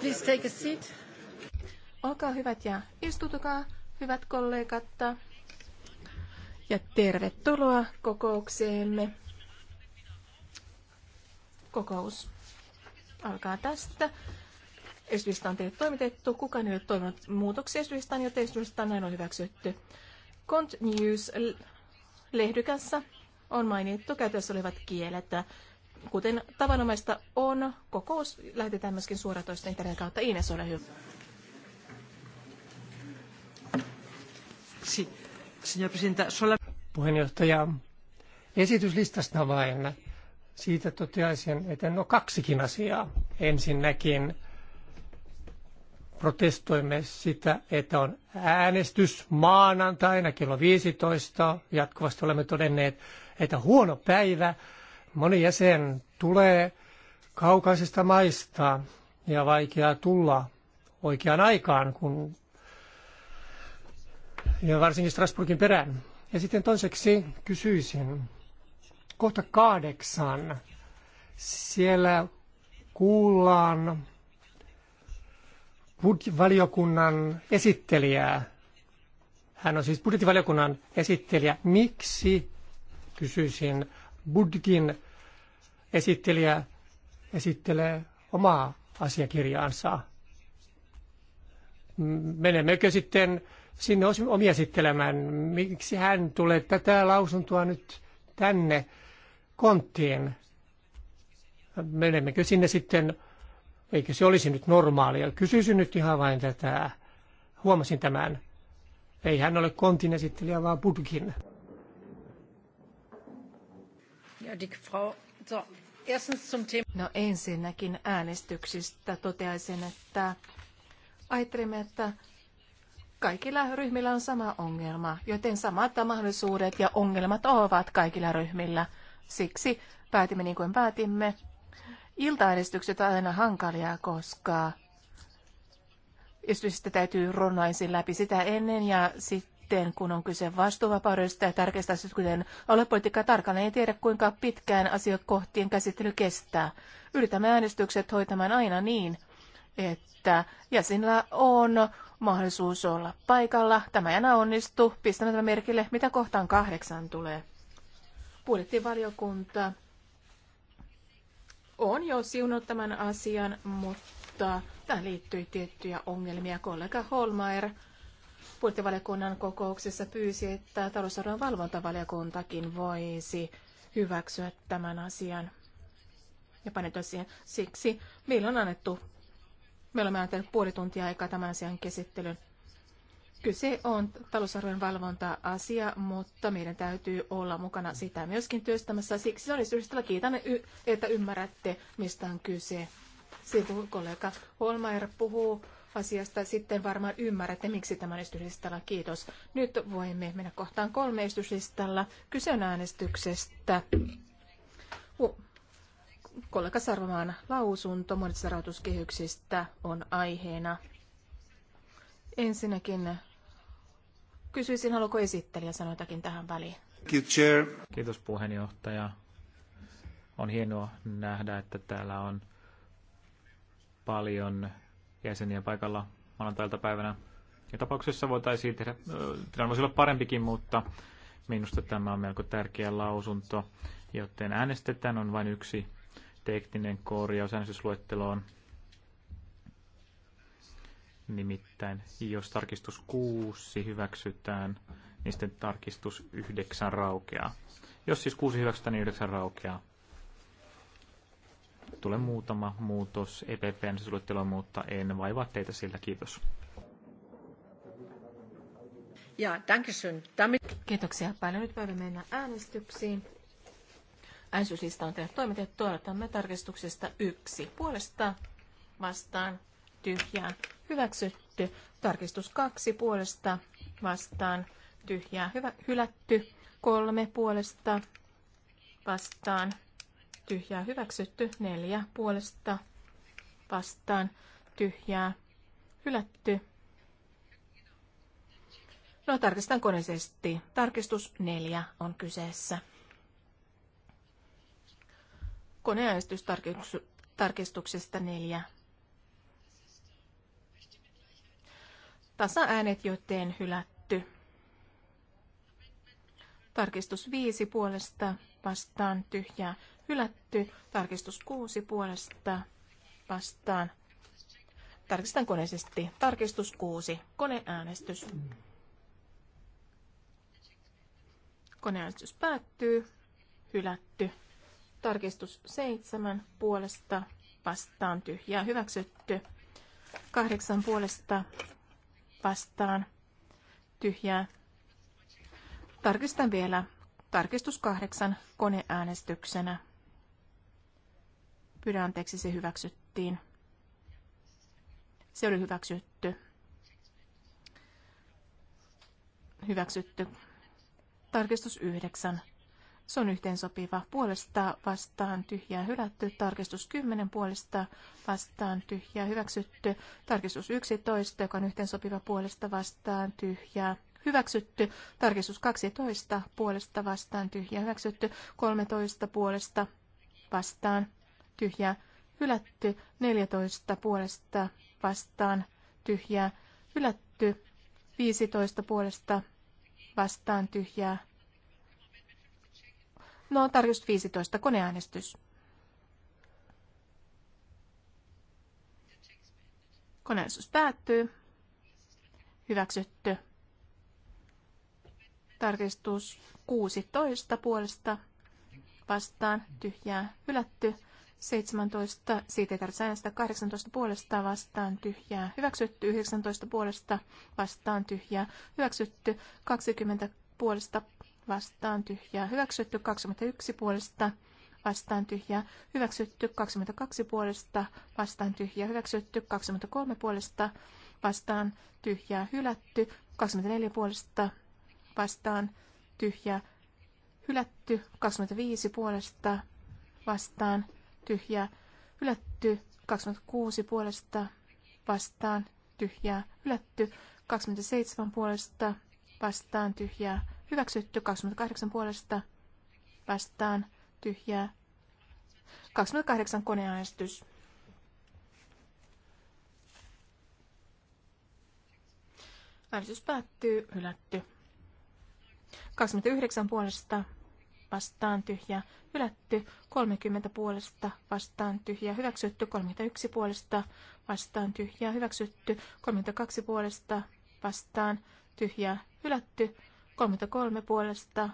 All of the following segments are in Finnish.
Please take a seat. Olkaa hyvät ja istutukaa, hyvät kollegat. Ja tervetuloa kokoukseemme. Kokous alkaa tästä. Esitystä on teille toimitettu. Kukaan ei ole toiminut muutoksia esitystään, joten esitystä on näin on hyväksytty. Cont News lehdykässä on mainittu käytössä olevat kielet. Kuten tavanomaista on, kokous lähetetään myöskin suoratoista internetin kautta. Ines, ole hyvä. Puheenjohtaja, esityslistasta vain. Siitä toteaisin, että no kaksikin asiaa. Ensinnäkin protestoimme sitä, että on äänestys maanantaina kello 15. Jatkuvasti olemme todenneet, että huono päivä Moni jäsen tulee kaukaisista maista ja vaikea tulla oikeaan aikaan, kun ja varsinkin Strasburgin perään. Ja sitten toiseksi kysyisin, kohta kahdeksan, siellä kuullaan budjettivaliokunnan esittelijää. Hän on siis budjettivaliokunnan esittelijä. Miksi, kysyisin, budjetin esittelijä esittelee omaa asiakirjaansa. Menemmekö sitten sinne omia esittelemään? Miksi hän tulee tätä lausuntoa nyt tänne konttiin? Menemmekö sinne sitten, eikö se olisi nyt normaalia? Kysyisin nyt ihan vain tätä. Huomasin tämän. Ei hän ole kontin esittelijä, vaan Budkin. Ja, die Frau No ensinnäkin äänestyksistä toteaisin, että ajattelimme, että kaikilla ryhmillä on sama ongelma, joten samat mahdollisuudet ja ongelmat ovat kaikilla ryhmillä. Siksi päätimme niin kuin päätimme. Ilta-äänestykset ovat aina hankalia, koska esitystä täytyy ronnaisin läpi sitä ennen ja sitten sitten, kun on kyse vastuuvapaudesta ja tärkeistä asioista, kuten aluepolitiikka tarkalleen ei tiedä, kuinka pitkään asiakohtien käsittely kestää. Yritämme äänestykset hoitamaan aina niin, että jäsenillä on mahdollisuus olla paikalla. Tämä ei aina onnistu. Pistämme tämän merkille, mitä kohtaan kahdeksan tulee. Budjettivaliokunta on jo siunannut tämän asian, mutta tähän liittyy tiettyjä ongelmia. Kollega Holmaier budjettivaliokunnan kokouksessa pyysi, että talousarvon valvontavaliokuntakin voisi hyväksyä tämän asian ja paneutua siihen. Siksi meillä on annettu, meillä on annettu puoli tuntia aikaa tämän asian käsittelyyn. Kyse on talousarvojen valvonta-asia, mutta meidän täytyy olla mukana sitä myöskin työstämässä. Siksi on syystä kiitän, että ymmärrätte, mistä on kyse. Sitten kollega Holmeier puhuu asiasta sitten varmaan ymmärrätte, miksi tämän esityslistalla. Kiitos. Nyt voimme mennä kohtaan kolme esityslistalla. Kyse on äänestyksestä. kollega Sarvamaan lausunto monista rahoituskehyksistä on aiheena. Ensinnäkin kysyisin, haluaako esittelijä sanoa jotakin tähän väliin? Kiitos puheenjohtaja. On hienoa nähdä, että täällä on paljon jäseniä paikalla maanantailta päivänä. Ja tapauksessa voitaisiin tehdä, tilanne voisi olla parempikin, mutta minusta tämä on melko tärkeä lausunto, joten äänestetään on vain yksi tekninen korjaus äänestysluetteloon. Nimittäin, jos tarkistus 6 hyväksytään, niin sitten tarkistus 9 raukeaa. Jos siis 6 hyväksytään, niin 9 raukeaa tulee muutama muutos EPPn sisuluetteloon, mutta en vaivaa teitä sillä. Kiitos. Ja, dankeschön. Damit... Kiitoksia paljon. Nyt voimme mennä äänestyksiin. Äänestyslista on tehty toimitettu. Aloitamme tarkistuksesta yksi. Puolesta vastaan tyhjää hyväksytty. Tarkistus kaksi puolesta vastaan tyhjää hyvä, hylätty. Kolme puolesta vastaan tyhjää hyväksytty, neljä puolesta vastaan, tyhjää hylätty. No tarkistan koneisesti. Tarkistus neljä on kyseessä. Koneäänestys tarkistuksesta neljä. Tasa-äänet, joten hylätty Tarkistus 5 puolesta vastaan tyhjää hylätty. Tarkistus 6 puolesta vastaan. Tarkistan koneisesti. Tarkistus 6. Koneäänestys. Koneäänestys päättyy. Hylätty. Tarkistus 7 puolesta vastaan tyhjää hyväksytty. 8 puolesta vastaan tyhjää Tarkistan vielä tarkistus kahdeksan koneäänestyksenä. Pyydän anteeksi, se hyväksyttiin. Se oli hyväksytty. Hyväksytty. Tarkistus yhdeksän. Se on yhteensopiva. Puolesta vastaan tyhjää hylätty. Tarkistus 10 puolesta vastaan tyhjää hyväksytty. Tarkistus 11, joka on yhteensopiva puolesta vastaan tyhjää hyväksytty. Tarkistus 12 puolesta vastaan tyhjä. hyväksytty. 13 puolesta vastaan tyhjä hylätty. 14 puolesta vastaan tyhjä hylätty. 15 puolesta vastaan tyhjä. No, tarkistus 15, koneäänestys. Koneäänestys päättyy. Hyväksytty. Tarkistus 16 puolesta vastaan tyhjää hylätty. 17, siitä ei tarvitse äänestää 18 puolesta vastaan tyhjää, hyväksytty 19 puolesta vastaan tyhjää, hyväksytty 20 puolesta vastaan tyhjää, hyväksytty 21 puolesta vastaan tyhjää, hyväksytty 22 puolesta vastaan tyhjää, hyväksytty 23 puolesta vastaan tyhjää, hylätty 24 puolesta vastaan tyhjä, hylätty. 25 puolesta vastaan tyhjä, hylätty. 26 puolesta vastaan tyhjä, hylätty. 27 puolesta vastaan tyhjä, hyväksytty. 28 puolesta vastaan tyhjä, 28 koneäänestys. Äänestys päättyy, hylätty. 29 puolesta vastaan tyhjä hylätty, 30 puolesta vastaan tyhjä hyväksytty, 31 puolesta vastaan tyhjä hyväksytty, 32 puolesta vastaan tyhjä hylätty, 33 puolesta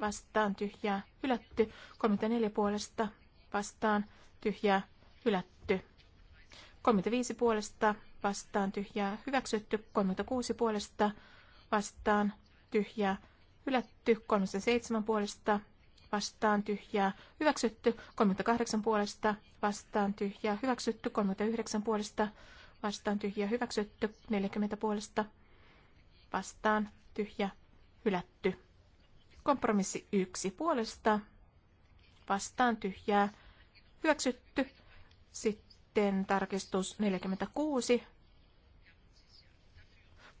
vastaan tyhjä, hylätty, 34 puolesta vastaan tyhjä, hylätty, 35 puolesta vastaan tyhjä, hyväksytty, 36 puolesta vastaan tyhjää Hylätty 37 puolesta vastaan tyhjää, hyväksytty 38 puolesta vastaan tyhjää, hyväksytty 39 puolesta vastaan tyhjää, hyväksytty 40 puolesta vastaan tyhjä, hylätty. Kompromissi 1 puolesta vastaan tyhjää, hyväksytty. Sitten tarkistus 46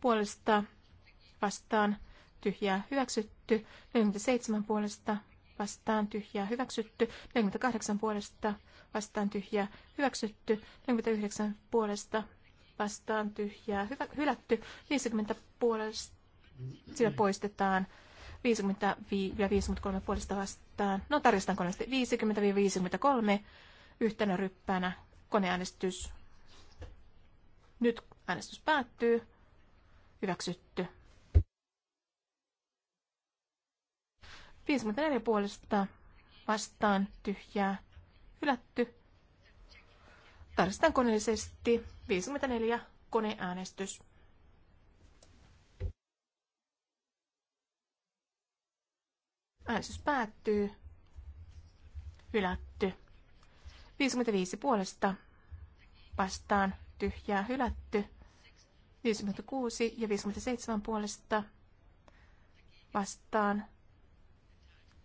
puolesta vastaan tyhjää hyväksytty, 47 puolesta vastaan tyhjää hyväksytty, 48 puolesta vastaan tyhjää hyväksytty, 49 puolesta vastaan tyhjää hyvä, hylätty, 50 puolesta sillä poistetaan, 50 ja 53 puolesta vastaan. No tarkistan koneesti 50-53 yhtenä ryppäänä koneäänestys. Nyt äänestys päättyy. Hyväksytty. 54 puolesta vastaan tyhjää hylätty. Tarkistetaan koneellisesti 54 koneäänestys. Äänestys päättyy. Hylätty. 55 puolesta vastaan tyhjää hylätty. 56 ja 57 puolesta vastaan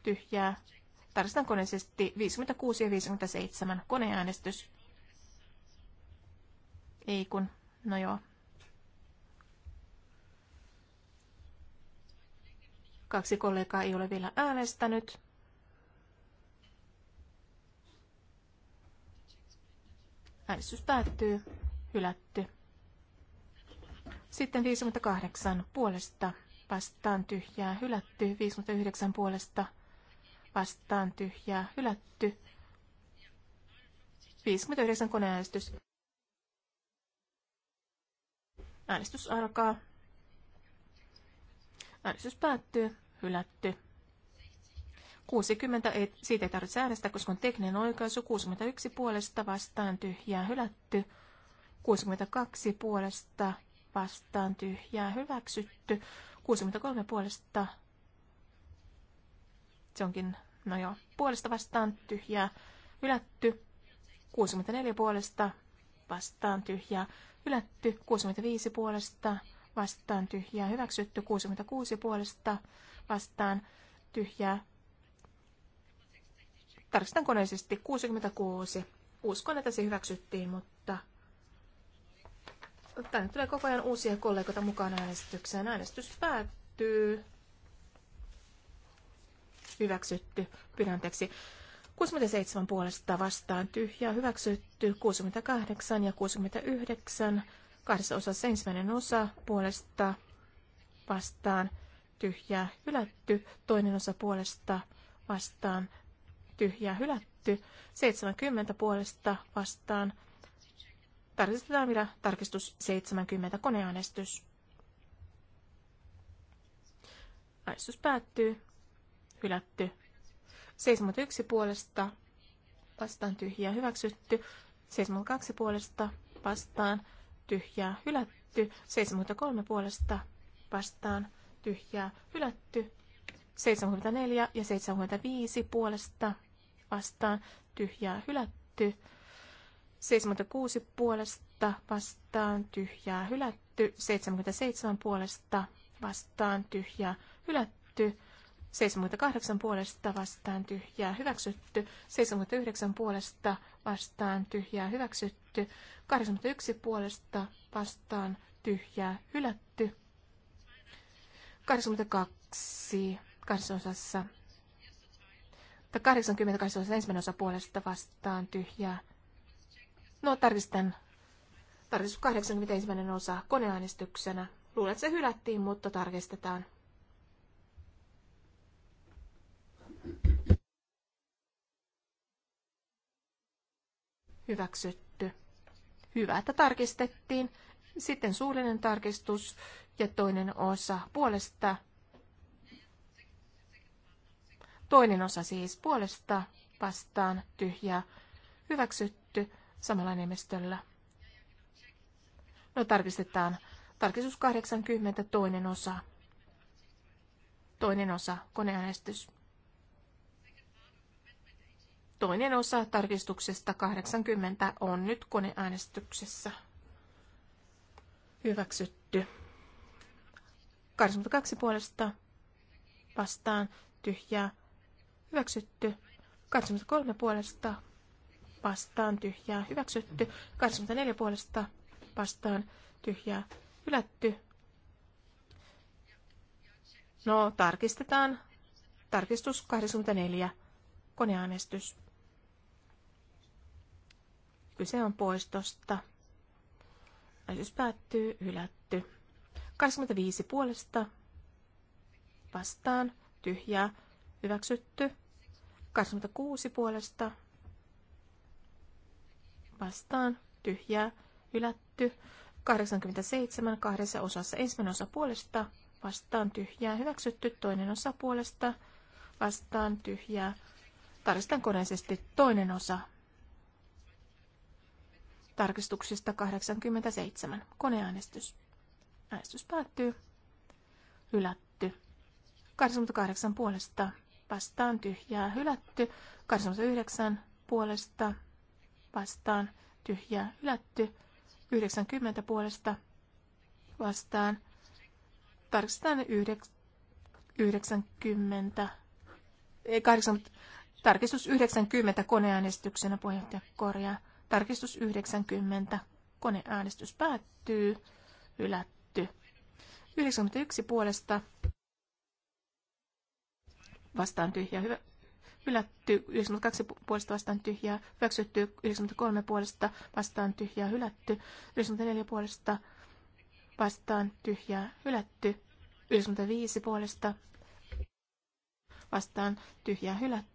tyhjää. Tarkistan koneisesti 56 ja 57 koneäänestys. Ei kun, no joo. 2 kollegaa ei ole vielä äänestänyt. Äänestys päättyy. Hylätty. Sitten 58 puolesta vastaan tyhjää hylätty, 59 puolesta vastaan tyhjää hylätty. 59 koneäänestys. Äänestys alkaa. Äänestys päättyy. Hylätty. 60, ei, siitä ei tarvitse äänestää, koska on tekninen oikaisu. 61 puolesta vastaan tyhjää hylätty. 62 puolesta vastaan tyhjää hyväksytty. 63 puolesta se onkin No joo, puolesta vastaan tyhjää, ylätty, 64 puolesta vastaan tyhjää, ylätty, 65 puolesta vastaan tyhjää, hyväksytty. 66 puolesta vastaan tyhjää. Tarkistan koneisesti 66. Uskon, että se hyväksyttiin, mutta tänne tulee koko ajan uusia kollegoita mukaan äänestykseen. Äänestys päättyy hyväksytty, pyydän anteeksi. 67 puolesta vastaan tyhjää hyväksytty, 68 ja 69, kahdessa osassa ensimmäinen osa puolesta vastaan tyhjää hylätty, toinen osa puolesta vastaan tyhjää hylätty, 70 puolesta vastaan tarkistetaan vielä tarkistus 70 koneäänestys. Äänestys päättyy hylätty. 71 puolesta vastaan tyhjää hyväksytty. 72 puolesta vastaan tyhjää hylätty. 73 puolesta vastaan tyhjää hylätty. 74 ja 75 puolesta vastaan tyhjää hylätty. 76 puolesta vastaan tyhjää hylätty. 77 puolesta vastaan tyhjää hylätty. 78 puolesta vastaan tyhjää hyväksytty, 79 puolesta vastaan tyhjää hyväksytty, 81 puolesta vastaan tyhjää hylätty, 82 kansosassa, tai 80 kansosassa ensimmäinen osa puolesta vastaan tyhjää. No tarkistan, tarkistus 81 osa koneäänestyksenä. Luulen, että se hylättiin, mutta tarkistetaan. Hyväksytty. Hyvä, että tarkistettiin. Sitten suullinen tarkistus ja toinen osa puolesta. Toinen osa siis puolesta vastaan tyhjää. Hyväksytty samalla enemmistöllä. No tarkistetaan. Tarkistus 80, toinen osa. Toinen osa, koneäänestys. Toinen osa tarkistuksesta 80 on nyt koneäänestyksessä hyväksytty. 82 puolesta vastaan tyhjää hyväksytty. 83 puolesta vastaan tyhjää hyväksytty. 84 puolesta vastaan tyhjää hylätty. No, tarkistetaan. Tarkistus 84. Koneäänestys. Kyse on poistosta. Äänestys päättyy, hylätty. 25 puolesta vastaan, tyhjää, hyväksytty. 26 puolesta vastaan, tyhjää, hylätty. 87 kahdessa osassa ensimmäinen osa puolesta vastaan tyhjää, hyväksytty toinen osa puolesta vastaan tyhjää. Tarkistan koneisesti toinen osa Tarkistuksista 87. Koneäänestys. Äänestys päättyy. Hylätty. 88 puolesta vastaan tyhjää hylätty. 89 puolesta vastaan tyhjää hylätty. 90 puolesta vastaan. Tarkistetaan 90. 80, tarkistus 90 koneäänestyksenä puheenjohtaja korjaa. Tarkistus 90. Koneäänestys päättyy. Hylätty. 91 puolesta. Vastaan tyhjä. Hyvä. Hylätty. 92 puolesta vastaan tyhjää. Hyväksytty. 93 puolesta vastaan tyhjää. Hylätty. 94 puolesta vastaan tyhjää. Hylätty. 95 puolesta vastaan tyhjää. Hylätty.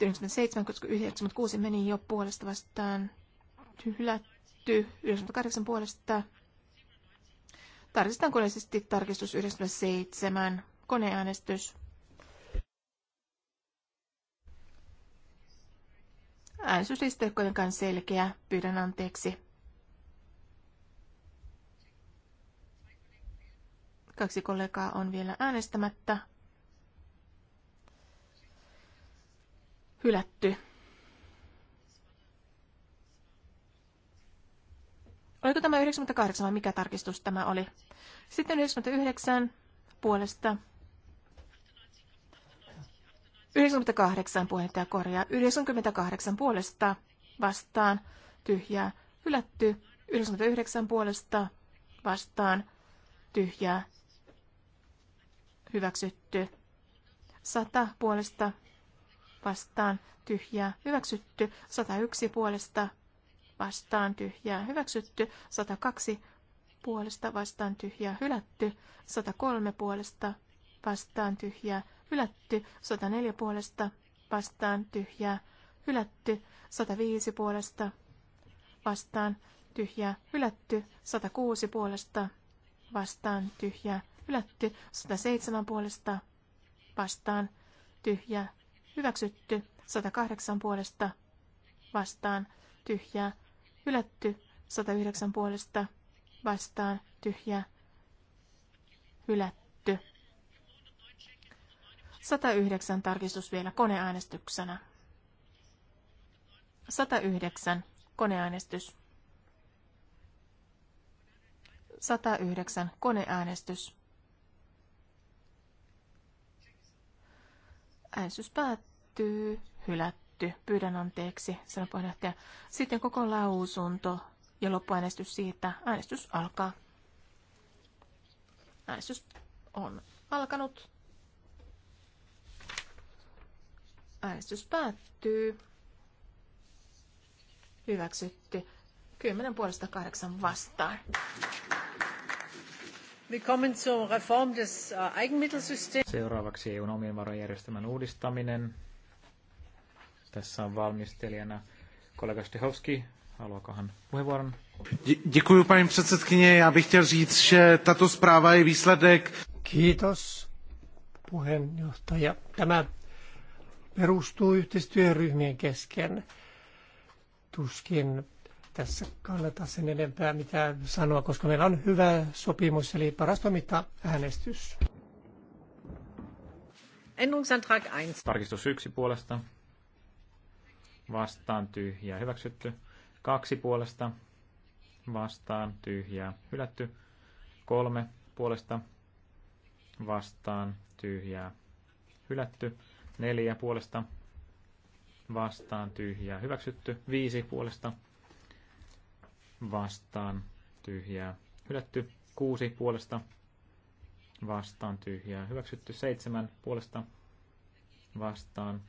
97, koska 96 meni jo puolesta vastaan hylätty, 98 puolesta. Tarkistetaan koneellisesti tarkistus 97, koneäänestys. Äänestysliste ei kuitenkaan selkeä, pyydän anteeksi. 2 kollegaa on vielä äänestämättä. hylätty. Oliko tämä 98 vai mikä tarkistus tämä oli? Sitten 99 puolesta. 98 puheenjohtaja korjaa. 98 puolesta vastaan tyhjää hylätty. 99 puolesta vastaan tyhjää hyväksytty. 100 puolesta vastaan tyhjää hyväksytty, 101 puolesta vastaan tyhjää hyväksytty, 102 puolesta vastaan tyhjää hylätty, 103 puolesta vastaan tyhjää hylätty, 104 puolesta vastaan tyhjää hylätty, 105 puolesta vastaan tyhjää hylätty, 106 puolesta vastaan tyhjää hylätty, 107 puolesta vastaan tyhjää Hyväksytty 108 puolesta vastaan tyhjää. Hylätty 109 puolesta vastaan tyhjää. Hylätty. 109 tarkistus vielä koneäänestyksenä. 109 koneäänestys. 109 koneäänestys. äänsys päättyy, hylätty. Pyydän anteeksi, sanoi puheenjohtaja. Sitten koko lausunto ja loppuäänestys siitä. Äänestys alkaa. Äänestys on alkanut. Äänestys päättyy. Hyväksytty. 10 puolesta 8 vastaan. Äh, Seuraavaksi EUn omien varojärjestelmän uudistaminen. Tässä on valmistelijana kollega Stehovski. Haluaako hän puheenvuoron? Děkuji, paní předsedkyně. Já bych chtěl říct, že tato zpráva je výsledek. Kiitos, puheenjohtaja. Tämä perustuu yhteistyöryhmien kesken. Tuskin tässä kannata sen enempää mitä sanoa, koska meillä on hyvä sopimus, eli paras toimittaa äänestys. Änderungsantrag 1. Tarkistus 1 puolesta. Vastaan tyhjää hyväksytty. Kaksi puolesta. Vastaan tyhjää hylätty. Kolme puolesta. Vastaan tyhjää hylätty. Neljä puolesta. Vastaan tyhjää hyväksytty. Viisi puolesta vastaan tyhjää hylätty. Kuusi puolesta vastaan tyhjää hyväksytty. Seitsemän puolesta vastaan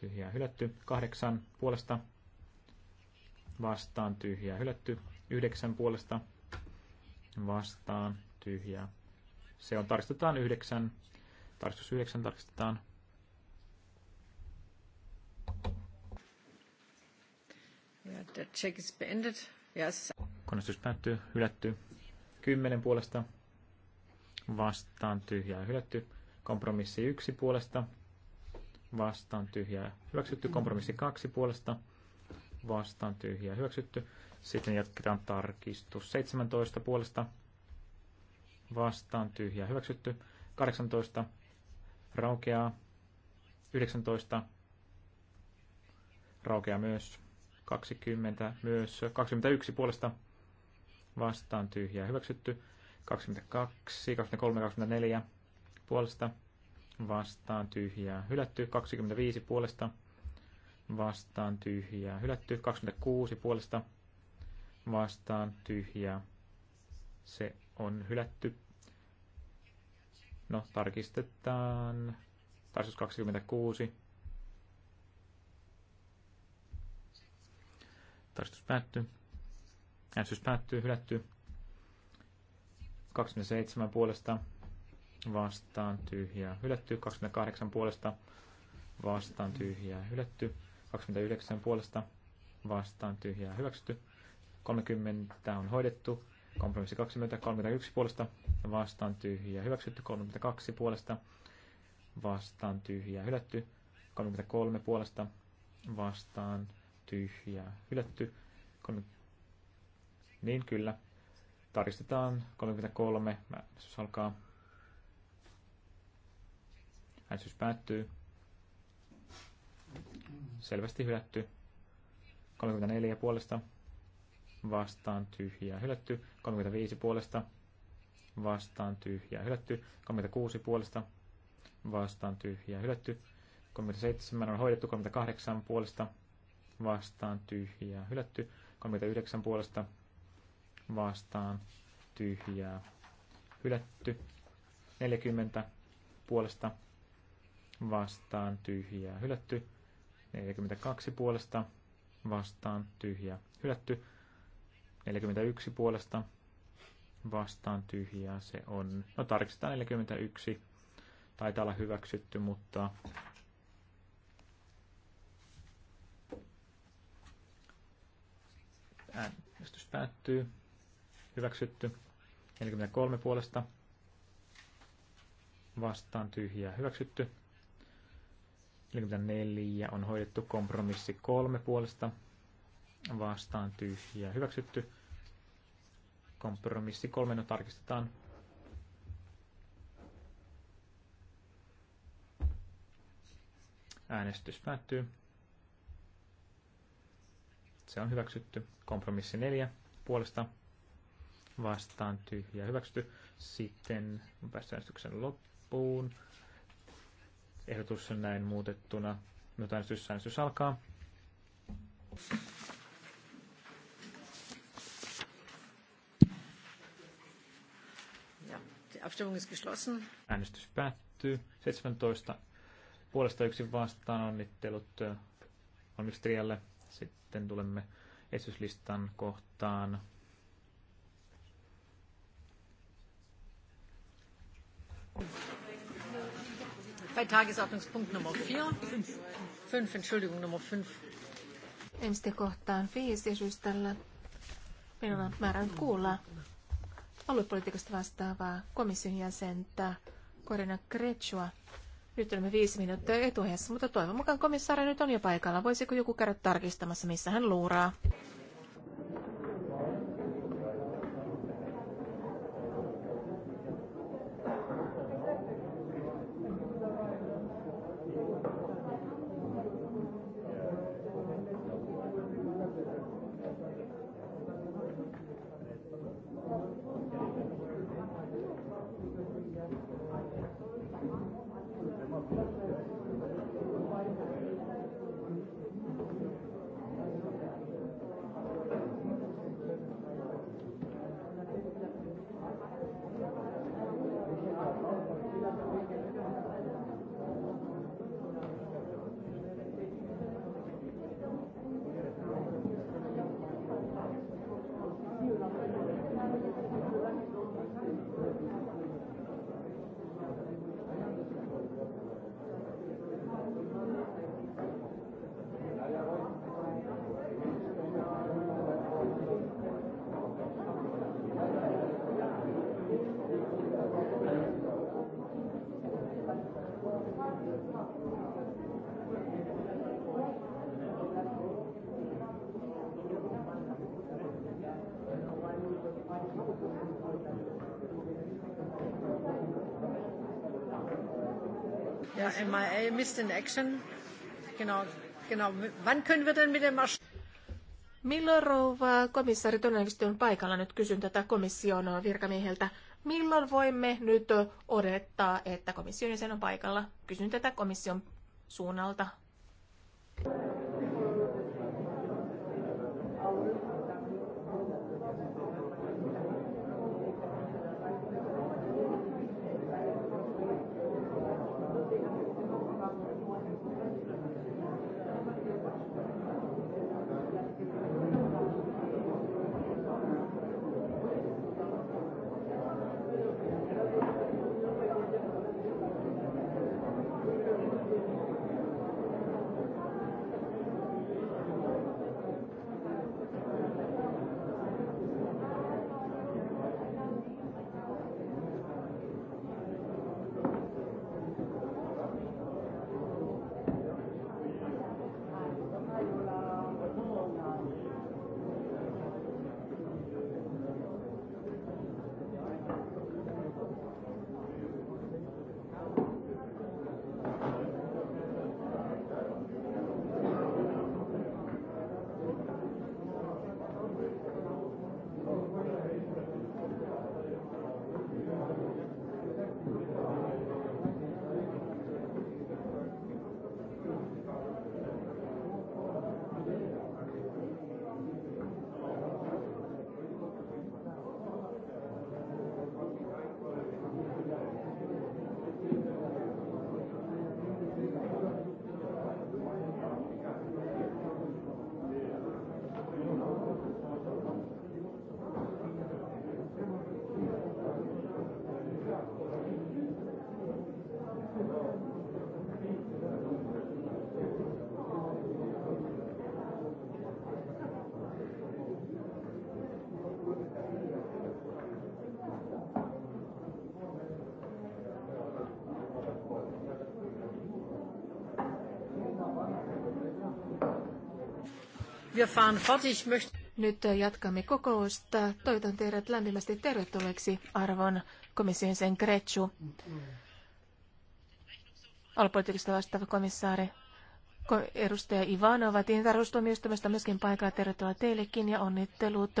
tyhjää hylätty. Kahdeksan puolesta vastaan tyhjää hylätty. Yhdeksän puolesta vastaan tyhjää. Se on tarkistetaan yhdeksän. Tarkistus yhdeksän tarkistetaan. Ja, der Check ist beendet. Yes. Konnistus päättyy, hylätty. Kymmenen puolesta vastaan tyhjää hylätty. Kompromissi yksi puolesta vastaan tyhjää hyväksytty. Kompromissi kaksi puolesta vastaan tyhjää hyväksytty. Sitten jatketaan tarkistus 17 puolesta vastaan tyhjää hyväksytty. 18 raukeaa. 19 raukeaa myös. 20 myös. 21 puolesta vastaan tyhjää hyväksytty. 22, 23, 24 puolesta vastaan tyhjää hylätty. 25 puolesta vastaan tyhjää hylätty. 26 puolesta vastaan tyhjää. Se on hylätty. No, tarkistetaan. Tarkistus 26. Tarkistus päättyy. Äänestys päättyy, hylätty. 27 puolesta vastaan tyhjää, hylätty. 28 puolesta vastaan tyhjää, hylätty. 29 puolesta vastaan tyhjää, hyväksytty. 30 on hoidettu. Kompromissi 20, 31 puolesta vastaan tyhjää, hyväksytty. 32 puolesta vastaan tyhjää, hylätty. 33 puolesta vastaan tyhjää hylätty. Kolme... Niin kyllä. Tarkistetaan 33. Äänestys alkaa. Äänestys päättyy. Selvästi hylätty. 34 puolesta vastaan tyhjää hylätty. 35 puolesta vastaan tyhjää hylätty. 36 puolesta vastaan tyhjää hylätty. 37 on hoidettu. 38 puolesta vastaan tyhjää hylätty. 39 puolesta vastaan tyhjää hylätty. 40 puolesta vastaan tyhjää hylätty. 42 puolesta vastaan tyhjää hylätty. 41 puolesta vastaan tyhjää se on. No tarkistetaan 41. Taitaa olla hyväksytty, mutta Äänestys päättyy. Hyväksytty. 43 puolesta. Vastaan tyhjää. Hyväksytty. 44 on hoidettu kompromissi kolme puolesta. Vastaan tyhjää. Hyväksytty. Kompromissi kolme no tarkistetaan. Äänestys päättyy se on hyväksytty. Kompromissi 4 puolesta vastaan tyhjä hyväksytty. Sitten päästöäänestyksen loppuun. Ehdotus on näin muutettuna. Nyt äänestys, äänestys alkaa. Abstimmung ist geschlossen. Äänestys päättyy. 17 puolesta yksi vastaan onnittelut Olmistrialle. Äh, sitten tulemme esityslistan kohtaan. Bei Tagesordnungspunkt Nummer 4, 5, Entschuldigung, Nummer 5. Ensi kohtaan 5 esityställä Meillä on määrä nyt kuulla aluepolitiikasta vastaavaa komission jäsentä Korina Kretsua nyt olemme viisi minuuttia etuajassa, mutta toivon mukaan komissaari nyt on jo paikalla. Voisiko joku käydä tarkistamassa, missä hän luuraa? MIA, in Action. Genau, genau. Wann können wir denn mit dem Milloin rouva komissaari todennäköisesti on paikalla nyt kysyn tätä komission virkamieheltä. Milloin voimme nyt odottaa, että komission jäsen on paikalla? Kysyn tätä komission suunnalta. Thank you. Nyt jatkamme kokousta. Toivotan teidät lämpimästi tervetulleeksi arvon komission sen Gretsu. Alpolitiikasta vastaava komissaari edustaja Ivanova tilintarkastustuomioistuimesta myöskin paikalla. Tervetuloa teillekin ja onnittelut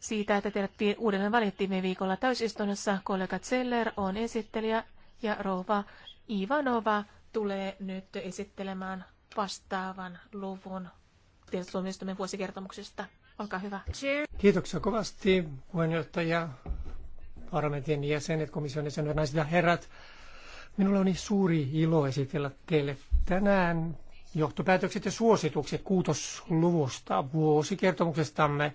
siitä, että teidät uudelleen valittiin viime viikolla täysistunnossa. Kollega Zeller on esittelijä ja rouva Ivanova tulee nyt esittelemään vastaavan luvun tietotuomioistuimen vuosikertomuksesta. Olkaa hyvä. Kiitoksia kovasti puheenjohtaja, parlamentin jäsenet, komission jäsenet, naiset ja herrat. Minulla on suuri ilo esitellä teille tänään johtopäätökset ja suositukset kuutosluvusta vuosikertomuksestamme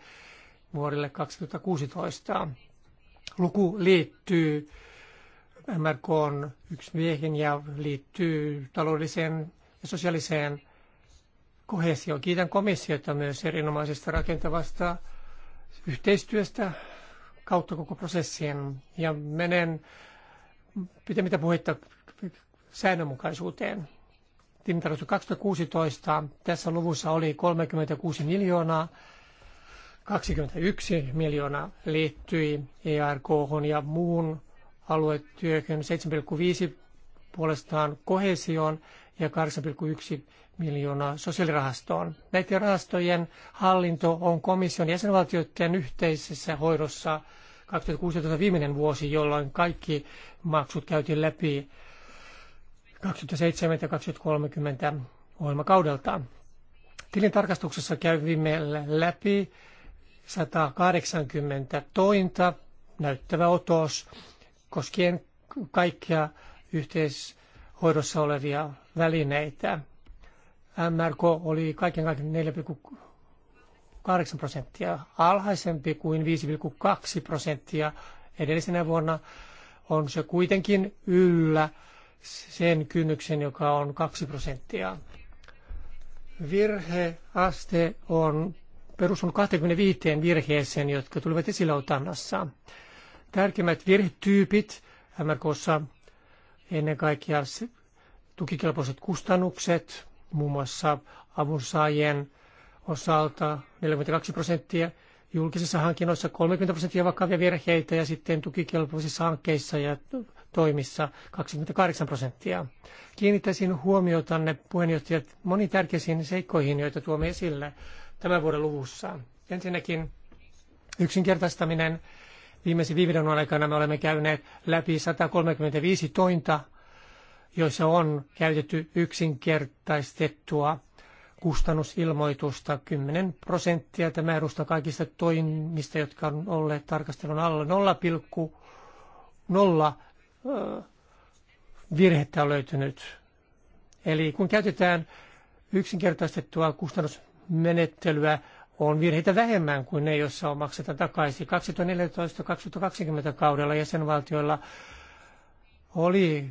vuodelle 2016. Luku liittyy MRK on yksi miehen ja liittyy taloudelliseen ja sosiaaliseen Koheesio Kiitän komissiota myös erinomaisesta rakentavasta yhteistyöstä kautta koko prosessien ja menen pitemmittä puhetta säännönmukaisuuteen. Tilintarkastus 2016, tässä luvussa oli 36 miljoonaa, 21 miljoonaa liittyi ERK ja muun aluetyöhön, 7,5 puolestaan kohesioon ja 8,1 miljoonaa sosiaalirahastoon. Näiden rahastojen hallinto on komission jäsenvaltioiden yhteisessä hoidossa 2016 viimeinen vuosi, jolloin kaikki maksut käytiin läpi 2007 ja 2030 ohjelmakaudelta. Tilintarkastuksessa kävimme läpi 180 tointa, näyttävä otos, koskien kaikkia yhteis- hoidossa olevia välineitä. MRK oli kaiken kaiken 4,8 prosenttia, alhaisempi kuin 5,2 prosenttia edellisenä vuonna. On se kuitenkin yllä sen kynnyksen, joka on 2 prosenttia. Virheaste on perustunut 25 virheeseen, jotka tulivat esille otannassa. Tärkeimmät virhetyypit MRKssa ennen kaikkea tukikelpoiset kustannukset, muun muassa avunsaajien osalta 42 prosenttia, julkisissa hankinnoissa 30 prosenttia vakavia virheitä ja sitten tukikelpoisissa hankkeissa ja toimissa 28 prosenttia. Kiinnittäisin huomiotanne puheenjohtajat moniin tärkeisiin seikkoihin, joita tuomme esille tämän vuoden luvussa. Ensinnäkin yksinkertaistaminen Viimeisen viiden aikana me olemme käyneet läpi 135 tointa, joissa on käytetty yksinkertaistettua kustannusilmoitusta 10 prosenttia. Tämä edustaa kaikista toimista, jotka on olleet tarkastelun alla 0,0 virhettä on löytynyt. Eli kun käytetään yksinkertaistettua kustannusmenettelyä, on virheitä vähemmän kuin ne, joissa on makseta takaisin. 2014-2020 kaudella jäsenvaltioilla oli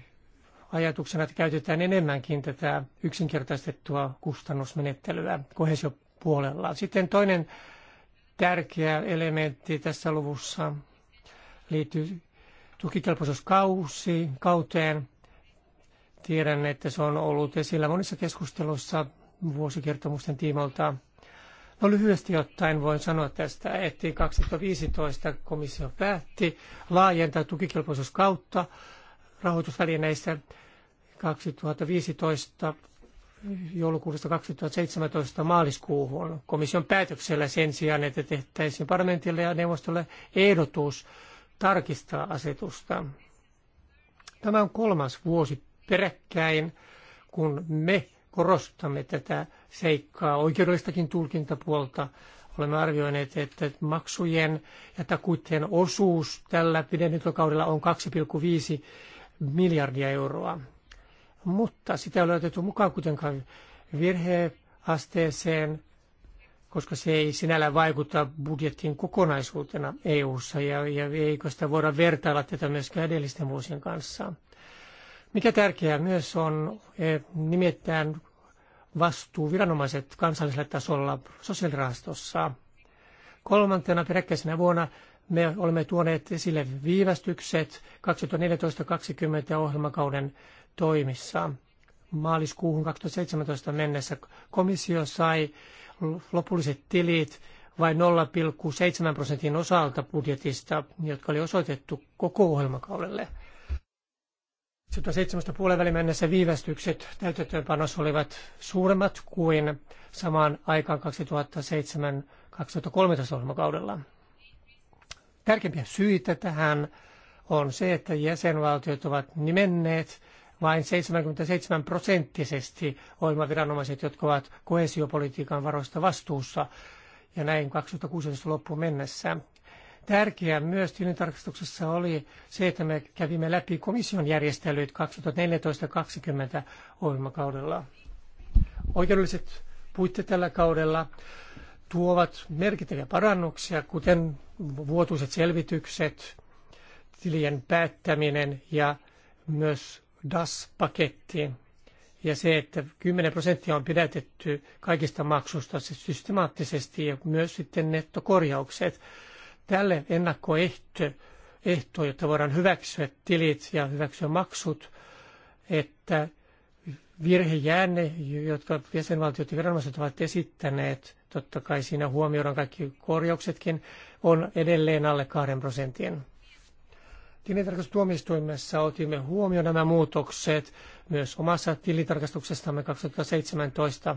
ajatuksena, että käytetään enemmänkin tätä yksinkertaistettua kustannusmenettelyä kohesiopuolella. Sitten toinen tärkeä elementti tässä luvussa liittyy tukikelpoisuuskausi kauteen. Tiedän, että se on ollut esillä monissa keskusteluissa vuosikertomusten tiimoilta. No lyhyesti ottaen voin sanoa tästä, että 2015 komissio päätti laajentaa kautta rahoitusvälineissä 2015 joulukuusta 2017 maaliskuuhun komission päätöksellä sen sijaan, että tehtäisiin parlamentille ja neuvostolle ehdotus tarkistaa asetusta. Tämä on kolmas vuosi peräkkäin, kun me korostamme tätä seikkaa, oikeudellistakin tulkintapuolta. Olemme arvioineet, että maksujen ja takuitteen osuus tällä pidennetyllä on 2,5 miljardia euroa. Mutta sitä ei ole otettu mukaan kuitenkaan virheasteeseen, koska se ei sinällä vaikuta budjettiin kokonaisuutena EU-ssa ja, ja eikö sitä voida vertailla tätä myöskään edellisten vuosien kanssa. Mikä tärkeää myös on, eh, nimittäin vastuuviranomaiset kansallisella tasolla sosiaalirahastossa. Kolmantena peräkkäisenä vuonna me olemme tuoneet esille viivästykset 2014-2020 ohjelmakauden toimissa. Maaliskuuhun 2017 mennessä komissio sai lopulliset tilit vain 0,7 prosentin osalta budjetista, jotka oli osoitettu koko ohjelmakaudelle – 2017 puolen mennessä viivästykset täytäntöönpanossa olivat suuremmat kuin samaan aikaan 2007-2013 ohjelmakaudella. Tärkeimpiä syitä tähän on se, että jäsenvaltiot ovat nimenneet vain 77 prosenttisesti ohjelmaviranomaiset, jotka ovat koesiopolitiikan varoista vastuussa, ja näin 2016 loppuun mennessä Tärkeää myös tilintarkastuksessa oli se, että me kävimme läpi komission järjestelyt 2014-2020 ohjelmakaudella. Oikeudelliset puitteet tällä kaudella tuovat merkittäviä parannuksia, kuten vuotuiset selvitykset, tilien päättäminen ja myös DAS-paketti. Ja se, että 10 prosenttia on pidätetty kaikista maksusta siis systemaattisesti ja myös sitten nettokorjaukset Tälle ennakkoehto, ehto, jotta voidaan hyväksyä tilit ja hyväksyä maksut, että virhejäänne, jotka jäsenvaltiot ja viranomaiset ovat esittäneet, totta kai siinä huomioidaan kaikki korjauksetkin, on edelleen alle 2 prosentin. Tilintarkastustuomioistuimessa otimme huomioon nämä muutokset myös omassa tilintarkastuksestamme 2017.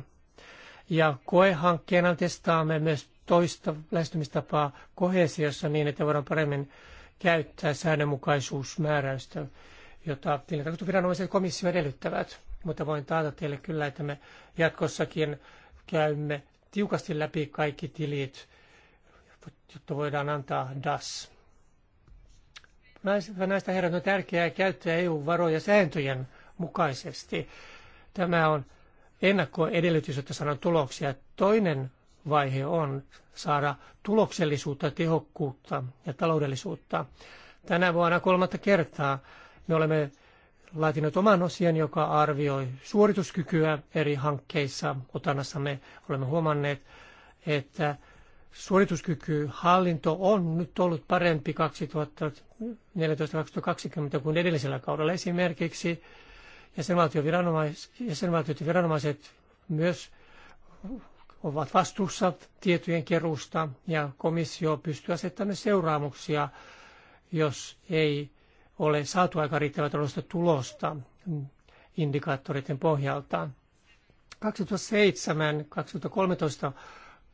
Ja koehankkeena testaamme myös toista lähestymistapaa kohesiossa niin, että voidaan paremmin käyttää säännönmukaisuusmääräystä, jota tilintarkastusviranomaiset komissio edellyttävät. Mutta voin taata teille kyllä, että me jatkossakin käymme tiukasti läpi kaikki tilit, jotta voidaan antaa DAS. Näistä herrat on tärkeää käyttää EU-varoja sääntöjen mukaisesti. Tämä on ennakkoedellytys, että saadaan tuloksia. Toinen vaihe on saada tuloksellisuutta, tehokkuutta ja taloudellisuutta. Tänä vuonna kolmatta kertaa me olemme laatineet oman osion, joka arvioi suorituskykyä eri hankkeissa. Otanassa me olemme huomanneet, että suorituskyky hallinto on nyt ollut parempi 2014-2020 kuin edellisellä kaudella esimerkiksi. Jäsenvaltiot, viranomais, jäsenvaltiot ja viranomaiset myös ovat vastuussa tietojen keruusta ja komissio pystyy asettamaan seuraamuksia, jos ei ole saatu aika riittävää taloudellista tulosta indikaattoreiden pohjalta. 2007-2013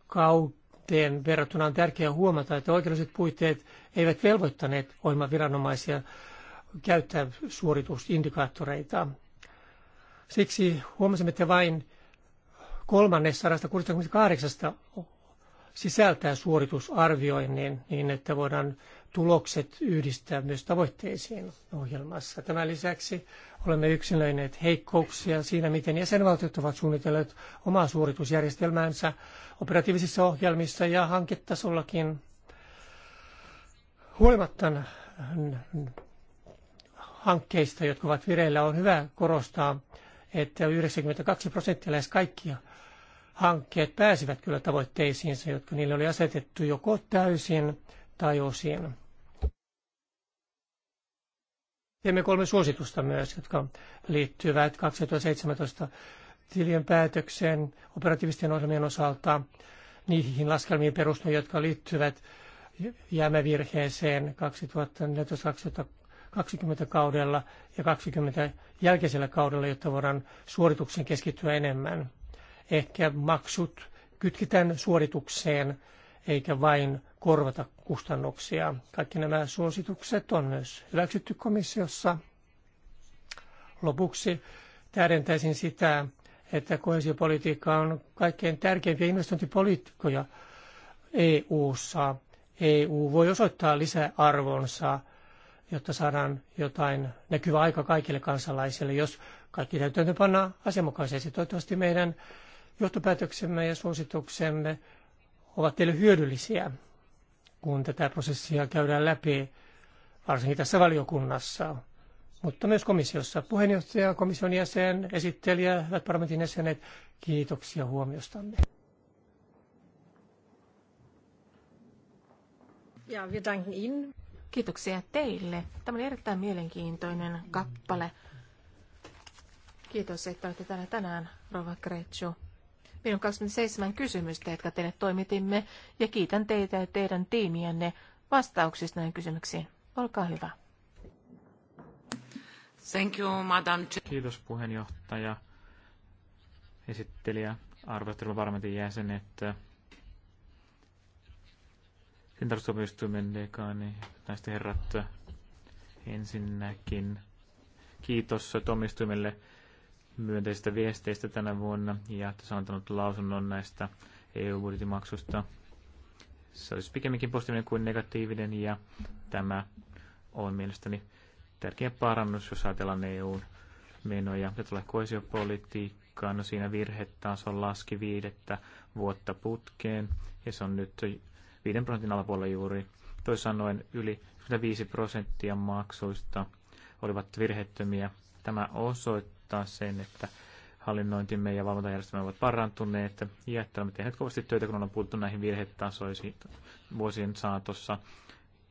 kauteen verrattuna on tärkeää huomata, että oikeudelliset puitteet eivät velvoittaneet ohjelmaviranomaisia käyttää suoritusindikaattoreita. Siksi huomasimme, että vain kolmannes 168 sisältää suoritusarvioinnin niin, että voidaan tulokset yhdistää myös tavoitteisiin ohjelmassa. Tämän lisäksi olemme yksilöineet heikkouksia siinä, miten jäsenvaltiot ovat suunnitelleet omaa suoritusjärjestelmäänsä operatiivisissa ohjelmissa ja hanketasollakin. Huolimatta hankkeista, jotka ovat vireillä, on hyvä korostaa, että 92 prosenttia lähes kaikkia hankkeet pääsivät kyllä tavoitteisiinsa, jotka niille oli asetettu joko täysin tai osin. Teemme kolme suositusta myös, jotka liittyvät 2017 tilien päätökseen operatiivisten ohjelmien osalta niihin laskelmiin perustuen, jotka liittyvät jäämävirheeseen 2014-2020 kaudella ja 20 jälkeisellä kaudella, jotta voidaan suorituksen keskittyä enemmän. Ehkä maksut kytketään suoritukseen eikä vain korvata kustannuksia. Kaikki nämä suositukset on myös hyväksytty komissiossa. Lopuksi täydentäisin sitä, että kohesiopolitiikka on kaikkein tärkeimpiä investointipolitiikkoja EU-ssa. EU voi osoittaa lisäarvonsa, jotta saadaan jotain näkyvää aika kaikille kansalaisille, jos kaikki täytyy panna asianmukaisesti. Toivottavasti meidän johtopäätöksemme ja suosituksemme ovat teille hyödyllisiä, kun tätä prosessia käydään läpi, varsinkin tässä valiokunnassa, mutta myös komissiossa. Puheenjohtaja, komission jäsen, esittelijä, hyvät parlamentin jäsenet, kiitoksia huomiostanne. Ja wir danken Ihnen. Kiitoksia teille. Tämä oli erittäin mielenkiintoinen kappale. Kiitos, että olette täällä tänään, Rova Greccio. Meillä on 27 kysymystä, jotka teille toimitimme, ja kiitän teitä ja teidän tiimienne vastauksista näihin kysymyksiin. Olkaa hyvä. Thank you, Madam. Kiitos puheenjohtaja, esittelijä, arvostelun parlamentin jäsenet. Tintarustopistuimen dekaani, näistä herrat, ensinnäkin kiitos tuomioistuimelle myönteisistä viesteistä tänä vuonna ja että se on antanut lausunnon näistä EU-budjettimaksusta. Se olisi pikemminkin positiivinen kuin negatiivinen ja tämä on mielestäni tärkeä parannus, jos ajatellaan EUn menoja. Ja tulee koesiopolitiikkaan, no siinä virhetaso laski viidettä vuotta putkeen ja se on nyt 5 prosentin alapuolella juuri. Toisin sanoen yli 5 prosenttia maksuista olivat virheettömiä. Tämä osoittaa, osoittaa sen, että hallinnointimme ja valvontajärjestelmämme ovat parantuneet ja että olemme tehneet kovasti töitä, kun ollaan puuttunut näihin virhetasoisiin vuosien saatossa.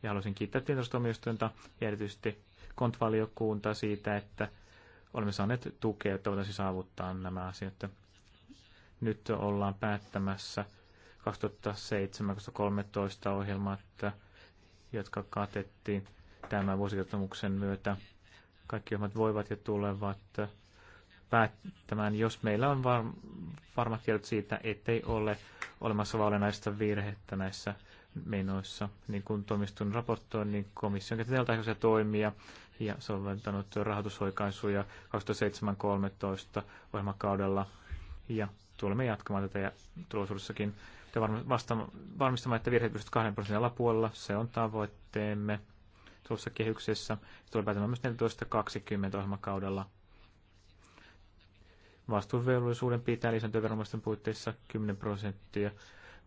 Ja haluaisin kiittää tietoistuomioistuinta ja erityisesti kontvaliokunta siitä, että olemme saaneet tukea, että voitaisiin saavuttaa nämä asiat. Nyt ollaan päättämässä 2007-2013 ohjelmat, jotka katettiin tämän vuosikertomuksen myötä. Kaikki ohjelmat voivat ja tulevat päättämään, jos meillä on var- varmat tiedot siitä, ettei ole olemassa valinnaista virhettä näissä menoissa. Niin kuin toimistun raportoin, niin komissio on käytetty toimia ja soveltanut rahoitusoikaisuja 2007-2013 ohjelmakaudella. Ja tulemme jatkamaan tätä ja tulosuudessakin varmistamaan, että virheet pystyvät 2 prosentin alapuolella. Se on tavoitteemme tuossa kehyksessä. Se tulee päätämään myös 14-20 ohjelmakaudella Vastuuvelvollisuuden pitää lisääntyväviranomaisten puitteissa 10 prosenttia.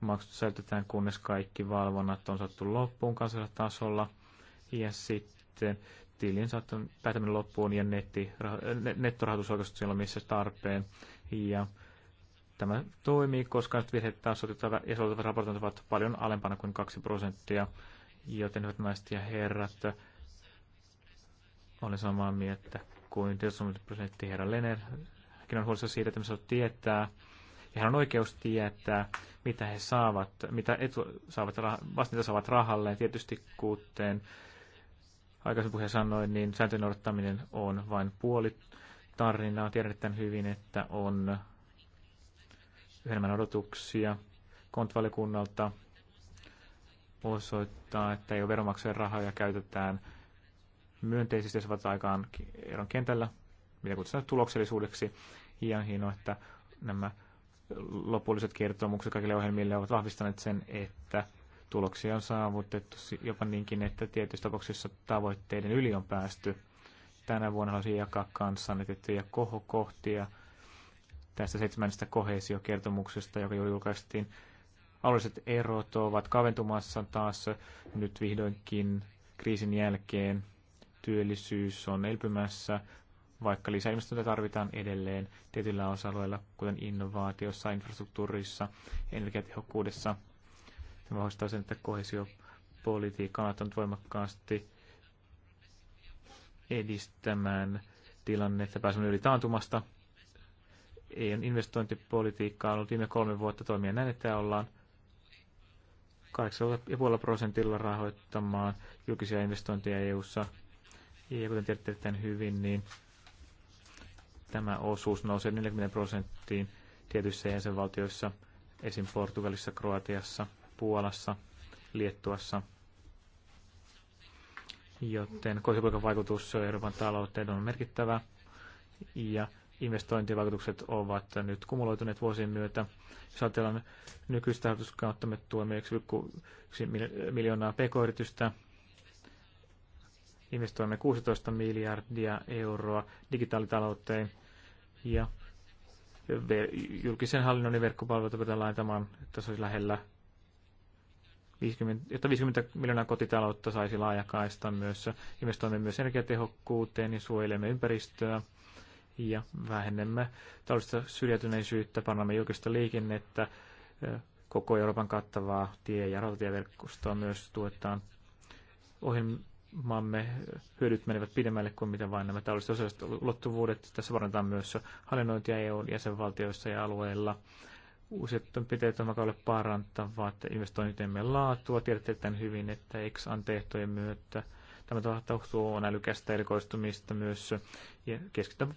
Maksut säilytetään, kunnes kaikki valvonnat on saatu loppuun kansallisella tasolla. Ja sitten tilin saattaminen päätäminen loppuun ja netti, nettorahoitusoikeus silloin missä tarpeen. Ja tämä toimii, koska nyt virheet taas ja soitettavat raportoinnit ovat paljon alempana kuin 2 prosenttia, joten hyvät naiset ja herrat, olen samaa mieltä kuin 90 prosenttia herra Lener hän on huolissaan siitä, että me saa tietää, ja hän on oikeus tietää, mitä he saavat, mitä etu saavat, vastinta saavat rahalleen. Tietysti kuuteen aikaisemmin puheen sanoin, niin sääntöjen noudattaminen on vain puoli tarinaa. Tiedän hyvin, että on enemmän odotuksia kontvalikunnalta osoittaa, että jo rahaa ja käytetään myönteisesti, jos aikaan eron kentällä mitä kutsutaan tuloksellisuudeksi. Ja on hienoa, että nämä lopulliset kertomukset kaikille ohjelmille ovat vahvistaneet sen, että tuloksia on saavutettu jopa niinkin, että tietyissä tapauksissa tavoitteiden yli on päästy. Tänä vuonna haluaisin jakaa kanssanne tiettyjä kohokohtia tästä seitsemännestä kohesiokertomuksesta, joka jo julkaistiin. Alueelliset erot ovat kaventumassa taas nyt vihdoinkin kriisin jälkeen. Työllisyys on elpymässä, vaikka lisäinvestointeja tarvitaan edelleen tietyillä osa-alueilla, kuten innovaatiossa, infrastruktuurissa, energiatehokkuudessa. Tämä vahvistaa sen, että kohesiopolitiikka on ottanut voimakkaasti edistämään tilannetta pääsemme yli taantumasta. Ei investointipolitiikka on ollut viime kolme vuotta toimia näin, että ollaan 8,5 prosentilla rahoittamaan julkisia investointeja EU-ssa. Ja kuten tiedätte erittäin hyvin, niin tämä osuus nousee 40 prosenttiin tietyissä jäsenvaltioissa, esim. Portugalissa, Kroatiassa, Puolassa, Liettuassa. Joten koisipoikan vaikutus Euroopan talouteen on merkittävä ja investointivaikutukset ovat nyt kumuloituneet vuosien myötä. Jos ajatellaan nykyistä hallituskautta, me tuemme 1,1 miljoonaa pk-yritystä, investoimme 16 miljardia euroa digitaalitalouteen ja julkisen hallinnon ja verkkopalveluita pitää laitamaan, että se olisi lähellä 50, jotta 50 miljoonaa kotitaloutta saisi laajakaista myös. Investoimme myös energiatehokkuuteen ja suojelemme ympäristöä ja vähennämme taloudellista syrjäytyneisyyttä, parannamme julkista liikennettä, koko Euroopan kattavaa tie- ja rautatieverkostoa myös tuetaan. Ohjelm- maamme hyödyt menevät pidemmälle kuin mitä vain nämä taloudelliset osalliset ulottuvuudet. Tässä varantaa myös hallinnointia EUn jäsenvaltioissa ja alueilla. Uusiat toimenpiteet on parantavat investointitemme laatua. Tiedätte tämän hyvin, että ex anteehtojen myötä tämä tapahtuu on älykästä erikoistumista myös ja keskitytään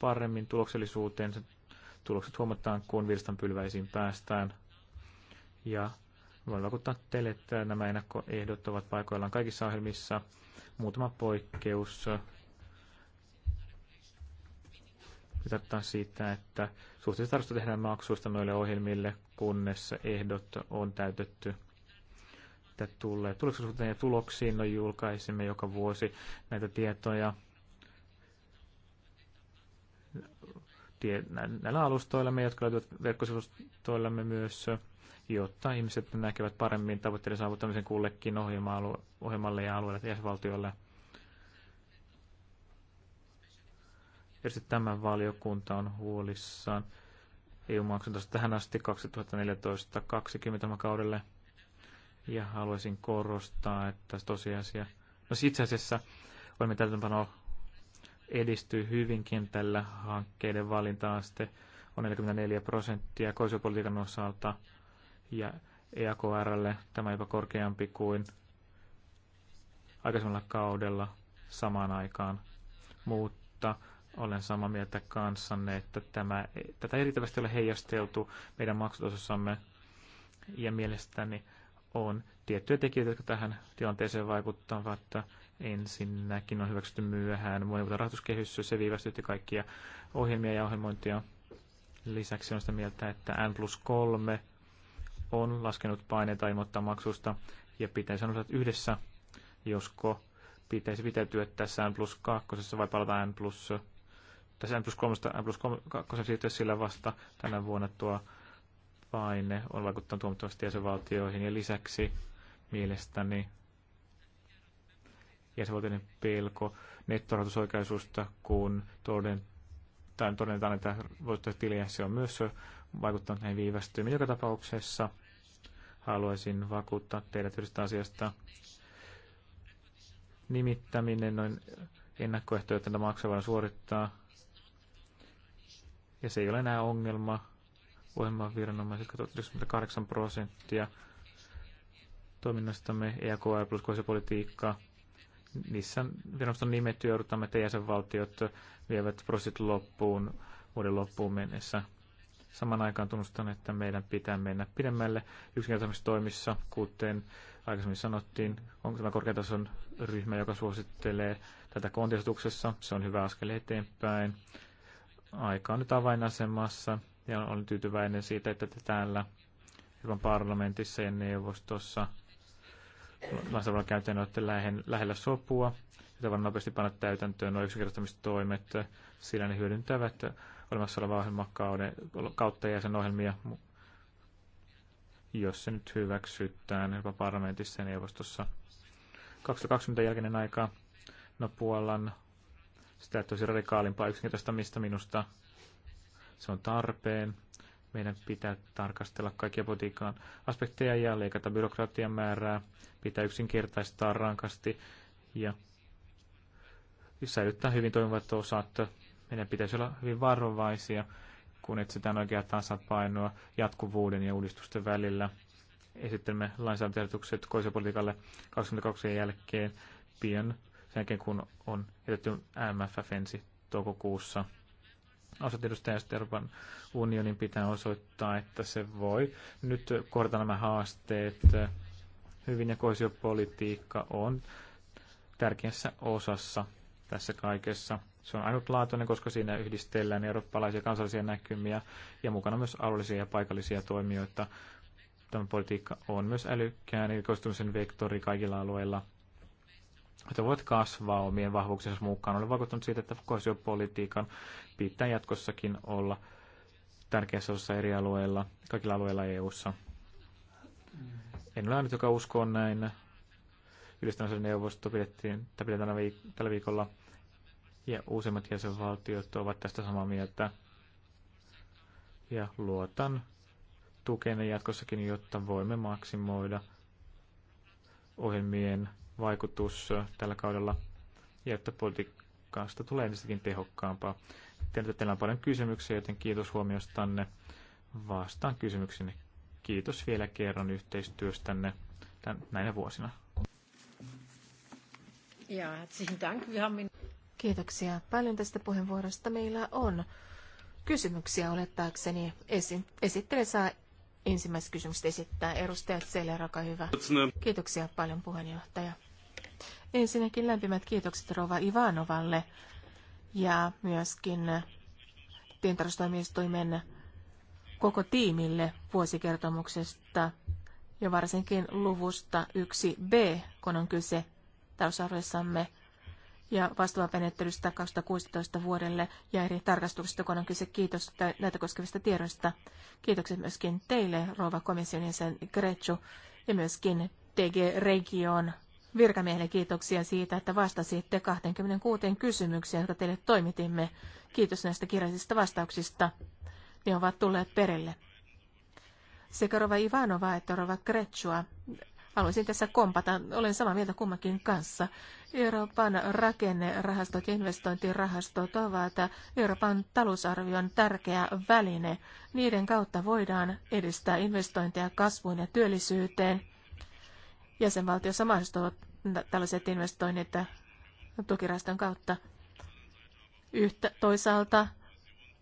paremmin tuloksellisuuteen. Tulokset huomataan, kun pylväisiin päästään. Ja Voin vakuuttaa teille, että nämä ennakkoehdot ovat paikoillaan kaikissa ohjelmissa. Muutama poikkeus tarkoittaa siitä, että suhteessa arvostot tehdä maksuista noille ohjelmille, kunnes ehdot on täytetty. Mitä tulee tuloksellisuuteen ja tuloksiin, no julkaisimme joka vuosi näitä tietoja. Tie, näillä alustoillamme, jotka löytyvät verkkosivustoillamme myös jotta ihmiset näkevät paremmin tavoitteiden saavuttamisen kullekin ohjelmalle ja alueelle ja jäsenvaltioille. Tietysti tämä valiokunta on huolissaan EU-maksutasta tähän asti 2014-2020 kaudelle. Ja haluaisin korostaa, että tosiasia, no siis itse asiassa olemme täytäntöpano edistyy hyvinkin tällä hankkeiden valinta-aste on 44 prosenttia koisopolitiikan osalta ja EAKRlle tämä jopa korkeampi kuin aikaisemmalla kaudella samaan aikaan. Mutta olen samaa mieltä kanssanne, että tämä, tätä ei riittävästi ole heijasteltu meidän maksutasossamme ja mielestäni on tiettyjä tekijöitä, jotka tähän tilanteeseen vaikuttavat. Ensinnäkin on hyväksytty myöhään monivuotoinen rahoituskehys, se viivästytti kaikkia ohjelmia ja ohjelmointia. Lisäksi on sitä mieltä, että N plus 3 on laskenut paineita ilmoittaa maksusta ja pitäisi sanoa, että yhdessä, josko pitäisi pitäytyä tässä N plus 2 vai palata N plus tässä N plus 3, N plus 2 siirtyä sillä vasta tänä vuonna tuo paine on vaikuttanut huomattavasti jäsenvaltioihin ja lisäksi mielestäni jäsenvaltioiden pelko nettorahoitusoikeususta, kun toden, tai todennetaan, että voittaa tiliä, se on myös vaikuttanut näihin viivästymiin. Joka tapauksessa haluaisin vakuuttaa teidät yhdestä asiasta. Nimittäminen noin ennakkoehtoja, että maksavan suorittaa. Ja se ei ole enää ongelma. Ohjelman viranomaiset 98 prosenttia toiminnastamme EAKR plus kohdallisuuspolitiikka. Niissä on nimetty joudutamme, että jäsenvaltiot vievät prosit loppuun vuoden loppuun mennessä. Saman aikaan tunnustan, että meidän pitää mennä pidemmälle yksinkertaisemmissa kuten aikaisemmin sanottiin, onko tämä korkeatason ryhmä, joka suosittelee tätä kontistuksessa. Se on hyvä askel eteenpäin. Aika on nyt avainasemassa ja olen tyytyväinen siitä, että te täällä hyvän parlamentissa ja neuvostossa lainsäädännön käyttäen olette lähellä sopua, jota voidaan nopeasti panna täytäntöön nuo yksinkertaistamistoimet, sillä ne hyödyntävät olemassa olevaa ohjelmakauden kautta ja sen ohjelmia, jos se nyt hyväksytään jopa parlamentissa ja neuvostossa. 2020 jälkeinen aika, no Puolan, sitä tosi radikaalimpaa yksinkertaistamista minusta. Se on tarpeen. Meidän pitää tarkastella kaikkia politiikan aspekteja ja leikata byrokratian määrää, pitää yksinkertaistaa rankasti ja säilyttää hyvin toimivat osat meidän pitäisi olla hyvin varovaisia, kun etsitään oikeaa tasapainoa jatkuvuuden ja uudistusten välillä. Esittelemme lainsäädäntöehdotukset politiikalle 22 jälkeen pian sen jälkeen, kun on jätetty MFF ensi toukokuussa. Osat edustajista Euroopan unionin pitää osoittaa, että se voi nyt kohdata nämä haasteet. Hyvin ja koisiopolitiikka on tärkeässä osassa tässä kaikessa. Se on ainutlaatuinen, koska siinä yhdistellään eurooppalaisia kansallisia näkymiä ja mukana myös alueellisia ja paikallisia toimijoita. Tämä politiikka on myös älykkään erikoistumisen vektori kaikilla alueilla, että voit kasvaa omien vahvuuksensa mukaan. Olen vaikuttanut siitä, että kohesiopolitiikan pitää jatkossakin olla tärkeässä osassa eri alueilla, kaikilla alueilla EU-ssa. En ole nyt, joka uskoo näin yleisten neuvosto pidettiin, tai pidetään viik- tällä viikolla, ja uusimmat jäsenvaltiot ovat tästä samaa mieltä. Ja luotan tukeni jatkossakin, jotta voimme maksimoida ohjelmien vaikutus tällä kaudella, ja jotta politiikasta tulee entistäkin tehokkaampaa. Tiedän, että teillä on paljon kysymyksiä, joten kiitos huomiostanne. Vastaan kysymyksiin. Kiitos vielä kerran yhteistyöstänne näinä vuosina. Kiitoksia paljon tästä puheenvuorosta. Meillä on kysymyksiä olettaakseni. Esi- esittele saa ensimmäiset kysymykset esittää. Edustaja Zeller, olkaa hyvä. Kiitoksia paljon puheenjohtaja. Ensinnäkin lämpimät kiitokset Rova Ivanovalle ja myöskin tientarastoimistoimen koko tiimille vuosikertomuksesta ja varsinkin luvusta 1b, kun on kyse talousarvessamme ja menettelystä 2016 vuodelle ja eri tarkastuksista, kun on kyse kiitos näitä koskevista tiedoista. Kiitokset myöskin teille, Rova komission jäsen Gretsu, ja myöskin TG Region virkamiehelle kiitoksia siitä, että vastasitte 26 kysymykseen, jotka teille toimitimme. Kiitos näistä kirjallisista vastauksista. Ne ovat tulleet perille. Sekä Rova Ivanova että Rova Kretsua Haluaisin tässä kompata. Olen samaa mieltä kummankin kanssa. Euroopan rakennerahastot ja investointirahastot ovat Euroopan talousarvion tärkeä väline. Niiden kautta voidaan edistää investointeja kasvuun ja työllisyyteen. Jäsenvaltiossa mahdollistuvat tällaiset investoinnit tukiraston kautta. Yhtä, toisaalta,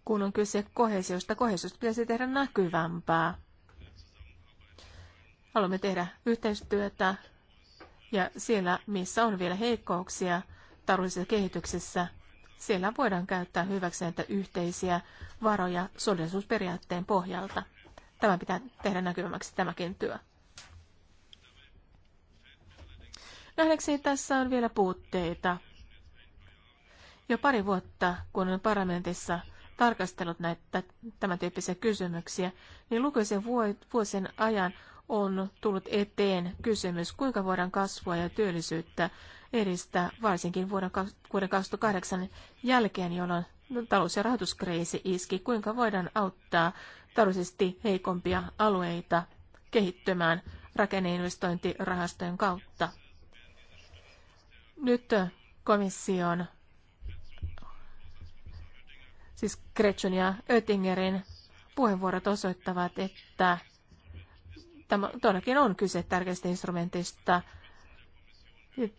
kun on kyse kohesiosta, kohesiosta pitäisi tehdä näkyvämpää Haluamme tehdä yhteistyötä ja siellä, missä on vielä heikkouksia taloudellisessa kehityksessä, siellä voidaan käyttää hyväksi näitä yhteisiä varoja solidaisuusperiaatteen pohjalta. Tämä pitää tehdä näkyvämmäksi tämäkin työ. Nähdäkseni tässä on vielä puutteita. Jo pari vuotta, kun on parlamentissa tarkastellut näitä tämän tyyppisiä kysymyksiä, niin lukuisen vuosien ajan on tullut eteen kysymys, kuinka voidaan kasvua ja työllisyyttä edistää, varsinkin vuoden 2008 jälkeen, jolloin talous- ja rahoituskriisi iski, kuinka voidaan auttaa taloudellisesti heikompia alueita kehittymään rakenneinvestointirahastojen kautta. Nyt äh, komission, siis Gretchen ja Oettingerin puheenvuorot osoittavat, että Tämä todellakin on kyse tärkeästä instrumentista.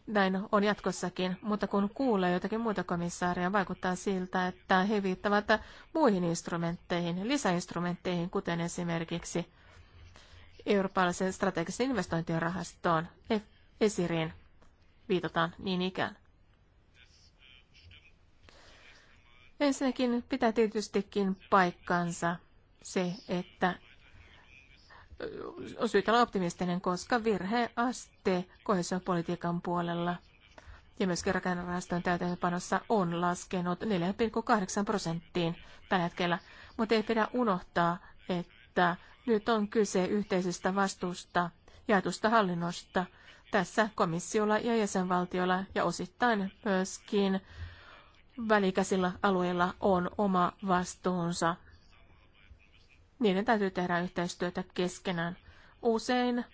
Näin on jatkossakin, mutta kun kuulee jotakin muita komissaaria, vaikuttaa siltä, että he viittavat muihin instrumentteihin, lisäinstrumentteihin, kuten esimerkiksi Euroopan strategisen investointien rahastoon, ESIRiin, viitataan niin ikään. Ensinnäkin pitää tietystikin paikkansa se, että on syytä olla optimistinen, koska virheaste kohesiopolitiikan puolella ja myöskin rakennerahastojen täytäntöpanossa on laskenut 4,8 prosenttiin tällä hetkellä. Mutta ei pidä unohtaa, että nyt on kyse yhteisestä vastuusta, jaetusta hallinnosta. Tässä komissiolla ja jäsenvaltiolla ja osittain myöskin välikäsillä alueilla on oma vastuunsa niiden täytyy tehdä yhteistyötä keskenään. Usein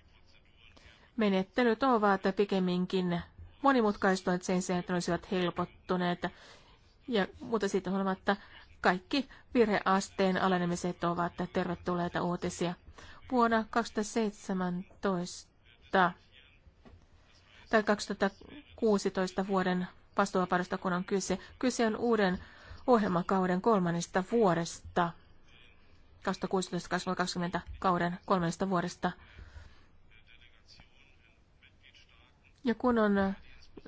menettelyt ovat pikemminkin monimutkaistuneet sen sijaan, että ne olisivat helpottuneet. Ja, mutta siitä huolimatta kaikki virheasteen alenemiset ovat tervetulleita uutisia. Vuonna 2017 tai 2016 vuoden vastuuvapaudesta, kun on kyse, kyse on uuden ohjelmakauden kolmannesta vuodesta – 2016-2020 kauden kolmesta vuodesta. Ja kun on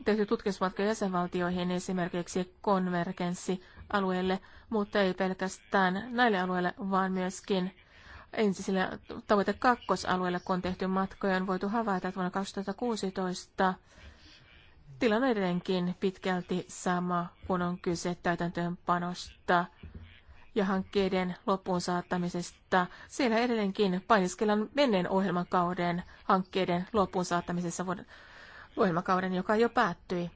tehty tutkimusmatka jäsenvaltioihin esimerkiksi konvergenssialueelle, mutta ei pelkästään näille alueille, vaan myöskin ensisille tavoite kakkosalueille, kun on tehty matkoja, on voitu havaita, että vuonna 2016 tilanne edelleenkin pitkälti sama, kun on kyse täytäntöönpanosta – ja hankkeiden loppuun saattamisesta. Siellä edelleenkin painiskellaan menneen ohjelmakauden hankkeiden loppuun saattamisessa ohjelmakauden, joka jo päättyi.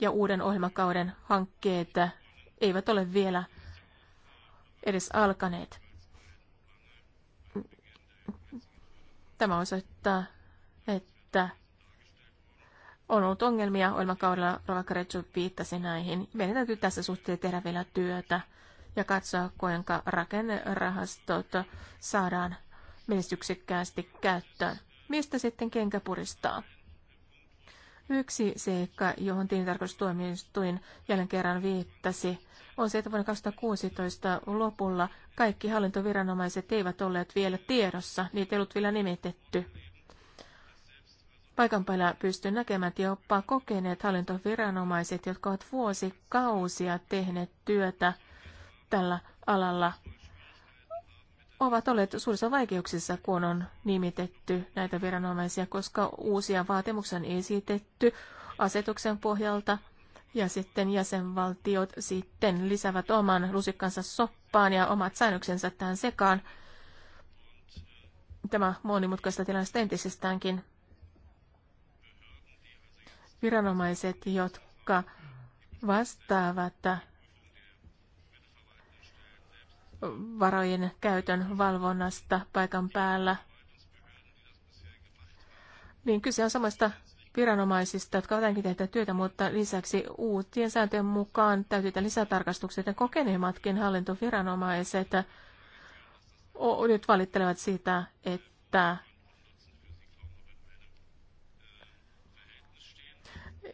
Ja uuden ohjelmakauden hankkeet eivät ole vielä edes alkaneet. Tämä osoittaa, että on ollut ongelmia ohjelmakaudella, Ravakaretsu viittasi näihin. Meidän täytyy tässä suhteessa tehdä vielä työtä ja katsoa, kuinka rakennerahastot saadaan menestyksekkäästi käyttöön. Mistä sitten kenkä puristaa? Yksi seikka, johon tilintarkastustuomioistuin jälleen kerran viittasi, on se, että vuonna 2016 lopulla kaikki hallintoviranomaiset eivät olleet vielä tiedossa, niitä ei ollut vielä nimitetty. Paikan päällä pystyy näkemään jopa kokeneet hallintoviranomaiset, jotka ovat vuosikausia tehneet työtä tällä alalla ovat olleet suurissa vaikeuksissa, kun on nimitetty näitä viranomaisia, koska uusia vaatimuksia on esitetty asetuksen pohjalta ja sitten jäsenvaltiot sitten lisäävät oman lusikkansa soppaan ja omat säännöksensä tähän sekaan. Tämä monimutkaista tilannetta entisestäänkin. Viranomaiset, jotka vastaavat varojen käytön valvonnasta paikan päällä, niin kyse on samasta viranomaisista, jotka ovat tehneet työtä, mutta lisäksi uutien sääntöjen mukaan täytyy lisätarkastukset ja kokeneemmatkin hallintoviranomaiset nyt valittelevat siitä, että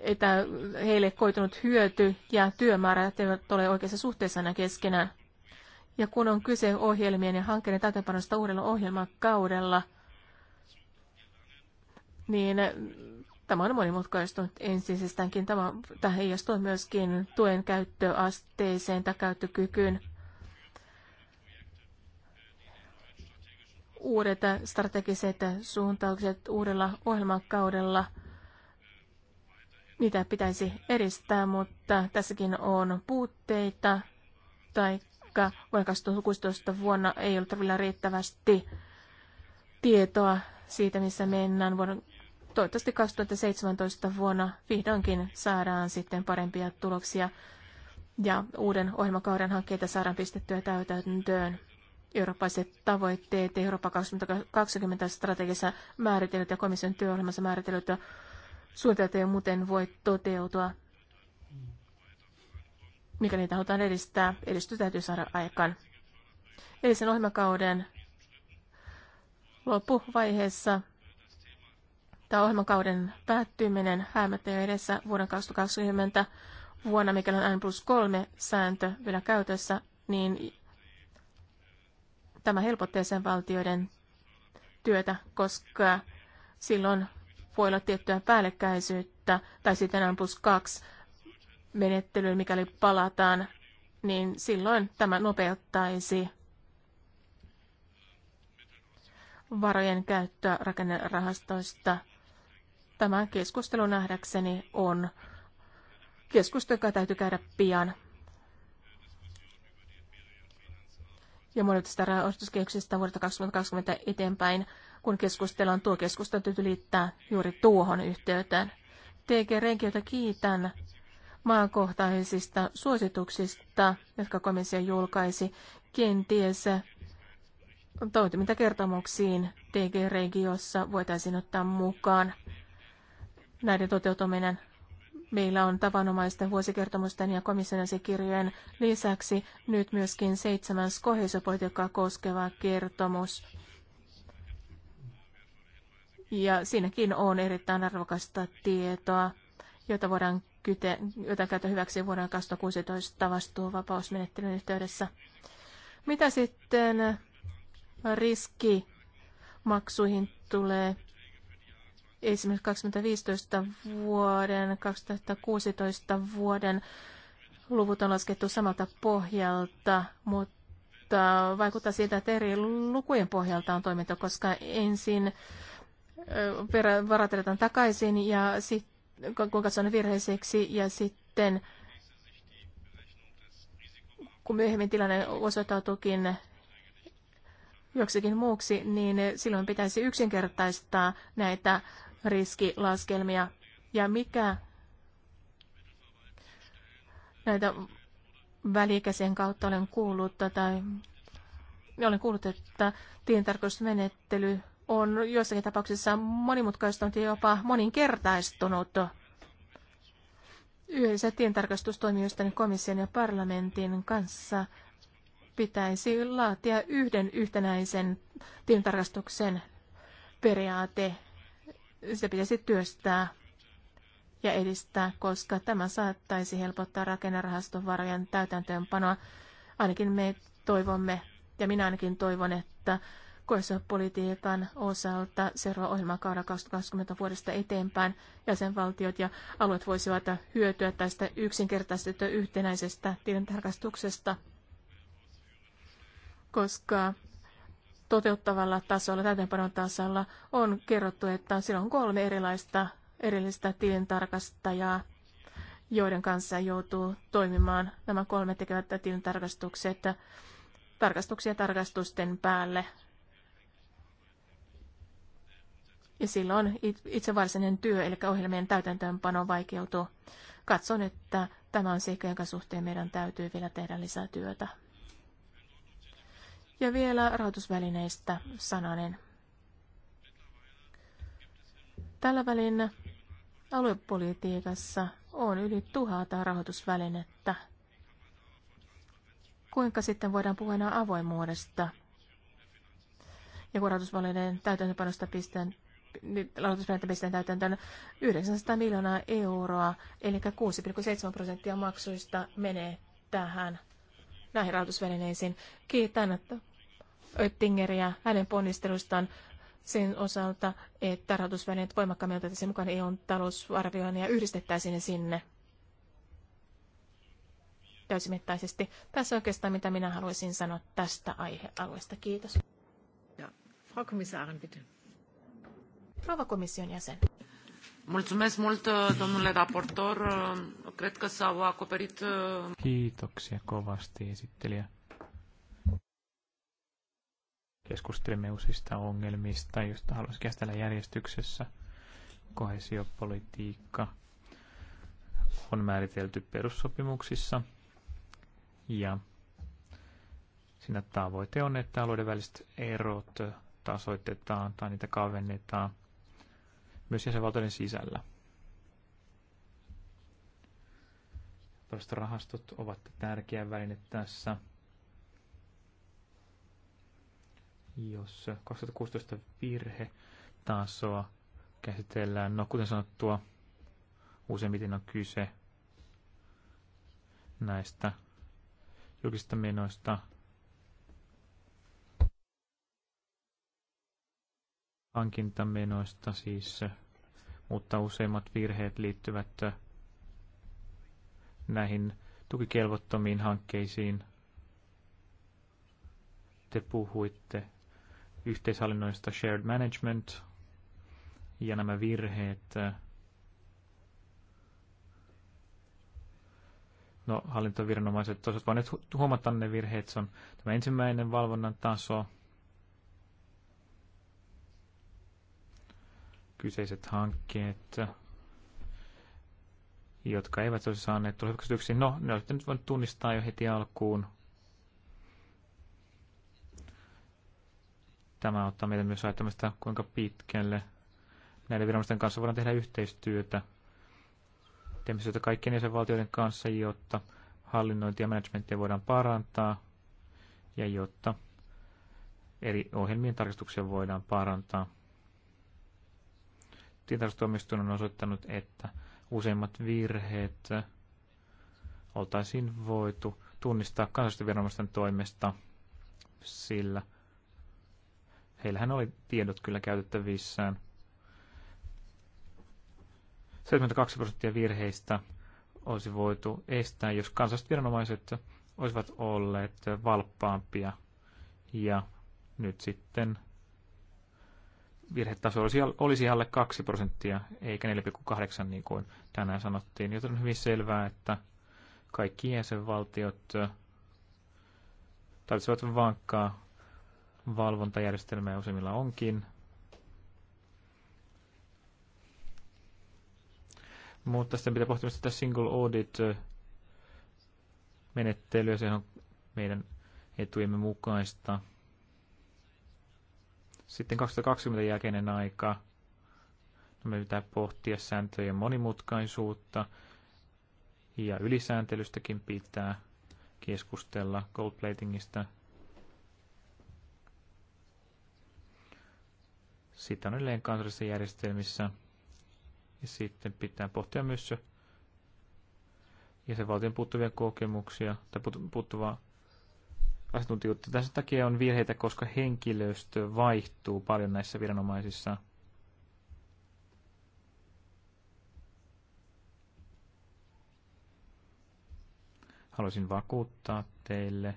että heille koitunut hyöty ja työmäärät eivät ole oikeassa suhteessa aina keskenään. Ja kun on kyse ohjelmien ja hankkeiden täytäntöpanosta uudella ohjelmakaudella, niin tämä on monimutkaistunut ensisestäänkin. Tämä, tämä heijastuu myöskin tuen käyttöasteeseen tai käyttökykyyn. Uudet strategiset suuntaukset uudella ohjelmakaudella, niitä pitäisi edistää, mutta tässäkin on puutteita tai vaikka vuonna 2016 vuonna ei ollut vielä riittävästi tietoa siitä, missä mennään. Vuonna, toivottavasti 2017 vuonna vihdoinkin saadaan sitten parempia tuloksia ja uuden ohjelmakauden hankkeita saadaan pistettyä täytäntöön. Eurooppaiset tavoitteet, Eurooppa 2020 strategiassa määritellyt ja komission työohjelmassa määritellyt suunnitelmat ei muuten voi toteutua mikä niitä halutaan edistää, edistys täytyy saada aikaan. sen ohjelmakauden loppuvaiheessa tämä ohjelmakauden päättyminen häämättä edessä vuoden 2020 vuonna, mikä on N plus 3 sääntö vielä käytössä, niin tämä helpottaa sen valtioiden työtä, koska silloin voi olla tiettyä päällekkäisyyttä, tai sitten N plus 2 menettelyyn, mikäli palataan, niin silloin tämä nopeuttaisi varojen käyttöä rakennerahastoista. Tämä keskustelu nähdäkseni on keskustelu, joka täytyy käydä pian. Ja monista rahoituskehyksistä vuodesta 2020 eteenpäin, kun keskustellaan, tuo keskustelu täytyy liittää juuri tuohon yhteyteen. TG Renkiötä kiitän Maakohtaisista suosituksista, jotka komissio julkaisi, kenties toimintakertomuksiin tg regiossa voitaisiin ottaa mukaan näiden toteutuminen. Meillä on tavanomaisten vuosikertomusten ja komission asiakirjojen lisäksi nyt myöskin seitsemäs kohesiopolitiikkaa koskeva kertomus. Ja siinäkin on erittäin arvokasta tietoa, jota voidaan jota käytä hyväksi vuoden 2016 vapausmenettelyn yhteydessä. Mitä sitten riskimaksuihin tulee? Esimerkiksi 2015 vuoden, 2016 vuoden luvut on laskettu samalta pohjalta, mutta vaikuttaa siltä, että eri lukujen pohjalta on toiminto, koska ensin varat takaisin ja sitten kun katson virheiseksi ja sitten kun myöhemmin tilanne osoittautuukin joksikin muuksi, niin silloin pitäisi yksinkertaistaa näitä riskilaskelmia. Ja mikä näitä välikäsien kautta olen kuullut, tai olen kuullut, että tilintarkastusmenettely on joissakin tapauksissa monimutkaistunut ja jopa moninkertaistunut. Yhdessä tientarkastustoimijoisten komission ja parlamentin kanssa pitäisi laatia yhden yhtenäisen tientarkastuksen periaate. Se pitäisi työstää ja edistää, koska tämä saattaisi helpottaa rakennerahaston varojen täytäntöönpanoa. Ainakin me toivomme, ja minä ainakin toivon, että koesopolitiikan osalta seuraava ohjelmakaudella 2020 vuodesta eteenpäin jäsenvaltiot ja alueet voisivat hyötyä tästä yksinkertaisesta yhtenäisestä tilintarkastuksesta, koska toteuttavalla tasolla, täytäntöpanon tasolla on kerrottu, että siellä on kolme erilaista erillistä tilintarkastajaa, joiden kanssa joutuu toimimaan. Nämä kolme tekevät tilintarkastukset tarkastuksia tarkastusten päälle Ja silloin itse varsinainen työ, eli ohjelmien täytäntöönpano vaikeutuu. Katson, että tämä on seikka, jonka suhteen meidän täytyy vielä tehdä lisää työtä. Ja vielä rahoitusvälineistä sananen. Tällä välin aluepolitiikassa on yli tuhata rahoitusvälinettä. Kuinka sitten voidaan puhua enää avoimuudesta? Ja kun rahoitusvälineen täytäntöpanosta pistetään rahoitusvälinettä pistetään täytäntöön 900 miljoonaa euroa, eli 6,7 prosenttia maksuista menee tähän näihin rahoitusvälineisiin. Kiitän Oettingeriä hänen ponnistelustaan sen osalta, että rahoitusvälineet voimakkaammin otettaisiin mukaan EUn talousarvioon ja yhdistettäisiin ne sinne täysimittaisesti. Tässä oikeastaan mitä minä haluaisin sanoa tästä aihealueesta. Kiitos. Ja, Frau Kommissarin, bitte. Rova komission jäsen. Mulțumesc mult, domnule raportor. Cred că s-au acoperit... Uh, Kiitoksia kovasti esittelijä. keskustelemme uusista ongelmista, joista haluaisin käsitellä järjestyksessä. Kohesiopolitiikka on määritelty perussopimuksissa ja siinä tavoite on, että alueiden väliset erot tasoitetaan tai niitä kavennetaan myös jäsenvaltioiden sisällä. rahastot ovat tärkeä väline tässä. Jos 2016 virhe tasoa käsitellään, no kuten sanottua, useimmiten on kyse näistä julkisista menoista. Hankintamenoista siis mutta useimmat virheet liittyvät äh, näihin tukikelvottomiin hankkeisiin. Te puhuitte yhteishallinnoista shared management ja nämä virheet. Äh, no, hallintoviranomaiset tosiaan vaan nyt huomata ne virheet. Se on tämä ensimmäinen valvonnan taso, kyseiset hankkeet, jotka eivät olisi saaneet tulevaksi No, ne olette nyt voineet tunnistaa jo heti alkuun. Tämä ottaa meitä myös ajattelemasta, kuinka pitkälle näiden viranomaisten kanssa voidaan tehdä yhteistyötä. Teemme sitä kaikkien jäsenvaltioiden kanssa, jotta hallinnointia ja managementia voidaan parantaa ja jotta eri ohjelmien tarkastuksia voidaan parantaa. Tietotustuomioistuin on osoittanut, että useimmat virheet oltaisiin voitu tunnistaa kansallisten viranomaisten toimesta, sillä heillähän oli tiedot kyllä käytettävissään. 72 prosenttia virheistä olisi voitu estää, jos kansalliset viranomaiset olisivat olleet valppaampia. Ja nyt sitten virhetaso olisi, olisi alle 2 prosenttia, eikä 4,8 niin kuin tänään sanottiin. Joten on hyvin selvää, että kaikki jäsenvaltiot tarvitsevat vankkaa valvontajärjestelmää useimmilla onkin. Mutta sitten pitää pohtia tätä single audit menettelyä, se on meidän etujemme mukaista. Sitten 2020 jälkeinen aika. Me pitää pohtia sääntöjen monimutkaisuutta ja ylisääntelystäkin pitää keskustella goldplatingista. Sitä on edelleen kansallisissa järjestelmissä. Ja sitten pitää pohtia myös valtion puuttuvia kokemuksia tai puuttuvaa asiantuntijuutta. Tässä takia on virheitä, koska henkilöstö vaihtuu paljon näissä viranomaisissa. Haluaisin vakuuttaa teille,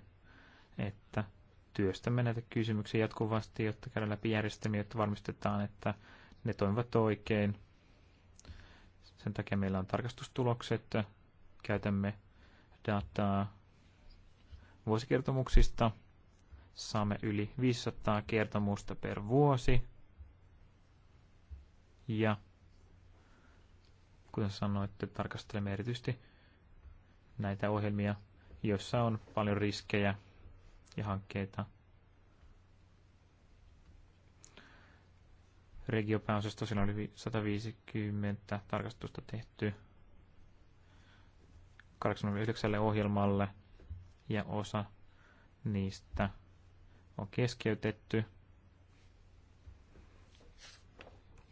että työstämme näitä kysymyksiä jatkuvasti, jotta käydään läpi järjestelmiä, jotta varmistetaan, että ne toimivat oikein. Sen takia meillä on tarkastustulokset, käytämme dataa vuosikertomuksista. Saamme yli 500 kertomusta per vuosi. Ja kuten sanoitte, tarkastelemme erityisesti näitä ohjelmia, joissa on paljon riskejä ja hankkeita. Regiopääosasta siellä oli 150 tarkastusta tehty 89 ohjelmalle – ja osa niistä on keskeytetty,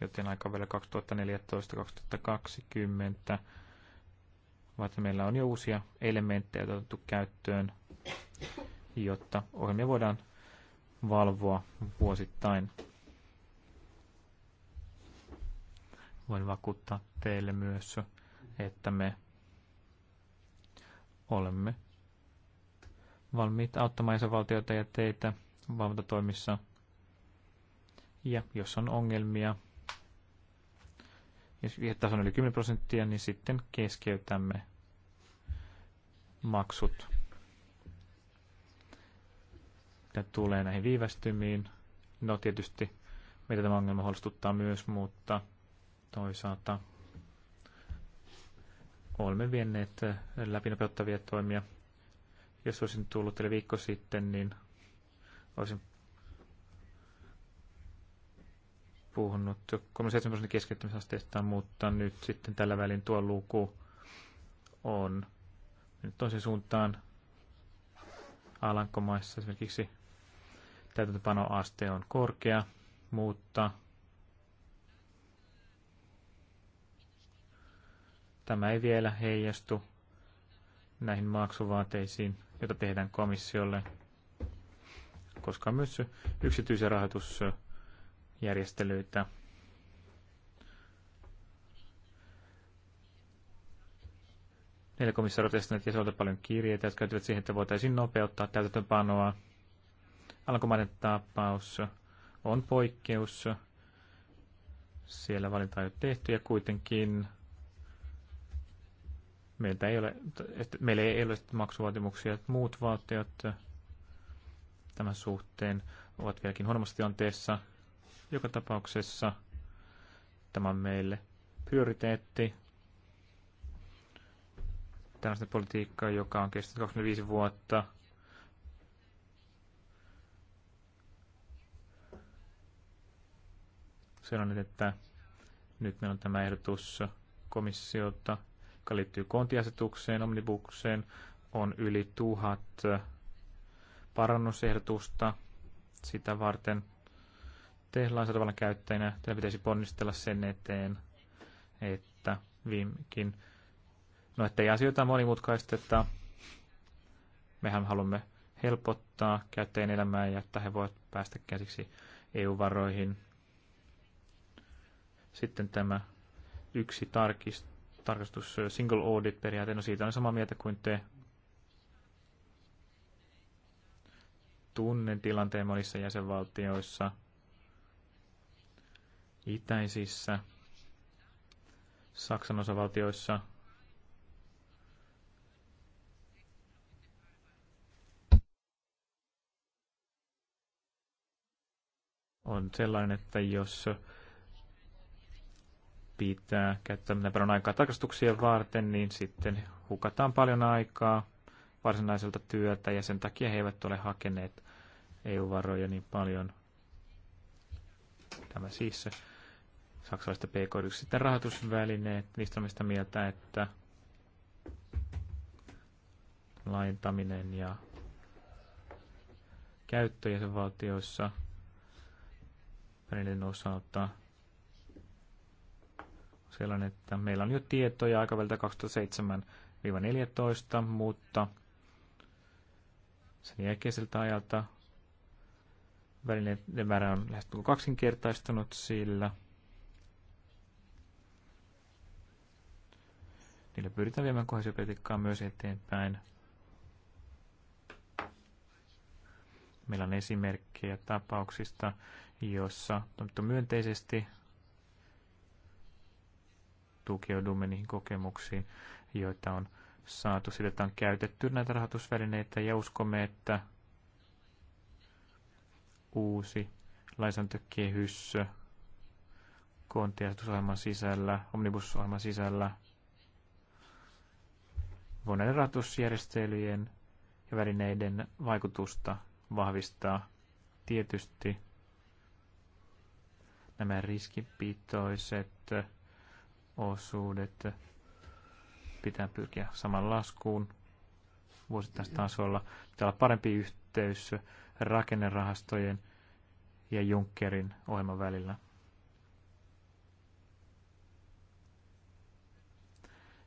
joten aika vielä 2014-2020, vaikka meillä on jo uusia elementtejä otettu käyttöön, jotta ohjelmia voidaan valvoa vuosittain. Voin vakuuttaa teille myös, että me olemme valmiit auttamaan jäsenvaltioita ja teitä valvontatoimissa. Ja jos on ongelmia, jos taso on yli 10 prosenttia, niin sitten keskeytämme maksut. Mitä tulee näihin viivästymiin, no tietysti meitä tämä ongelma huolestuttaa myös, mutta toisaalta olemme vienneet läpinopeuttavia toimia jos olisin tullut teille viikko sitten, niin olisin puhunut 37 prosentin mutta nyt sitten tällä välin tuo luku on nyt toisen suuntaan Alankomaissa esimerkiksi täytäntöpanoaste on korkea, mutta tämä ei vielä heijastu näihin maksuvaateisiin jota tehdään komissiolle, koska on myös yksityisiä rahoitusjärjestelyitä. Neljä komissaari testannut jäseniltä paljon kirjeitä, jotka käytyvät siihen, että voitaisiin nopeuttaa täytäntöpanoa. Alkomainen tapaus on poikkeus. Siellä valinta on jo tehty ja kuitenkin meiltä ei ole, että meillä ei ole maksuvaatimuksia, että muut valtiot äh, tämän suhteen ovat vieläkin huonommassa tilanteessa. Joka tapauksessa tämä on meille prioriteetti. Tällaista politiikkaa, joka on kestänyt 25 vuotta. Se on nyt, että nyt meillä on tämä ehdotus komissiota – joka liittyy kontiasetukseen, omnibukseen, on yli tuhat parannusehdotusta sitä varten. Te lainsäädävän käyttäjänä teidän pitäisi ponnistella sen eteen, että viimekin, no ettei asioita monimutkaisteta. Mehän haluamme helpottaa käyttäjien elämää ja että he voivat päästä käsiksi EU-varoihin. Sitten tämä yksi tarkistus tarkastus single audit periaate, no siitä on samaa mieltä kuin te. Tunnen tilanteen monissa jäsenvaltioissa, itäisissä, Saksan osavaltioissa. On sellainen, että jos pitää käyttää mitä paljon aikaa tarkastuksia varten, niin sitten hukataan paljon aikaa varsinaiselta työtä ja sen takia he eivät ole hakeneet EU-varoja niin paljon. Tämä siis se saksalaista pk Sitten rahoitusvälineet, niistä on sitä mieltä, että laajentaminen ja käyttö jäsenvaltioissa välineiden osalta – sellainen, että meillä on jo tietoja aikaväliltä 2007-2014, mutta sen jälkeiseltä ajalta välineiden määrä on lähes kaksinkertaistunut sillä. Niillä pyritään viemään kohesiopolitiikkaa myös eteenpäin. Meillä on esimerkkejä tapauksista, joissa on myönteisesti tukeudumme niihin kokemuksiin, joita on saatu siitä, että on käytetty näitä rahoitusvälineitä ja uskomme, että uusi lainsäädäntökehys koontiasetusohjelman sisällä, omnibusohjelman sisällä voi näiden rahoitusjärjestelyjen ja välineiden vaikutusta vahvistaa. Tietysti nämä riskipitoiset osuudet pitää pyrkiä saman laskuun vuosittaistasolla. Pitää olla parempi yhteys rakennerahastojen ja Junckerin ohjelman välillä.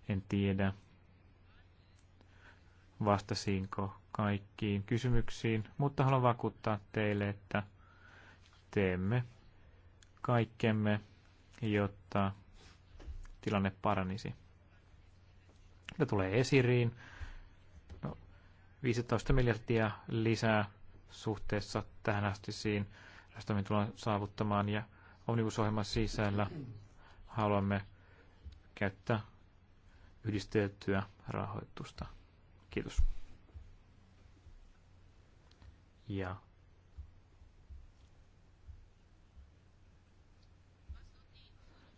En tiedä, vastasiinko kaikkiin kysymyksiin, mutta haluan vakuuttaa teille, että teemme kaikkemme, jotta tilanne paranisi. Mitä tulee esiriin? No, 15 miljardia lisää suhteessa tähän asti Tästä me tullaan saavuttamaan ja omnibusohjelman sisällä haluamme käyttää yhdistettyä rahoitusta. Kiitos. Ja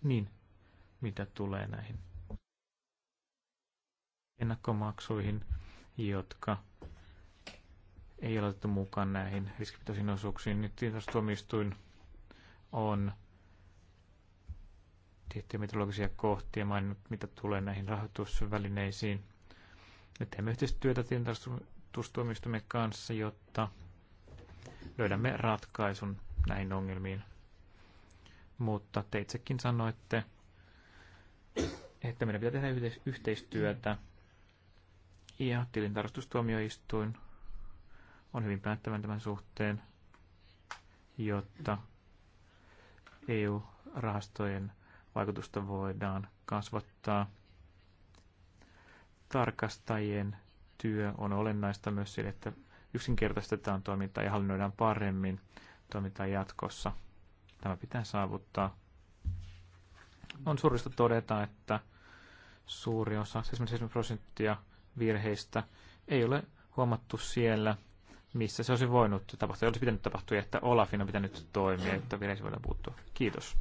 niin, mitä tulee näihin ennakkomaksuihin, jotka ei ole otettu mukaan näihin riskipitoisiin osuuksiin. Nyt tietotuomioistuin on tiettyjä meteorologisia kohtia maininnut, mitä tulee näihin rahoitusvälineisiin. Me teemme yhteistyötä tietotuomioistuimen kanssa, jotta löydämme ratkaisun näihin ongelmiin. Mutta te itsekin sanoitte, että meidän pitää tehdä yhteistyötä. Ja tilintarkastustuomioistuin on hyvin päättävän tämän suhteen, jotta EU-rahastojen vaikutusta voidaan kasvattaa. Tarkastajien työ on olennaista myös sille, että yksinkertaistetaan toimintaa ja hallinnoidaan paremmin toimintaa jatkossa. Tämä pitää saavuttaa on surullista todeta, että suuri osa, 77 prosenttia virheistä ei ole huomattu siellä, missä se olisi voinut tapahtua, ei olisi pitänyt tapahtua, että Olafin on pitänyt toimia, että virheisiin voidaan puuttua. Kiitos.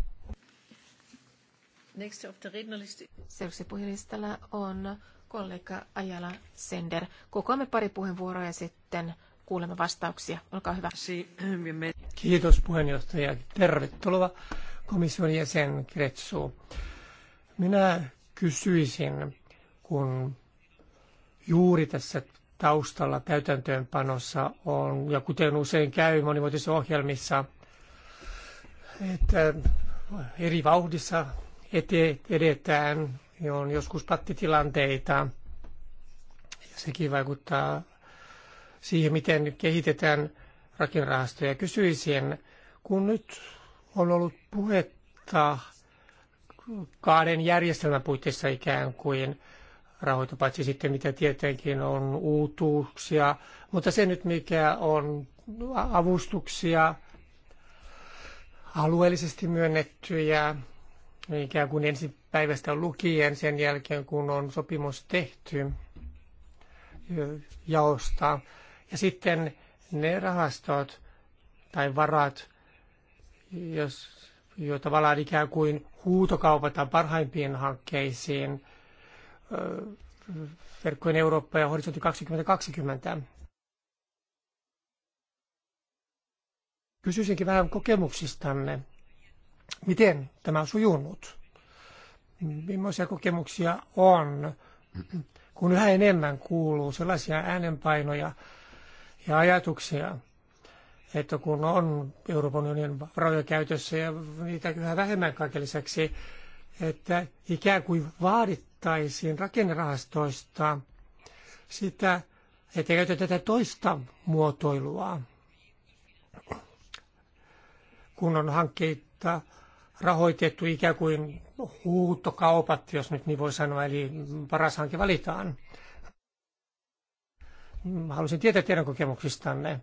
Seuraavaksi puhelistalla on kollega Ajala Sender. Kokoamme pari puheenvuoroa ja sitten kuulemme vastauksia. Olkaa hyvä. Eh, Kiitos puheenjohtaja. Tervetuloa komission jäsen Kretsu. Minä kysyisin, kun juuri tässä taustalla täytäntöönpanossa on, ja kuten usein käy monimuotoisissa ohjelmissa, että eri vauhdissa edetään, ja niin on joskus pattitilanteita, ja sekin vaikuttaa siihen, miten kehitetään rakennerahastoja. Kysyisin, kun nyt on ollut puhetta kahden järjestelmän puitteissa ikään kuin rahoita, paitsi sitten mitä tietenkin on uutuuksia, mutta se nyt mikä on avustuksia, alueellisesti myönnettyjä, ikään kuin ensi päivästä lukien sen jälkeen, kun on sopimus tehty jaosta. Ja sitten ne rahastot tai varat, jos, jo tavallaan ikään kuin huutokaupataan parhaimpiin hankkeisiin, verkkojen Eurooppa ja horisontti 2020. Kysyisinkin vähän kokemuksistanne. Miten tämä on sujunut? Millaisia kokemuksia on, kun yhä enemmän kuuluu sellaisia äänenpainoja ja ajatuksia, että kun on Euroopan unionin varoja käytössä ja niitä yhä vähemmän kaiken lisäksi, että ikään kuin vaadittaisiin rakennerahastoista sitä, että käytetään tätä toista muotoilua, kun on hankkeita rahoitettu ikään kuin huutokaupat, jos nyt niin voi sanoa, eli paras hanke valitaan. haluaisin tietää teidän kokemuksistanne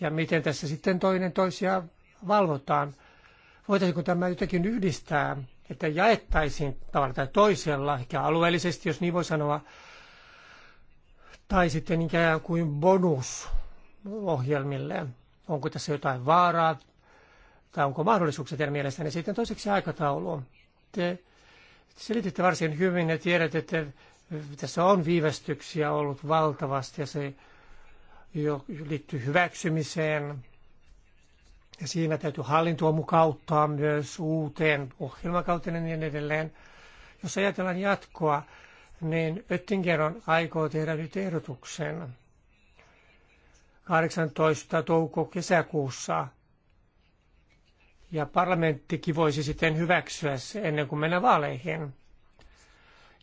ja miten tässä sitten toinen toisia valvotaan. Voitaisiinko tämä jotenkin yhdistää, että jaettaisiin tavalla tai toisella, ehkä alueellisesti, jos niin voi sanoa, tai sitten ikään kuin bonus ohjelmille. Onko tässä jotain vaaraa tai onko mahdollisuuksia teidän mielestänne sitten toiseksi aikatauluun? Te selititte varsin hyvin ja tiedät, että tässä on viivästyksiä ollut valtavasti ja se liittyy hyväksymiseen. Ja siinä täytyy hallintoa mukauttaa myös uuteen ohjelmakauteen ja niin edelleen. Jos ajatellaan jatkoa, niin Oettinger on aikoo tehdä nyt ehdotuksen 18. touko-kesäkuussa. Ja parlamenttikin voisi sitten hyväksyä se ennen kuin mennään vaaleihin.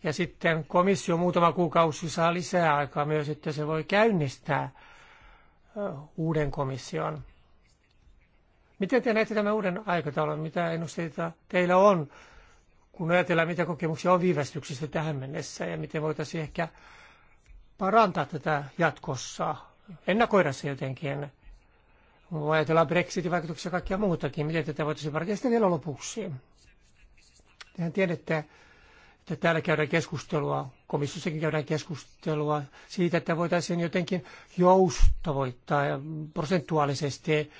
Ja sitten komissio muutama kuukausi saa lisää aikaa myös, että se voi käynnistää uuden komission. Miten te näette tämän uuden aikataulun? Mitä ennusteita teillä on, kun ajatellaan, mitä kokemuksia on viivästyksistä tähän mennessä ja miten voitaisiin ehkä parantaa tätä jatkossa, ennakoida se jotenkin? Voi ajatellaan Brexitin vaikutuksia ja kaikkia muutakin. Miten tätä voitaisiin parantaa? Ja sitten vielä lopuksi. Tehän tiedätte, että täällä käydään keskustelua, komissiossakin käydään keskustelua siitä, että voitaisiin jotenkin joustavoittaa prosentuaalisesti,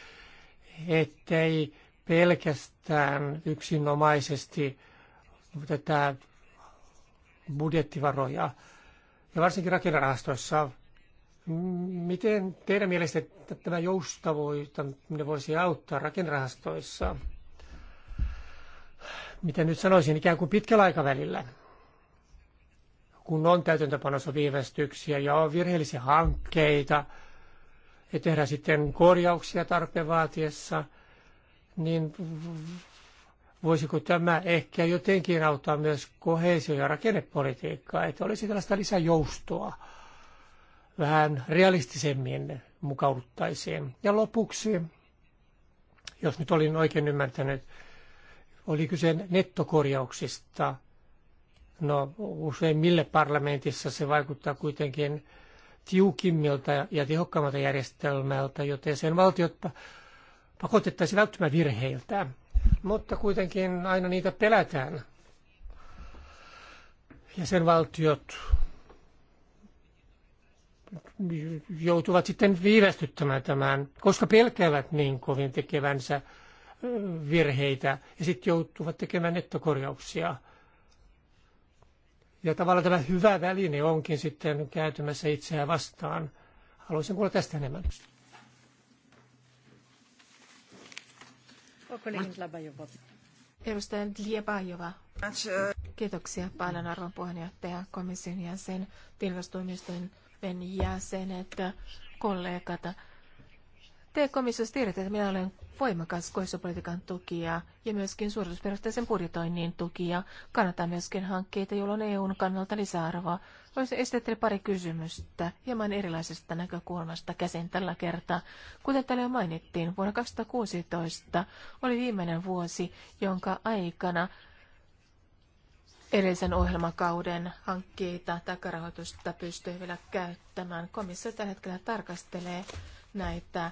ettei pelkästään yksinomaisesti tätä budjettivaroja. Ja varsinkin rakennerahastoissa, miten teidän mielestä tämä joustavoittaminen voisi auttaa rakennerahastoissa? miten nyt sanoisin, ikään kuin pitkällä aikavälillä, kun on täytäntöpanossa viivästyksiä ja on virheellisiä hankkeita, ja tehdään sitten korjauksia tarpeen vaatiessa, niin voisiko tämä ehkä jotenkin auttaa myös kohesio- ja rakennepolitiikkaa, että olisi tällaista lisäjoustoa vähän realistisemmin mukauduttaisiin. Ja lopuksi, jos nyt olin oikein ymmärtänyt, oli kyse nettokorjauksista. No usein mille parlamentissa se vaikuttaa kuitenkin tiukimmilta ja tehokkaammalta järjestelmältä, joten sen valtiot pakotettaisiin välttämään virheiltä. Mutta kuitenkin aina niitä pelätään. Ja sen valtiot joutuvat sitten viivästyttämään tämän, koska pelkäävät niin kovin tekevänsä virheitä ja sitten joutuvat tekemään nettokorjauksia. Ja tavallaan tämä hyvä väline onkin sitten kääntymässä itseään vastaan. Haluaisin kuulla tästä enemmän. Edustaja Dliebajova. Kiitoksia paljon arvon puheenjohtaja, komission jäsen, tilastoimiston jäsenet, kollegat te komissiossa tiedätte, että minä olen voimakas kohesiopolitiikan tukija ja myöskin suoritusperusteisen budjetoinnin tukija. Kannattaa myöskin hankkeita, joilla on EUn kannalta lisäarvoa. Olisin esitettänyt pari kysymystä hieman erilaisesta näkökulmasta käsin tällä kertaa. Kuten täällä jo mainittiin, vuonna 2016 oli viimeinen vuosi, jonka aikana edellisen ohjelmakauden hankkeita takarahoitusta pystyy vielä käyttämään. Komissio tällä hetkellä tarkastelee näitä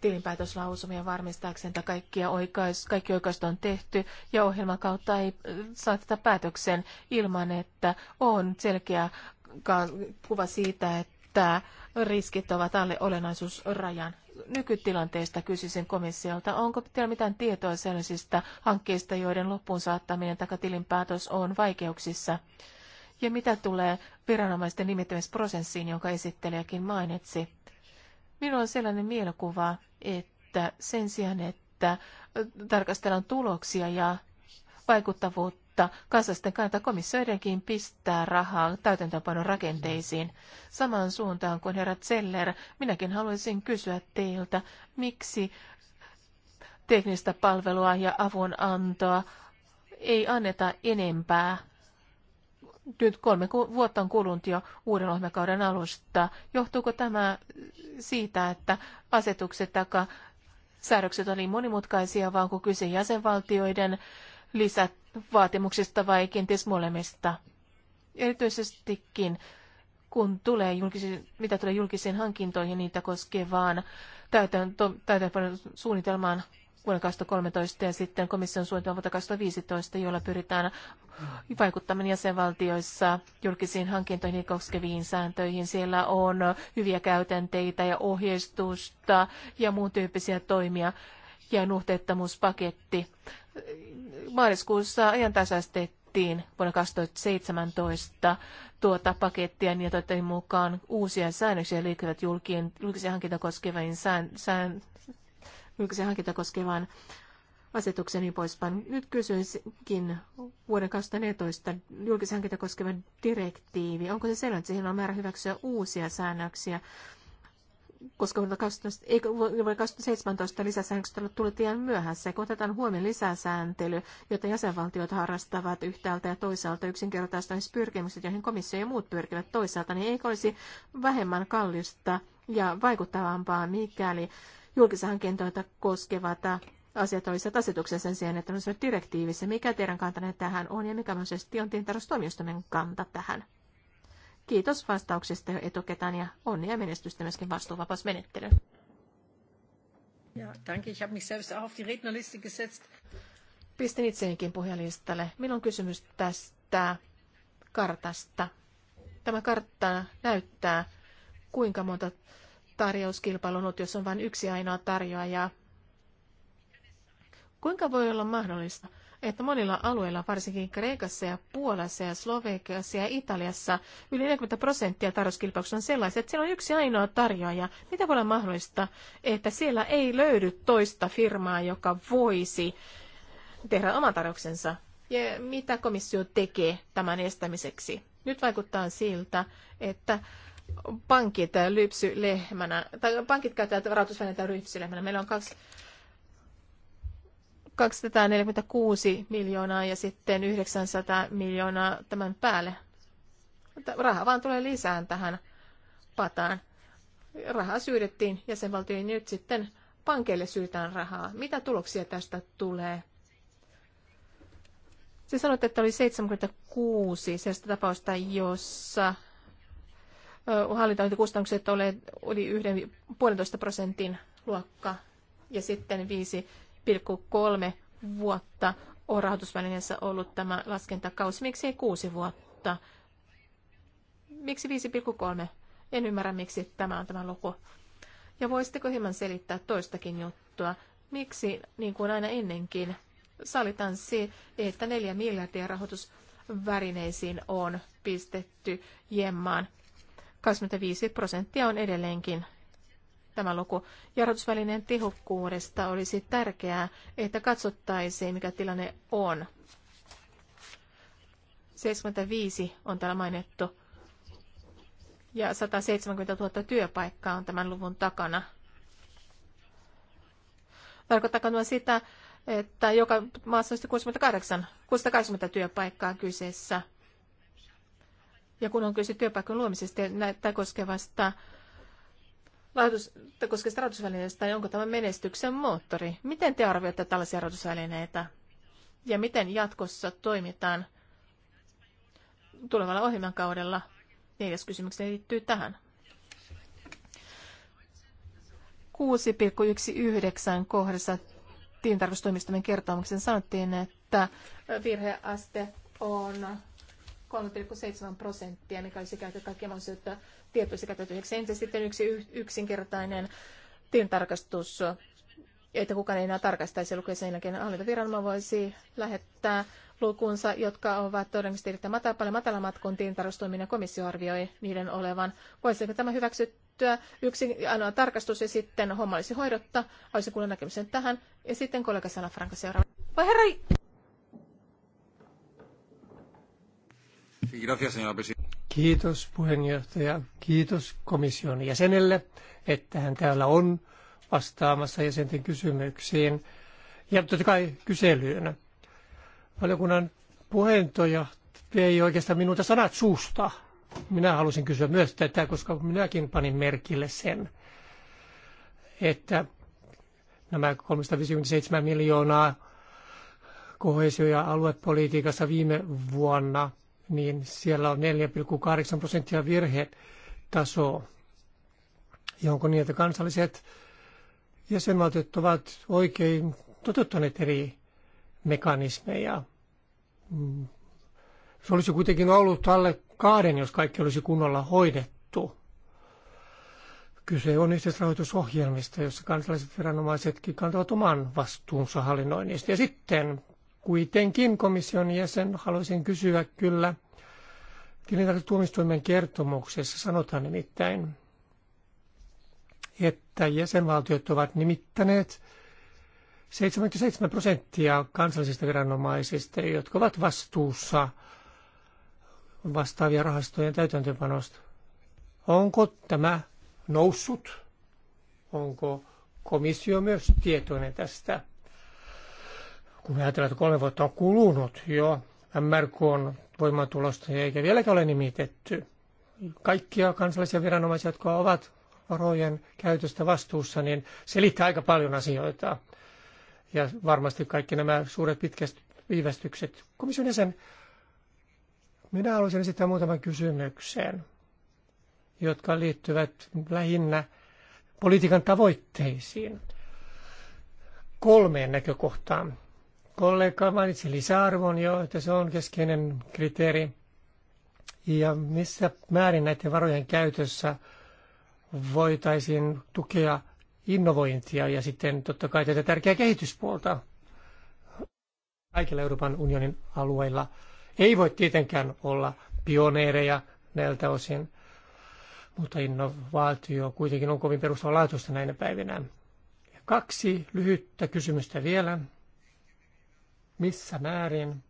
tilinpäätöslausumia varmistaakseen, että kaikkia oikais, kaikki oikaisut on tehty ja ohjelman kautta ei äh, saateta tätä päätöksen ilman, että on selkeä kuva siitä, että riskit ovat alle olennaisuusrajan. Nykytilanteesta kysyisin komissiolta, onko teillä mitään tietoa sellaisista hankkeista, joiden loppuun saattaminen tai tilinpäätös on vaikeuksissa? Ja mitä tulee viranomaisten nimittämisprosessiin, jonka esittelijäkin mainitsi? Minulla on sellainen mielikuva, että sen sijaan, että tarkastellaan tuloksia ja vaikuttavuutta, kansallisten kannalta komissioidenkin pistää rahaa täytäntöönpanon rakenteisiin. Samaan suuntaan kuin herra Zeller, minäkin haluaisin kysyä teiltä, miksi teknistä palvelua ja avunantoa ei anneta enempää nyt kolme vuotta on kulunut jo uuden ohjelmakauden alusta. Johtuuko tämä siitä, että asetukset tai säädökset olivat monimutkaisia, vai onko kyse jäsenvaltioiden lisävaatimuksista vai kenties molemmista? Erityisestikin, kun tulee julkisi, mitä tulee julkisiin hankintoihin niitä koskevaan täytäntöön suunnitelmaan vuonna 2013 ja sitten komission suunnitelma vuonna 2015, jolla pyritään vaikuttamaan jäsenvaltioissa julkisiin hankintoihin koskeviin sääntöihin. Siellä on hyviä käytänteitä ja ohjeistusta ja muun tyyppisiä toimia ja nuhteettomuuspaketti. Maaliskuussa ajantasaistettiin vuonna 2017 tuota pakettia niin otettiin mukaan uusia säännöksiä liittyvät julkisia hankintoja koskeviin sään, sään, julkisen hankinta koskevaan asetuksen niin poispäin. Nyt kysyisinkin vuoden 2014 julkisen hankinta koskevan direktiivi. Onko se sellainen, että siihen on määrä hyväksyä uusia säännöksiä? Koska vuonna 2017 lisäsäännökset tullut liian myöhässä. Kun otetaan huomioon lisäsääntely, jota jäsenvaltiot harrastavat yhtäältä ja toisaalta yksinkertaistamispyrkimykset, joihin komissio ja muut pyrkivät toisaalta, niin eikö olisi vähemmän kallista ja vaikuttavampaa, mikäli julkisia hankintoita koskevat äh, asiat olisivat asetuksessa sen sijaan, että on olisivat direktiivissä. Mikä teidän kantanne tähän on ja mikä mahdollisesti on tilintarkastustoimistomen kanta tähän? Kiitos vastauksista jo etuketan ja onnea ja menestystä myöskin vastuuvapas Ja, danke. Ich habe mich selbst auch auf die Rednerliste gesetzt. Pistin itsenikin puhelistalle. Minulla on kysymys tästä kartasta. Tämä kartta näyttää, kuinka monta tarjouskilpailun ollut, jos on vain yksi ainoa tarjoaja. Kuinka voi olla mahdollista, että monilla alueilla, varsinkin Kreikassa ja Puolassa ja Slovakiassa ja Italiassa, yli 40 prosenttia tarjouskilpailuissa on sellaisia, että siellä on yksi ainoa tarjoaja. Mitä voi olla mahdollista, että siellä ei löydy toista firmaa, joka voisi tehdä oman tarjouksensa? Ja mitä komissio tekee tämän estämiseksi? Nyt vaikuttaa siltä, että pankit lypsylehmänä, tai pankit käyttävät rahoitusvälineitä lypsylehmänä. Meillä on kaksi, 246 miljoonaa ja sitten 900 miljoonaa tämän päälle. Raha vaan tulee lisään tähän pataan. Rahaa syydettiin jäsenvaltioihin, nyt sitten pankeille syytään rahaa. Mitä tuloksia tästä tulee? Se sanoitte, että oli 76 sellaista tapausta, jossa hallintointikustannukset oli yli 1,5 prosentin luokka ja sitten 5,3 vuotta on rahoitusvälineessä ollut tämä laskentakausi. Miksi ei kuusi vuotta? Miksi 5,3? En ymmärrä, miksi tämä on tämä luku. Ja voisitteko hieman selittää toistakin juttua? Miksi, niin kuin aina ennenkin, salitan se, että neljä miljardia rahoitusvälineisiin on pistetty jemmaan 25 prosenttia on edelleenkin tämä luku. Jarrutusvälineen tehokkuudesta olisi tärkeää, että katsottaisiin, mikä tilanne on. 75 on täällä mainittu ja 170 000 työpaikkaa on tämän luvun takana. Tarkoittaako tämä sitä, että joka maassa on 68, 680 työpaikkaa kyseessä – ja kun on kyse työpaikan luomisesta näitä koskevasta koskevasta rahoitusvälineestä, niin onko tämä menestyksen moottori? Miten te arvioitte tällaisia rahoitusvälineitä? Ja miten jatkossa toimitaan tulevalla ohjelman kaudella? Neljäs kysymykseni liittyy tähän. 6,19 kohdassa tiintarkastustoimistomen kertomuksen sanottiin, että virheaste on 3,7 prosenttia, mikä olisi käytetty kaikkia mahdollisuutta tietoisesti käytetyksi. Entä sitten yksi yksinkertainen tilintarkastus, että kukaan ei enää tarkastaisi lukuja sen jälkeen. Hallintoviranomainen voisi lähettää lukunsa, jotka ovat todennäköisesti erittäin matala, paljon matalammat kuin tilintarkastustoiminnan komissio arvioi niiden olevan. Voisiko tämä hyväksyttyä yksi ainoa tarkastus ja sitten homma olisi hoidotta? Olisi kuullut näkemisen tähän. Ja sitten kollega Salafranka seuraava. Vai herra! Kiitos puheenjohtaja, kiitos komission jäsenelle, että hän täällä on vastaamassa jäsenten kysymyksiin ja totta kai kyselyyn. Valiokunnan puheenjohtaja vei oikeastaan minulta sanat suusta. Minä halusin kysyä myös tätä, koska minäkin panin merkille sen, että nämä 357 miljoonaa kohesio- ja aluepolitiikassa viime vuonna – niin siellä on 4,8 prosenttia virhetasoa, jonka niitä niin, että kansalliset jäsenvaltiot ovat oikein toteuttaneet eri mekanismeja? Se olisi kuitenkin ollut alle kahden, jos kaikki olisi kunnolla hoidettu. Kyse on yhteisrahoitusohjelmista, jossa kansalliset viranomaisetkin kantavat oman vastuunsa hallinnoinnista. Ja sitten Kuitenkin komission jäsen haluaisin kysyä kyllä. Tilintarkastustuomioistuimen kertomuksessa sanotaan nimittäin, että jäsenvaltiot ovat nimittäneet 77 prosenttia kansallisista viranomaisista, jotka ovat vastuussa vastaavia rahastojen täytäntöönpanosta. Onko tämä noussut? Onko komissio myös tietoinen tästä? kun ajatellaan, että kolme vuotta on kulunut jo MRK on voimaantulosta eikä vieläkään ole nimitetty kaikkia kansallisia viranomaisia, jotka ovat varojen käytöstä vastuussa, niin selittää aika paljon asioita. Ja varmasti kaikki nämä suuret pitkät viivästykset. Komission jäsen, minä haluaisin esittää muutaman kysymyksen, jotka liittyvät lähinnä politiikan tavoitteisiin. Kolmeen näkökohtaan. Kollega mainitsi lisäarvon jo, että se on keskeinen kriteeri. Ja missä määrin näiden varojen käytössä voitaisiin tukea innovointia ja sitten totta kai tätä tärkeää kehityspuolta kaikilla Euroopan unionin alueilla. Ei voi tietenkään olla pioneereja näiltä osin, mutta innovaatio kuitenkin on kovin perustavanlaatuista näinä päivinä. Kaksi lyhyttä kysymystä vielä missä määrin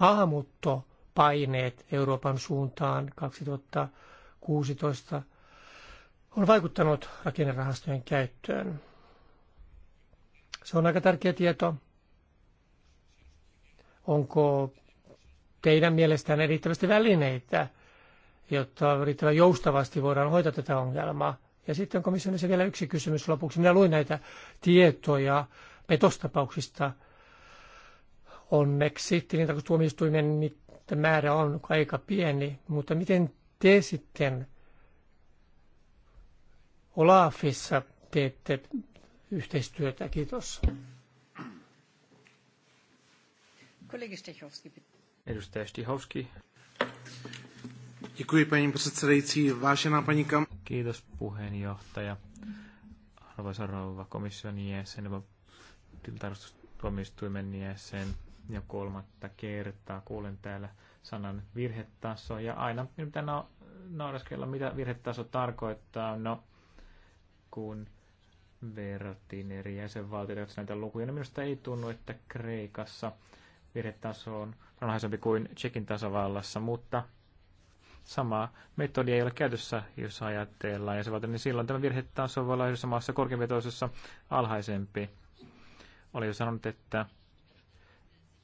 maahanmuuttopaineet Euroopan suuntaan 2016 on vaikuttanut rakennerahastojen käyttöön. Se on aika tärkeä tieto. Onko teidän mielestään riittävästi välineitä, jotta riittävän joustavasti voidaan hoitaa tätä ongelmaa? Ja sitten komissionissa vielä yksi kysymys lopuksi. Minä luin näitä tietoja petostapauksista – Onneksi tilintarkastustuomioistuimen niiden määrä on aika pieni, mutta miten te sitten Olafissa teette yhteistyötä? Kiitos. Edustaja Stichowski. Kiitos, puheenjohtaja. Arvoisa rouva komission jäsen, tarkastustuomioistuimen jäsen ja kolmatta kertaa kuulen täällä sanan virhetaso ja aina pitää no, nauraskella, mitä virhetaso tarkoittaa. No, kun verrattiin eri jäsenvaltioita näitä lukuja, niin minusta ei tunnu, että Kreikassa virhetaso on alhaisempi kuin Tsekin tasavallassa, mutta sama metodi ei ole käytössä, jos ajatellaan jäsenvaltio, niin silloin tämä virhetaso voi olla yhdessä maassa korkeampi toisessa alhaisempi. Oli jo sanonut, että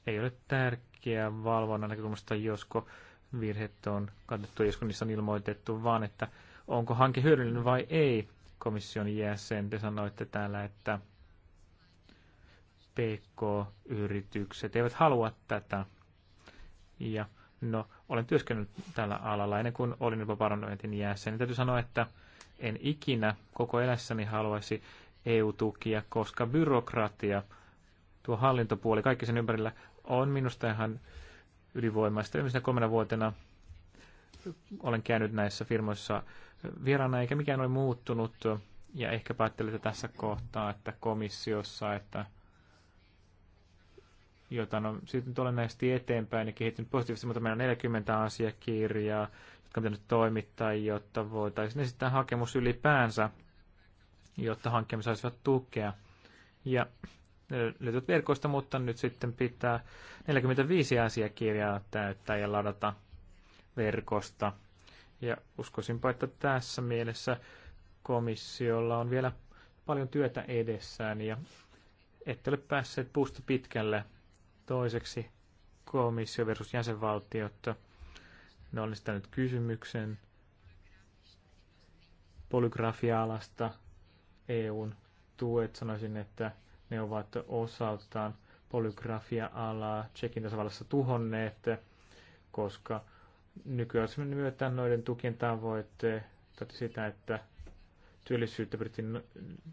ei ole tärkeää valvonnan näkökulmasta, josko virheet on katettu, josko niissä on ilmoitettu, vaan että onko hanke hyödyllinen vai ei. Komission jäsen, te sanoitte täällä, että PK-yritykset eivät halua tätä. Ja no, olen työskennellyt tällä alalla ennen kuin olin jopa parlamentin jäsen. Ja täytyy sanoa, että en ikinä koko elässäni haluaisi EU-tukia, koska byrokratia, tuo hallintopuoli, kaikki sen ympärillä on minusta ihan ylivoimaista. Viimeisenä kolmena vuotena olen käynyt näissä firmoissa vieraana, eikä mikään ole muuttunut. Ja ehkä päättelette tässä kohtaa, että komissiossa, että jota on sitten olennaisesti eteenpäin ja kehittynyt positiivisesti, mutta meillä on 40 asiakirjaa, jotka on pitänyt toimittaa, jotta voitaisiin esittää hakemus ylipäänsä, jotta hankkeemme saisivat tukea. Ja löytyvät verkoista, mutta nyt sitten pitää 45 asiakirjaa täyttää ja ladata verkosta. Ja uskoisinpa, että tässä mielessä komissiolla on vielä paljon työtä edessään ja ette ole päässeet puusta pitkälle toiseksi komissio versus jäsenvaltiot. ne on nyt kysymyksen polygrafia-alasta EUn tuet. Sanoisin, että ne ovat osaltaan polygrafia-alaa Tsekin tasavallassa tuhonneet, koska nykyään myötä noiden tukien tavoite sitä, että työllisyyttä pyrittiin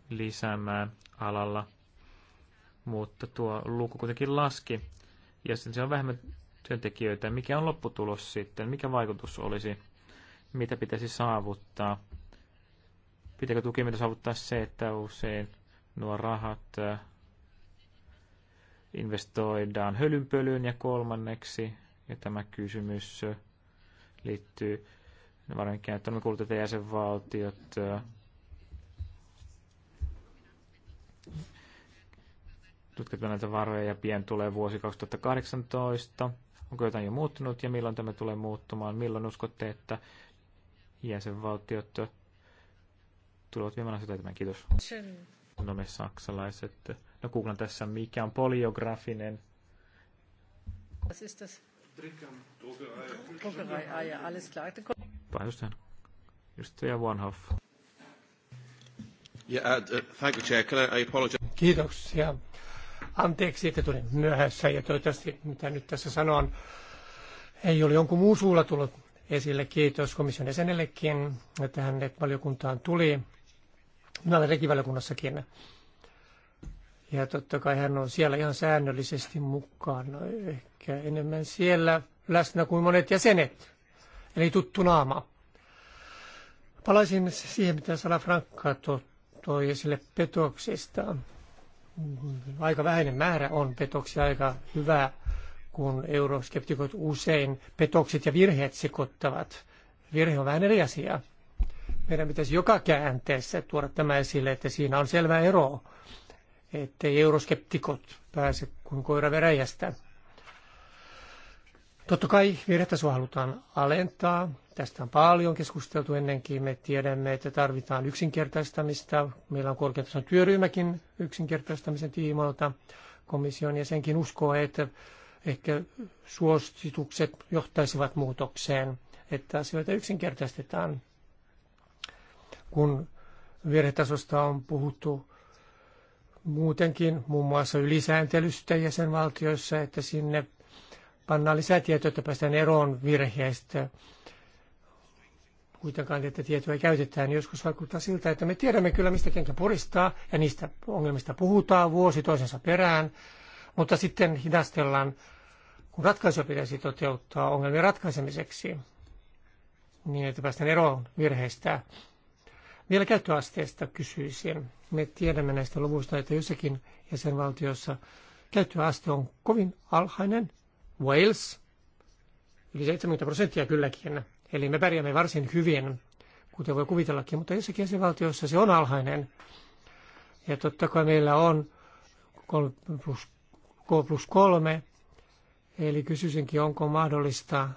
lisäämään alalla, mutta tuo luku kuitenkin laski. Ja sitten se on vähemmän työntekijöitä. Mikä on lopputulos sitten? Mikä vaikutus olisi? Mitä pitäisi saavuttaa? Pitääkö tukimita saavuttaa se, että usein nuo rahat investoidaan hölynpölyyn ja kolmanneksi, ja tämä kysymys liittyy varojen että me kuulutetaan jäsenvaltiot tutkitaan näitä varoja ja pien tulee vuosi 2018. Onko jotain jo muuttunut ja milloin tämä tulee muuttumaan? Milloin uskotte, että jäsenvaltiot tulevat viemään asioita Kiitos. No me saksalaiset. No googlan tässä, mikä on poliografinen. Was ist das? ja, alles klar. Edustaja Vanhoff. Yeah, uh, uh, thank you, Chair. Can I, I apologize? Kiitoksia. Anteeksi, että tulin myöhässä ja toivottavasti mitä nyt tässä sanon ei ole jonkun muun suulla tullut esille. Kiitos komission jäsenellekin, että hänet valiokuntaan tuli. Minä olen rekivaliokunnassakin. Ja totta kai hän on siellä ihan säännöllisesti mukana, ehkä enemmän siellä läsnä kuin monet jäsenet, eli tuttu naama. Palaisin siihen, mitä to- toi esille petoksista. Aika vähäinen määrä on petoksia, aika hyvä, kun euroskeptikot usein petokset ja virheet sekoittavat. Virhe on vähän eri asia. Meidän pitäisi joka käänteessä tuoda tämä esille, että siinä on selvä ero, ettei euroskeptikot pääse kuin koira veräjästä. Totta kai virhetasoa halutaan alentaa. Tästä on paljon keskusteltu ennenkin. Me tiedämme, että tarvitaan yksinkertaistamista. Meillä on korkeatason työryhmäkin yksinkertaistamisen tiimoilta. Komission ja senkin uskoo, että ehkä suositukset johtaisivat muutokseen, että asioita yksinkertaistetaan kun virhetasosta on puhuttu muutenkin, muun muassa ylisääntelystä jäsenvaltioissa, että sinne pannaan lisää tietoa, että päästään eroon virheistä. Kuitenkaan että tietoa käytetään. Joskus vaikuttaa siltä, että me tiedämme kyllä, mistä kenkä puristaa, ja niistä ongelmista puhutaan vuosi toisensa perään, mutta sitten hidastellaan, kun ratkaisuja pitäisi toteuttaa ongelmien ratkaisemiseksi, niin että päästään eroon virheistä. Vielä käyttöasteesta kysyisin. Me tiedämme näistä luvuista, että jossakin jäsenvaltiossa käyttöaste on kovin alhainen. Wales, yli 70 prosenttia kylläkin. Eli me pärjäämme varsin hyvin, kuten voi kuvitellakin, mutta jossakin jäsenvaltiossa se on alhainen. Ja totta kai meillä on 3 plus, K plus 3, eli kysyisinkin, onko mahdollista,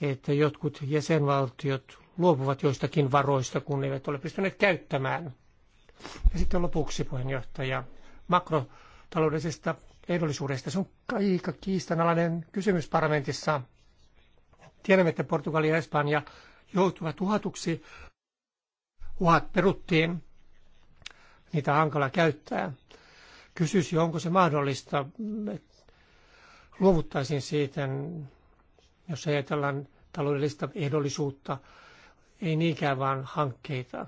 että jotkut jäsenvaltiot luopuvat joistakin varoista, kun ne eivät ole pystyneet käyttämään. Ja sitten lopuksi puheenjohtaja makrotaloudellisesta ehdollisuudesta. Se on aika kiistanalainen kysymys parlamentissa. Tiedämme, että Portugali ja Espanja joutuvat uhatuksi. Uhat peruttiin. Niitä on hankala käyttää. Kysyisi, onko se mahdollista, että luovuttaisiin siitä, jos ajatellaan taloudellista ehdollisuutta ei niinkään vaan hankkeita.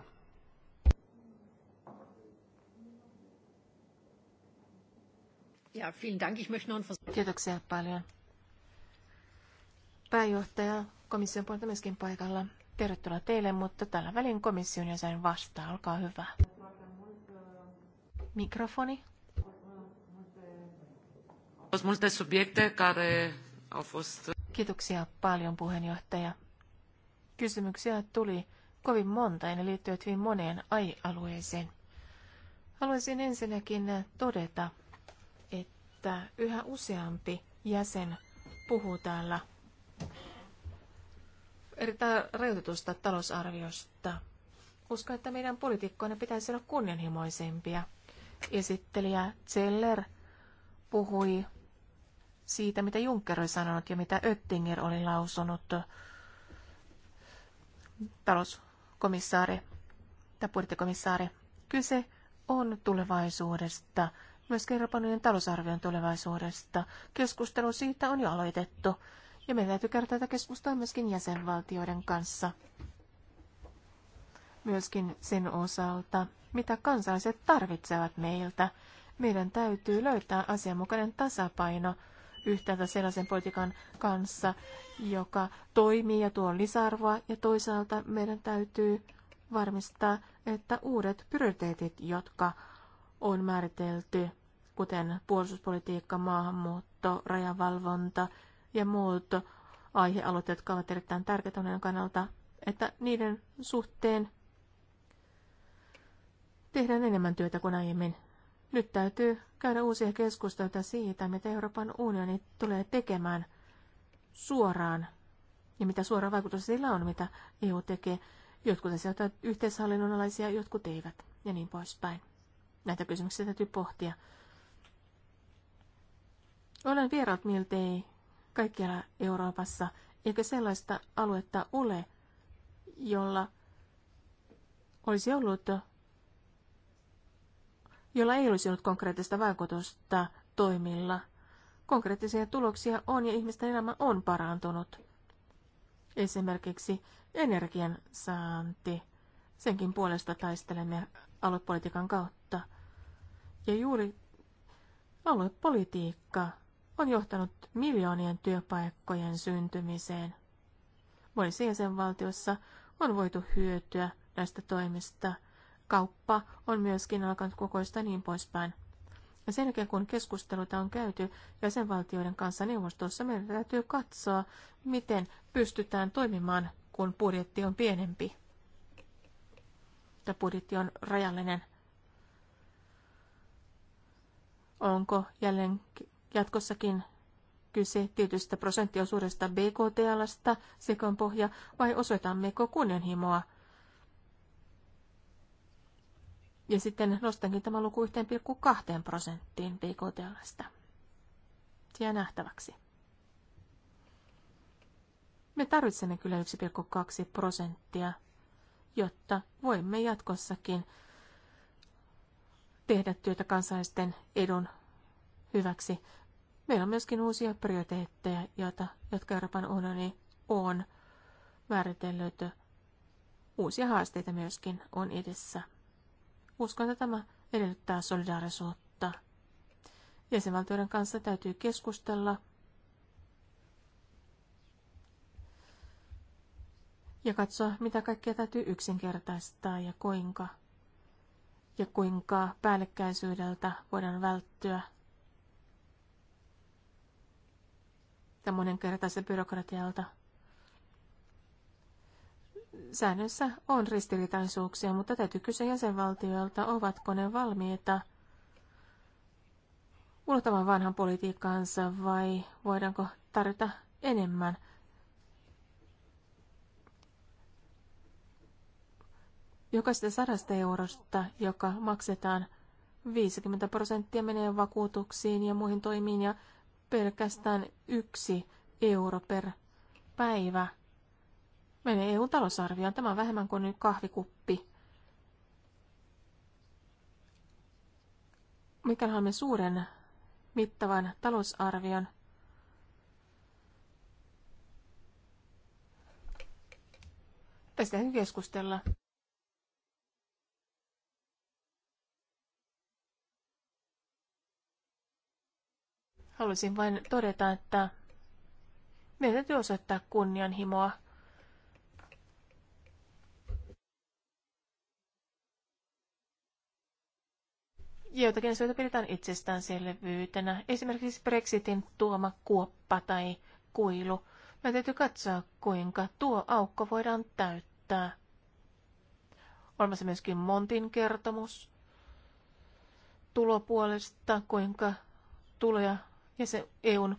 Kiitoksia paljon. Pääjohtaja komission puolelta myöskin paikalla. Tervetuloa teille, mutta tällä välin komission jäsen vastaa. Olkaa hyvä. Mikrofoni. Kiitoksia paljon puheenjohtaja. Kysymyksiä tuli kovin monta ja ne liittyvät hyvin moneen aihealueeseen. Haluaisin ensinnäkin todeta, että yhä useampi jäsen puhuu täällä erittäin rajoitetusta talousarviosta. Uskon, että meidän poliitikkoina pitäisi olla kunnianhimoisempia. Esittelijä Zeller puhui siitä, mitä Juncker oli sanonut ja mitä Öttinger oli lausunut talouskomissaari tai budjettikomissaari. Kyse on tulevaisuudesta, myös Euroopan unionin talousarvion tulevaisuudesta. Keskustelu siitä on jo aloitettu, ja meidän täytyy käydä tätä keskustelua myöskin jäsenvaltioiden kanssa. Myöskin sen osalta, mitä kansalaiset tarvitsevat meiltä. Meidän täytyy löytää asianmukainen tasapaino – yhtäältä sellaisen politiikan kanssa, joka toimii ja tuo lisäarvoa, ja toisaalta meidän täytyy varmistaa, että uudet prioriteetit, jotka on määritelty, kuten puolustuspolitiikka, maahanmuutto, rajavalvonta ja muut aihealueet, jotka ovat erittäin tärkeitä kannalta, että niiden suhteen tehdään enemmän työtä kuin aiemmin. Nyt täytyy käydä uusia keskusteluita siitä, mitä Euroopan unioni tulee tekemään suoraan ja mitä suora vaikutus sillä on, mitä EU tekee. Jotkut asiat ovat yhteishallinnon alaisia, jotkut eivät ja niin poispäin. Näitä kysymyksiä täytyy pohtia. Olen vieraat miltei kaikkialla Euroopassa, eikä sellaista aluetta ole, jolla olisi ollut jolla ei olisi ollut konkreettista vaikutusta toimilla. Konkreettisia tuloksia on ja ihmisten elämä on parantunut. Esimerkiksi energian saanti. Senkin puolesta taistelemme aluepolitiikan kautta. Ja juuri aluepolitiikka on johtanut miljoonien työpaikkojen syntymiseen. Monissa jäsenvaltiossa on voitu hyötyä näistä toimista – kauppa on myöskin alkanut kokoista niin poispäin. Ja sen jälkeen, kun keskusteluita on käyty jäsenvaltioiden kanssa neuvostossa, meidän täytyy katsoa, miten pystytään toimimaan, kun budjetti on pienempi. Tai budjetti on rajallinen. Onko jälleen jatkossakin kyse tietystä prosenttiosuudesta BKT-alasta, sekon pohja, vai osoitammeko kunnianhimoa – Ja sitten nostankin tämä luku 1,2 prosenttiin BKTLstä. Se jää nähtäväksi. Me tarvitsemme kyllä 1,2 prosenttia, jotta voimme jatkossakin tehdä työtä kansalaisten edun hyväksi. Meillä on myöskin uusia prioriteetteja, joita, jotka Euroopan unioni on määritellyt. Uusia haasteita myöskin on edessä. Uskon, että tämä edellyttää solidaarisuutta. Jäsenvaltioiden kanssa täytyy keskustella ja katsoa, mitä kaikkea täytyy yksinkertaistaa ja kuinka. Ja kuinka päällekkäisyydeltä voidaan välttyä. Ja monenkertaiselta byrokratialta säännössä on ristiriitaisuuksia, mutta täytyy kysyä jäsenvaltioilta, ovatko ne valmiita ulottamaan vanhan politiikkaansa vai voidaanko tarjota enemmän. Jokaisesta sadasta eurosta, joka maksetaan, 50 prosenttia menee vakuutuksiin ja muihin toimiin ja pelkästään yksi euro per päivä – meidän EUn talousarvioon. Tämä on vähemmän kuin kahvikuppi. kahvikuppi. Mikäli haluamme suuren mittavan talousarvion, tästähän keskustella. Haluaisin vain todeta, että meidän täytyy osoittaa kunnianhimoa Joitakin asioita pidetään itsestäänselvyytenä. Esimerkiksi Brexitin tuoma kuoppa tai kuilu. me täytyy katsoa, kuinka tuo aukko voidaan täyttää. Olemassa myöskin Montin kertomus tulopuolesta, kuinka tuloja ja se EUn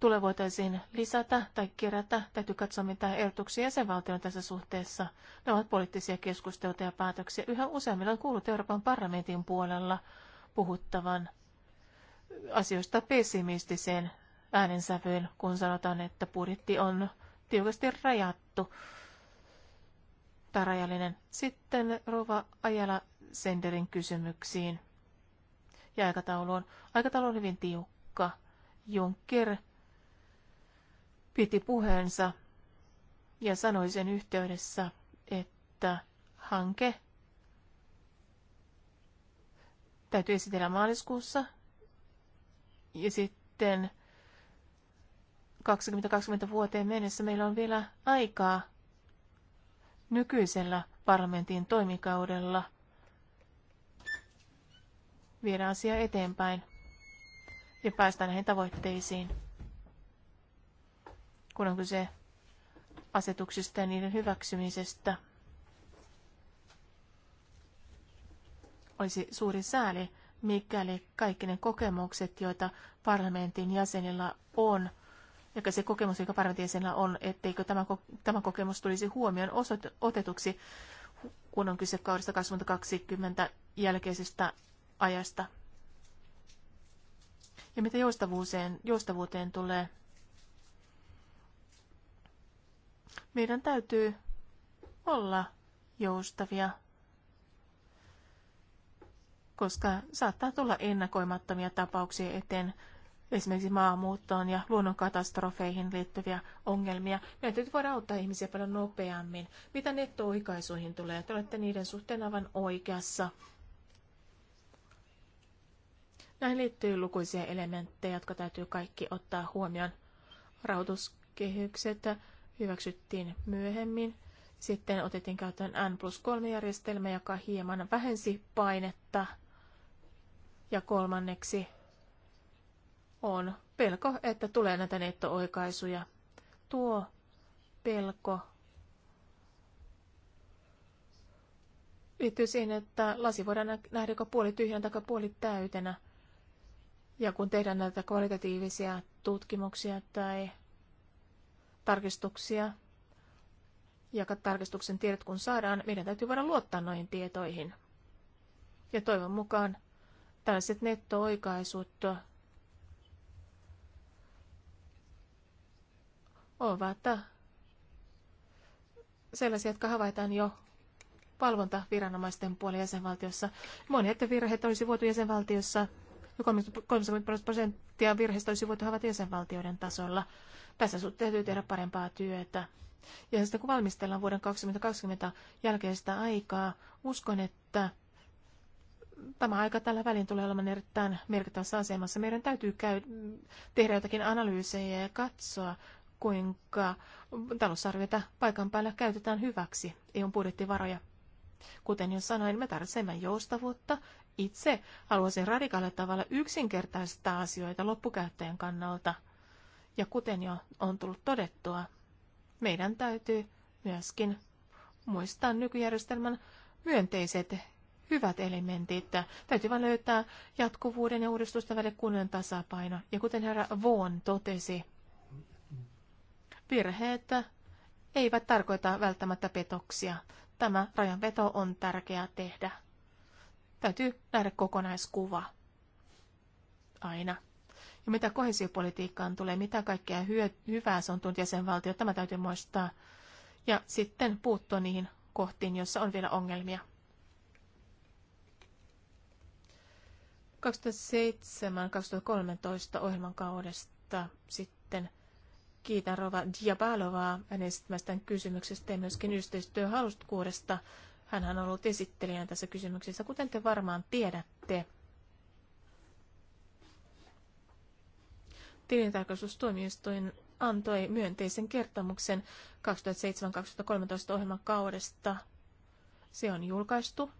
tule voitaisiin lisätä tai kerätä. Täytyy katsoa, mitä ehdotuksia on tässä suhteessa. Ne ovat poliittisia keskusteluita ja päätöksiä. Yhä useammilla on kuullut Euroopan parlamentin puolella puhuttavan asioista pessimistiseen äänensävyyn, kun sanotaan, että budjetti on tiukasti rajattu tai rajallinen. Sitten Rova Ajala Senderin kysymyksiin ja aikatauluun. Aikataulu on hyvin tiukka. Juncker piti puheensa ja sanoi sen yhteydessä, että hanke täytyy esitellä maaliskuussa ja sitten 2020 vuoteen mennessä meillä on vielä aikaa nykyisellä parlamentin toimikaudella viedä asia eteenpäin ja päästä näihin tavoitteisiin kun on kyse asetuksista ja niiden hyväksymisestä. Olisi suuri sääli, mikäli kaikki ne kokemukset, joita parlamentin jäsenillä on, ja se kokemus, joka parlamentin jäsenillä on, etteikö tämä, tämä kokemus tulisi huomioon osoit- otetuksi, kun on kyse kaudesta 2020 jälkeisestä ajasta. Ja mitä joustavuuteen, joustavuuteen tulee, Meidän täytyy olla joustavia, koska saattaa tulla ennakoimattomia tapauksia eteen, esimerkiksi maahanmuuttoon ja luonnonkatastrofeihin liittyviä ongelmia. Meidän täytyy voida auttaa ihmisiä paljon nopeammin. Mitä netto-oikaisuihin tulee? Te olette niiden suhteen aivan oikeassa. Näihin liittyy lukuisia elementtejä, jotka täytyy kaikki ottaa huomioon. Rahoituskehykset, hyväksyttiin myöhemmin. Sitten otettiin käyttöön N plus 3 järjestelmä, joka hieman vähensi painetta. Ja kolmanneksi on pelko, että tulee näitä netto-oikaisuja. Tuo pelko liittyy siihen, että lasi voidaan nähdä joko puoli tyhjänä tai puoli täytenä. Ja kun tehdään näitä kvalitatiivisia tutkimuksia tai tarkistuksia ja tarkistuksen tiedot kun saadaan, meidän täytyy voida luottaa noihin tietoihin. Ja toivon mukaan tällaiset netto-oikaisut ovat sellaisia, jotka havaitaan jo viranomaisten puolella jäsenvaltiossa. Moni, että virheet olisi voitu jäsenvaltiossa, 30 prosenttia virheistä olisi voitu havaita jäsenvaltioiden tasolla. Tässä täytyy tehdä parempaa työtä. Ja sitten kun valmistellaan vuoden 2020 jälkeistä aikaa, uskon, että tämä aika tällä välin tulee olemaan erittäin merkittävässä asemassa. Meidän täytyy käy, tehdä jotakin analyysejä ja katsoa, kuinka talousarviota paikan päällä käytetään hyväksi EUn budjettivaroja. Kuten jo sanoin, me tarvitsemme joustavuutta. Itse haluaisin radikaalilla tavalla yksinkertaistaa asioita loppukäyttäjän kannalta – ja kuten jo on tullut todettua, meidän täytyy myöskin muistaa nykyjärjestelmän myönteiset hyvät elementit. Täytyy vain löytää jatkuvuuden ja uudistusta välillä kunnon tasapaino. Ja kuten herra Vaughan totesi, virheet eivät tarkoita välttämättä petoksia. Tämä rajanveto on tärkeää tehdä. Täytyy nähdä kokonaiskuva. Aina. Ja mitä kohesiopolitiikkaan tulee, mitä kaikkea hyö, hyvää se on tuonut jäsenvaltio, tämä täytyy muistaa. Ja sitten puuttua niihin kohtiin, joissa on vielä ongelmia. 2007-2013 ohjelman kaudesta sitten kiitän Rova Diabalovaa hänen esittämästään kysymyksestä ja myöskin yhteistyöhalukkuudesta. Hänhän on ollut esittelijänä tässä kysymyksessä, kuten te varmaan tiedätte. tilintarkastustuomioistuin antoi myönteisen kertomuksen 2007-2013 ohjelmakaudesta. Se on julkaistu.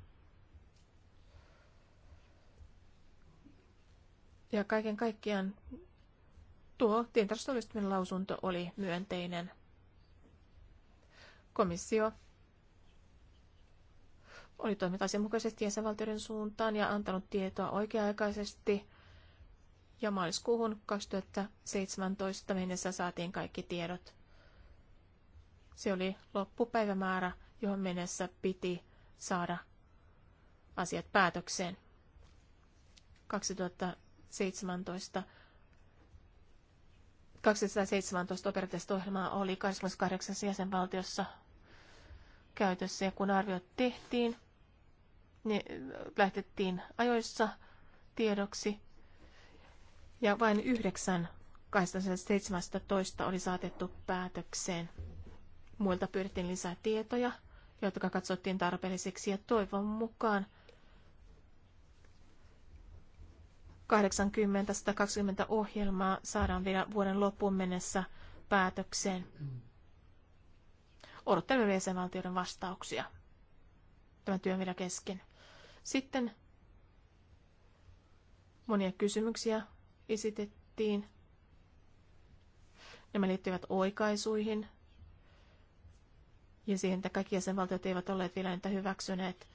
Ja kaiken kaikkiaan tuo tilintarkastustuomioistuimen lausunto oli myönteinen. Komissio oli toiminut asianmukaisesti jäsenvaltioiden suuntaan ja antanut tietoa oikea-aikaisesti ja maaliskuuhun 2017 mennessä saatiin kaikki tiedot. Se oli loppupäivämäärä, johon mennessä piti saada asiat päätökseen. 2017 217 operatiivista ohjelmaa oli 28 jäsenvaltiossa käytössä ja kun arviot tehtiin, ne lähtettiin ajoissa tiedoksi ja vain yhdeksän 2017 oli saatettu päätökseen. Muilta pyydettiin lisää tietoja, jotka katsottiin tarpeelliseksi ja toivon mukaan 80-120 ohjelmaa saadaan vielä vuoden loppuun mennessä päätökseen. Odottelemme jäsenvaltioiden vastauksia. Tämä työ vielä kesken. Sitten monia kysymyksiä esitettiin. Nämä liittyvät oikaisuihin ja siihen, että kaikki jäsenvaltiot eivät olleet vielä niitä hyväksyneet.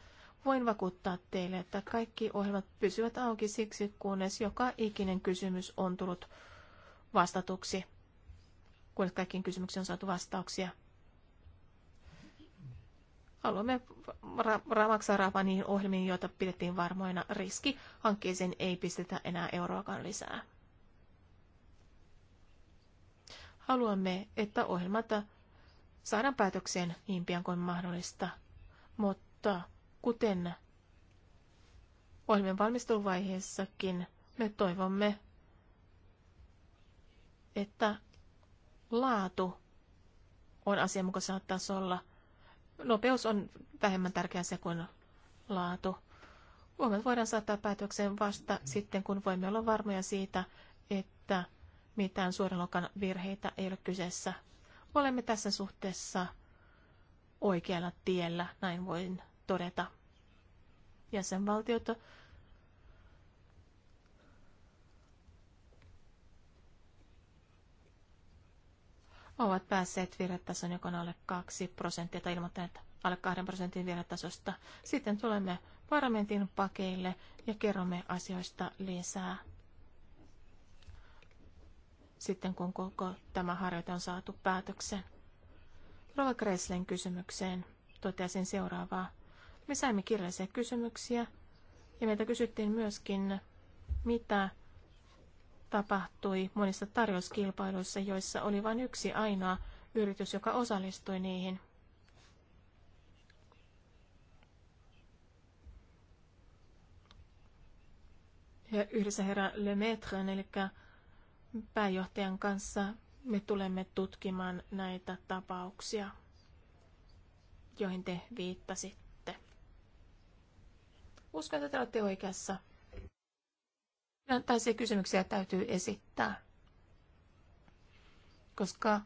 Voin vakuuttaa teille, että kaikki ohjelmat pysyvät auki siksi, kunnes joka ikinen kysymys on tullut vastatuksi, kunnes kaikkiin kysymyksiin on saatu vastauksia haluamme ra- ra- maksaa rahaa niihin ohjelmiin, joita pidettiin varmoina riski. Hankkeeseen ei pistetä enää euroakaan lisää. Haluamme, että ohjelmat saadaan päätökseen niin pian kuin mahdollista, mutta kuten ohjelmien valmisteluvaiheessakin, me toivomme, että laatu on asianmukaisella tasolla – nopeus on vähemmän tärkeä se kuin laatu. Huomet voidaan saattaa päätökseen vasta sitten, kun voimme olla varmoja siitä, että mitään suoraluokan virheitä ei ole kyseessä. Olemme tässä suhteessa oikealla tiellä, näin voin todeta. Jäsenvaltiot ovat päässeet virhetason, joka on alle 2 prosenttia tai ilmoittaneet alle 2 prosentin virhetasosta. Sitten tulemme parlamentin pakeille ja kerromme asioista lisää. Sitten kun koko tämä harjoite on saatu päätöksen. Rova Kreslen kysymykseen totesin seuraavaa. Me saimme kirjallisia kysymyksiä ja meiltä kysyttiin myöskin, mitä tapahtui monissa tarjouskilpailuissa, joissa oli vain yksi ainoa yritys, joka osallistui niihin. Ja yhdessä herra Maître, eli pääjohtajan kanssa, me tulemme tutkimaan näitä tapauksia, joihin te viittasitte. Uskon, että te olette oikeassa. Tällaisia kysymyksiä täytyy esittää, koska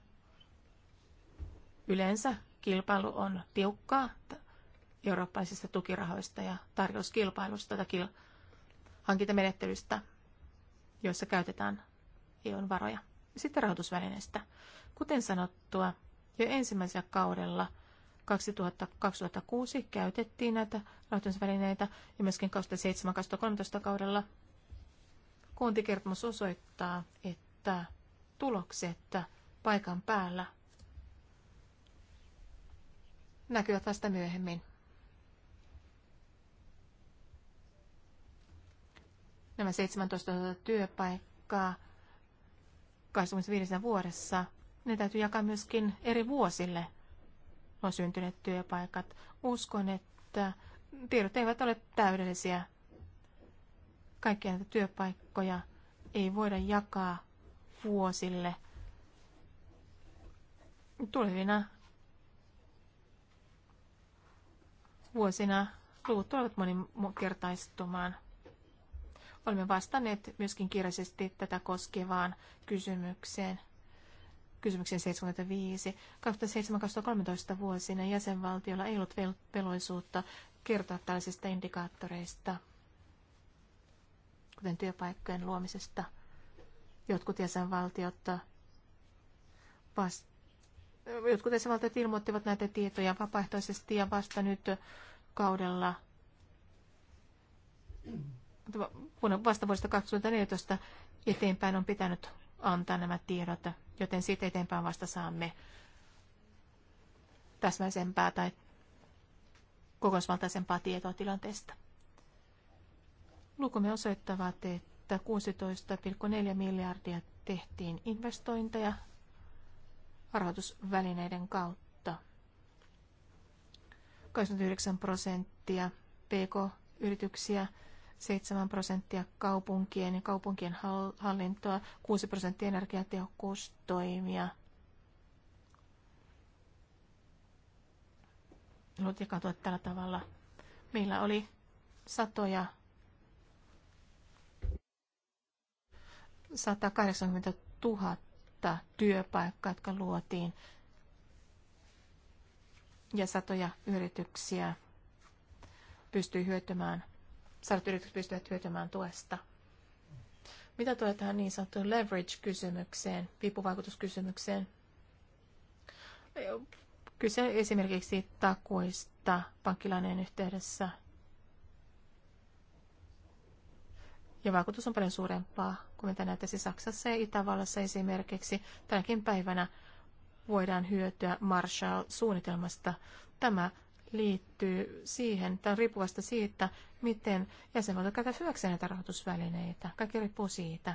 yleensä kilpailu on tiukkaa eurooppalaisista tukirahoista ja tarjouskilpailusta tai kil- hankintamenettelystä, joissa käytetään EUn varoja. Sitten rahoitusvälineestä. Kuten sanottua, jo ensimmäisellä kaudella 2006 käytettiin näitä rahoitusvälineitä ja myöskin 2007-2013 kaudella Koontikertomus osoittaa, että tulokset paikan päällä näkyvät vasta myöhemmin. Nämä 17 000 työpaikkaa 25 vuodessa, ne täytyy jakaa myöskin eri vuosille on syntyneet työpaikat. Uskon, että tiedot eivät ole täydellisiä Kaikkia näitä työpaikkoja ei voida jakaa vuosille. Tulevina vuosina luvut tulevat monikertaistumaan. Olemme vastanneet myöskin kirjallisesti tätä koskevaan kysymykseen. Kysymykseen 75. 2007-2013 vuosina jäsenvaltiolla ei ollut velvollisuutta kertoa tällaisista indikaattoreista – kuten työpaikkojen luomisesta. Jotkut jäsenvaltiot, vast, jotkut jäsenvaltiot ilmoittivat näitä tietoja vapaaehtoisesti ja vasta nyt kaudella vasta vuodesta 2014 eteenpäin on pitänyt antaa nämä tiedot, joten siitä eteenpäin vasta saamme täsmäisempää tai kokonaisvaltaisempaa tietoa tilanteesta. Lukumme osoittavat, että 16,4 miljardia tehtiin investointeja rahoitusvälineiden kautta. 29 prosenttia PK-yrityksiä, 7 prosenttia kaupunkien ja kaupunkien hallintoa, 6 prosenttia energiatehokkuustoimia. Haluat jakautua tällä tavalla. Meillä oli satoja 180 000 työpaikkaa, jotka luotiin ja satoja yrityksiä pystyy hyötymään, sadat yritykset pystyvät hyötymään tuesta. Mitä tulee tähän niin sanottuun leverage-kysymykseen, vipuvaikutuskysymykseen? Kyse esimerkiksi takuista pankkilainen yhteydessä – ja vaikutus on paljon suurempaa kuin mitä näyttäisi Saksassa ja Itävallassa esimerkiksi. Tänäkin päivänä voidaan hyötyä Marshall-suunnitelmasta. Tämä liittyy siihen, tämä on riippuvasta siitä, miten jäsenvaltiot käyttävät hyväkseen näitä rahoitusvälineitä. Kaikki riippuu siitä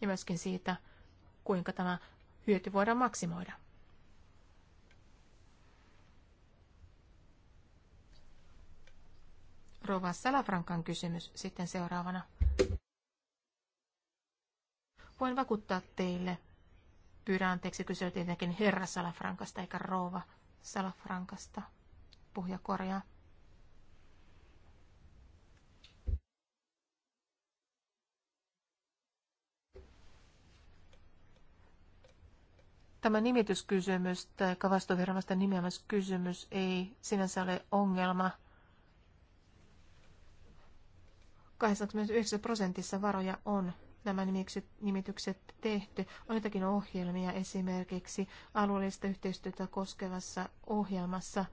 ja myöskin siitä, kuinka tämä hyöty voidaan maksimoida. Rova Salafrankan kysymys sitten seuraavana. Voin vakuuttaa teille. Pyydän anteeksi kysyä tietenkin herra Salafrankasta eikä rouva Salafrankasta. Puhja korjaa. Tämä nimityskysymys tai kavastoviranomaisten nimeämiskysymys ei sinänsä ole ongelma – 89 prosentissa varoja on nämä nimitykset tehty. On jotakin ohjelmia esimerkiksi alueellista yhteistyötä koskevassa ohjelmassa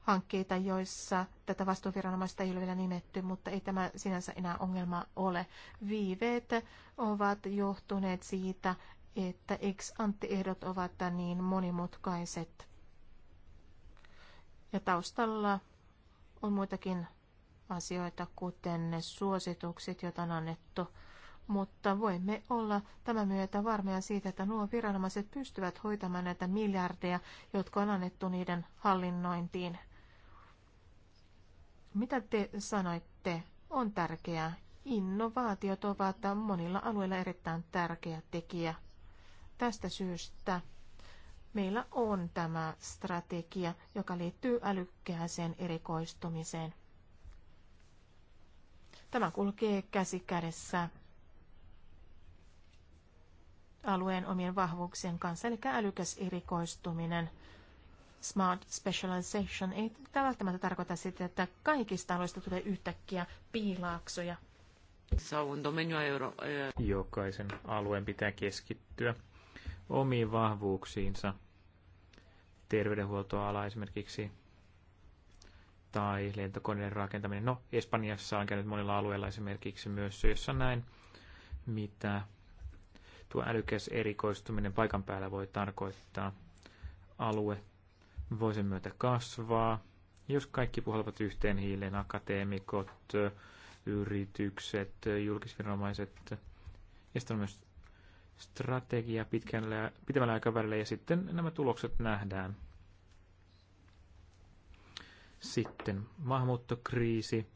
hankkeita, joissa tätä vastuuviranomaista ei ole vielä nimetty, mutta ei tämä sinänsä enää ongelma ole. Viiveet ovat johtuneet siitä, että ex ehdot ovat niin monimutkaiset. Ja taustalla on muitakin asioita, kuten ne suositukset, joita on annettu, mutta voimme olla tämän myötä varmoja siitä, että nuo viranomaiset pystyvät hoitamaan näitä miljardeja, jotka on annettu niiden hallinnointiin. Mitä te sanoitte on tärkeää? Innovaatiot ovat monilla alueilla erittäin tärkeä tekijä. Tästä syystä meillä on tämä strategia, joka liittyy älykkääseen erikoistumiseen. Tämä kulkee käsi kädessä alueen omien vahvuuksien kanssa, eli älykäs erikoistuminen. Smart specialization ei välttämättä tarkoita sitä, että kaikista aloista tulee yhtäkkiä piilaaksoja. Jokaisen alueen pitää keskittyä omiin vahvuuksiinsa. Terveydenhuoltoala esimerkiksi tai lentokoneiden rakentaminen. No, Espanjassa on käynyt monilla alueilla esimerkiksi myös, syössä näin, mitä tuo älykäs erikoistuminen paikan päällä voi tarkoittaa. Alue voi sen myötä kasvaa, jos kaikki puhalvat yhteen hiileen, akateemikot, yritykset, julkisviranomaiset, ja sitten on myös strategia pitkällä, pitämällä aikavälillä, ja sitten nämä tulokset nähdään – sitten maahanmuuttokriisi,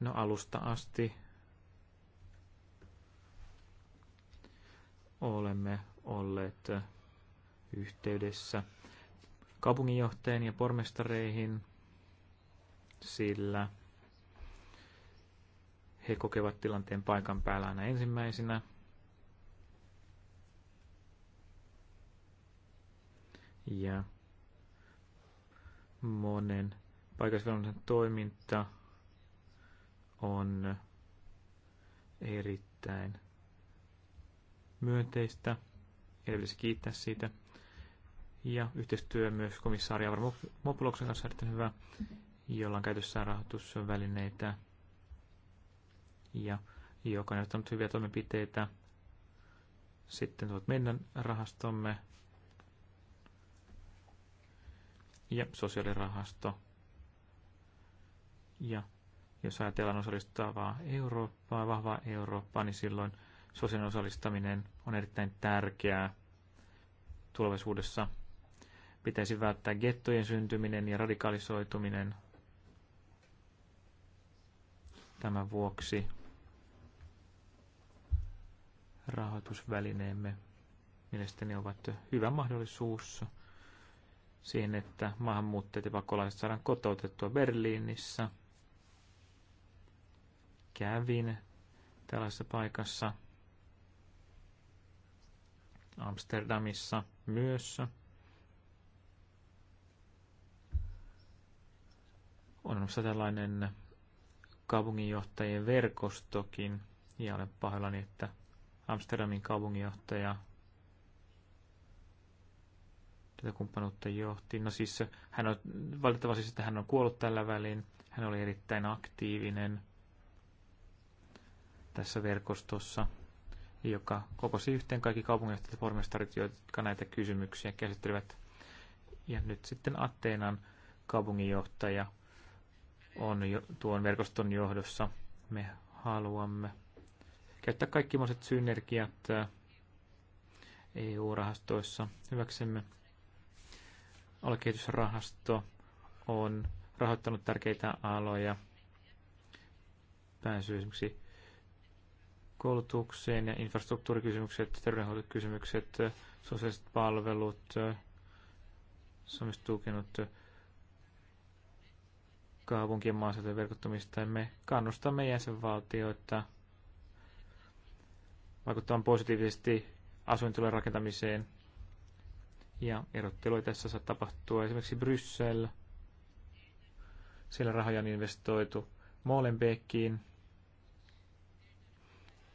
no alusta asti olemme olleet yhteydessä kaupunginjohtajien ja pormestareihin, sillä he kokevat tilanteen paikan päällä aina ensimmäisenä. Ja monen paikallisviranomaisen toiminta on erittäin myönteistä. Heidän pitäisi kiittää siitä. Ja yhteistyö myös komissaari Avar Mopuloksen kanssa on erittäin hyvä, jolla on käytössään rahoitusvälineitä ja joka on ottanut hyviä toimenpiteitä. Sitten tuot meidän rahastomme ja sosiaalirahasto ja jos ajatellaan osallistavaa Eurooppaa, vahvaa Eurooppaa, niin silloin sosiaalinen osallistaminen on erittäin tärkeää tulevaisuudessa. Pitäisi välttää gettojen syntyminen ja radikalisoituminen. Tämän vuoksi rahoitusvälineemme mielestäni ovat hyvä mahdollisuus siihen, että maahanmuuttajat ja pakolaiset saadaan kotoutettua Berliinissä – kävin tällaisessa paikassa Amsterdamissa myös. On olemassa tällainen kaupunginjohtajien verkostokin, ja olen pahoillani, että Amsterdamin kaupunginjohtaja tätä kumppanuutta johti. No siis hän on, valitettavasti että hän on kuollut tällä välin. Hän oli erittäin aktiivinen – tässä verkostossa, joka kokosi yhteen kaikki kaupunginjohtajat ja pormestarit, jotka näitä kysymyksiä käsittelivät. Ja nyt sitten Ateenan kaupunginjohtaja on jo tuon verkoston johdossa. Me haluamme käyttää kaikki synergiat EU-rahastoissa hyväksemme. Aluekehitysrahasto on rahoittanut tärkeitä aloja, pääsy esimerkiksi koulutukseen ja infrastruktuurikysymykset, terveydenhoitokysymykset, sosiaaliset palvelut. somistukenut kaupunkien maaseutujen verkottumista me kannustamme jäsenvaltioita vaikuttamaan positiivisesti asuintilojen rakentamiseen. Ja erottelu tässä saa tapahtua esimerkiksi Bryssel. Siellä rahoja on investoitu Molenbeekiin,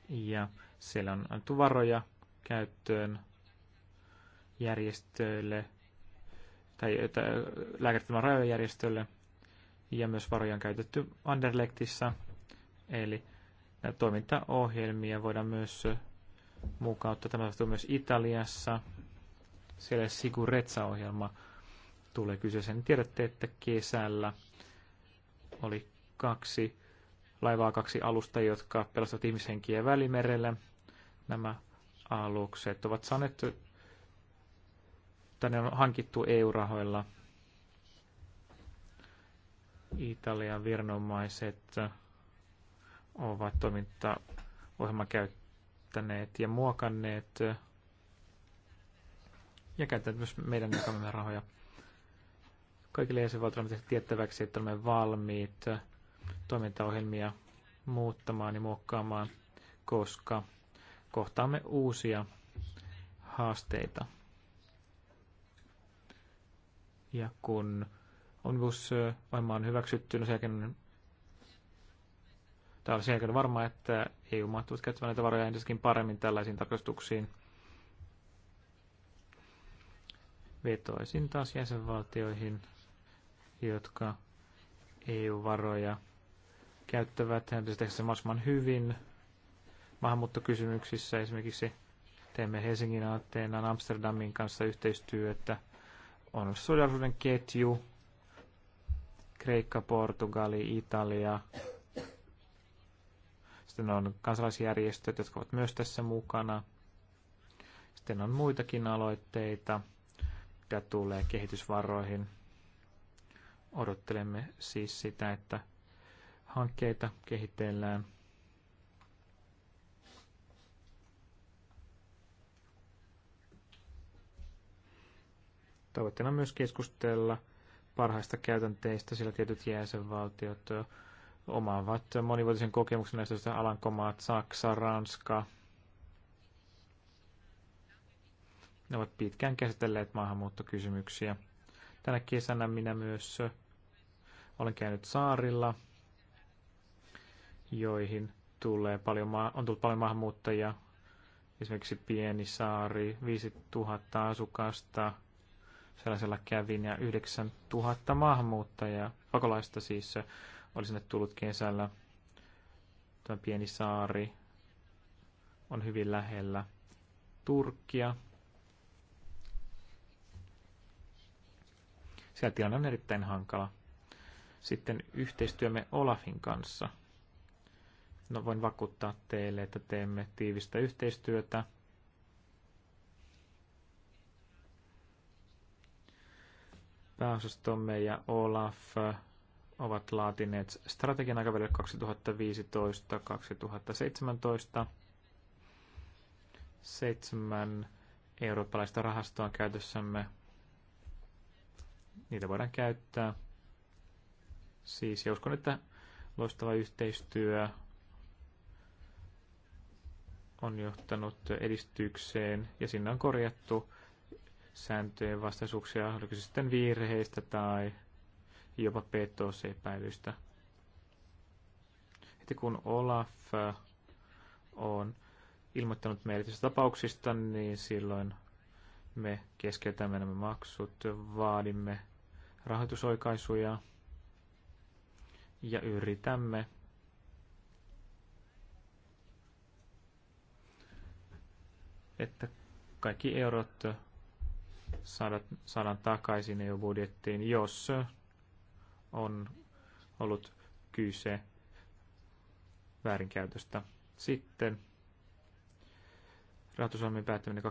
ja siellä on annettu varoja käyttöön järjestöille tai, tai lääkärittämän rajojärjestölle ja myös varoja on käytetty anderlektissa, Eli toimintaohjelmia voidaan myös mukauttaa. Tämä tapahtuu myös Italiassa. Siellä siguretsa ohjelma tulee kyseeseen. Tiedätte, että kesällä oli kaksi laivaa kaksi alusta, jotka pelastavat ihmishenkiä välimerellä. Nämä alukset ovat sanettu, tänne on hankittu EU-rahoilla. Italian viranomaiset ovat toimintaohjelman käyttäneet ja muokanneet ja käyttäneet myös meidän jakamme rahoja. Kaikille jäsenvaltioille tiettäväksi, että olemme valmiit toimintaohjelmia muuttamaan ja muokkaamaan, koska kohtaamme uusia haasteita. Ja kun Onbus on hyväksytty, no sen jälkeen, sen jälkeen varmaa, että eu mahtuvat käyttämään näitä varoja entistäkin paremmin tällaisiin tarkastuksiin. Vetoisin taas jäsenvaltioihin, jotka EU-varoja käyttävät se mahdollisimman hyvin maahanmuuttokysymyksissä. Esimerkiksi teemme Helsingin, Ateenan, Amsterdamin kanssa yhteistyötä. On solidarisuuden ketju, Kreikka, Portugali, Italia. Sitten on kansalaisjärjestöt, jotka ovat myös tässä mukana. Sitten on muitakin aloitteita, mitä tulee kehitysvaroihin. Odottelemme siis sitä, että hankkeita kehitellään. Tavoitteena on myös keskustella parhaista käytänteistä, sillä tietyt jäsenvaltiot omaavat monivuotisen kokemuksen näistä Alankomaat, Saksa, Ranska. Ne ovat pitkään käsitelleet maahanmuuttokysymyksiä. Tänä kesänä minä myös olen käynyt saarilla – joihin tulee paljon, on tullut paljon maahanmuuttajia. Esimerkiksi pieni saari, 5000 asukasta, sellaisella kävin ja 9000 maahanmuuttajaa, pakolaista siis, oli sinne tullut kesällä. Tämä pieni saari on hyvin lähellä Turkkia. Siellä tilanne on erittäin hankala. Sitten yhteistyömme Olafin kanssa – No voin vakuuttaa teille, että teemme tiivistä yhteistyötä. Pääosastomme ja Olaf ovat laatineet strategian aikavälille 2015-2017. Seitsemän eurooppalaista rahastoa käytössämme. Niitä voidaan käyttää. Siis ja uskon, että loistava yhteistyö on johtanut edistykseen ja sinne on korjattu sääntöjen vastaisuuksia, oliko se sitten virheistä tai jopa petosepäilystä. Heti kun Olaf äh, on ilmoittanut meille tapauksista, niin silloin me keskeytämme nämä maksut, vaadimme rahoitusoikaisuja ja yritämme että kaikki eurot saadaan, saadaan takaisin EU-budjettiin, jos on ollut kyse väärinkäytöstä. Sitten rahoitusohjelmien päättäminen 2007-2013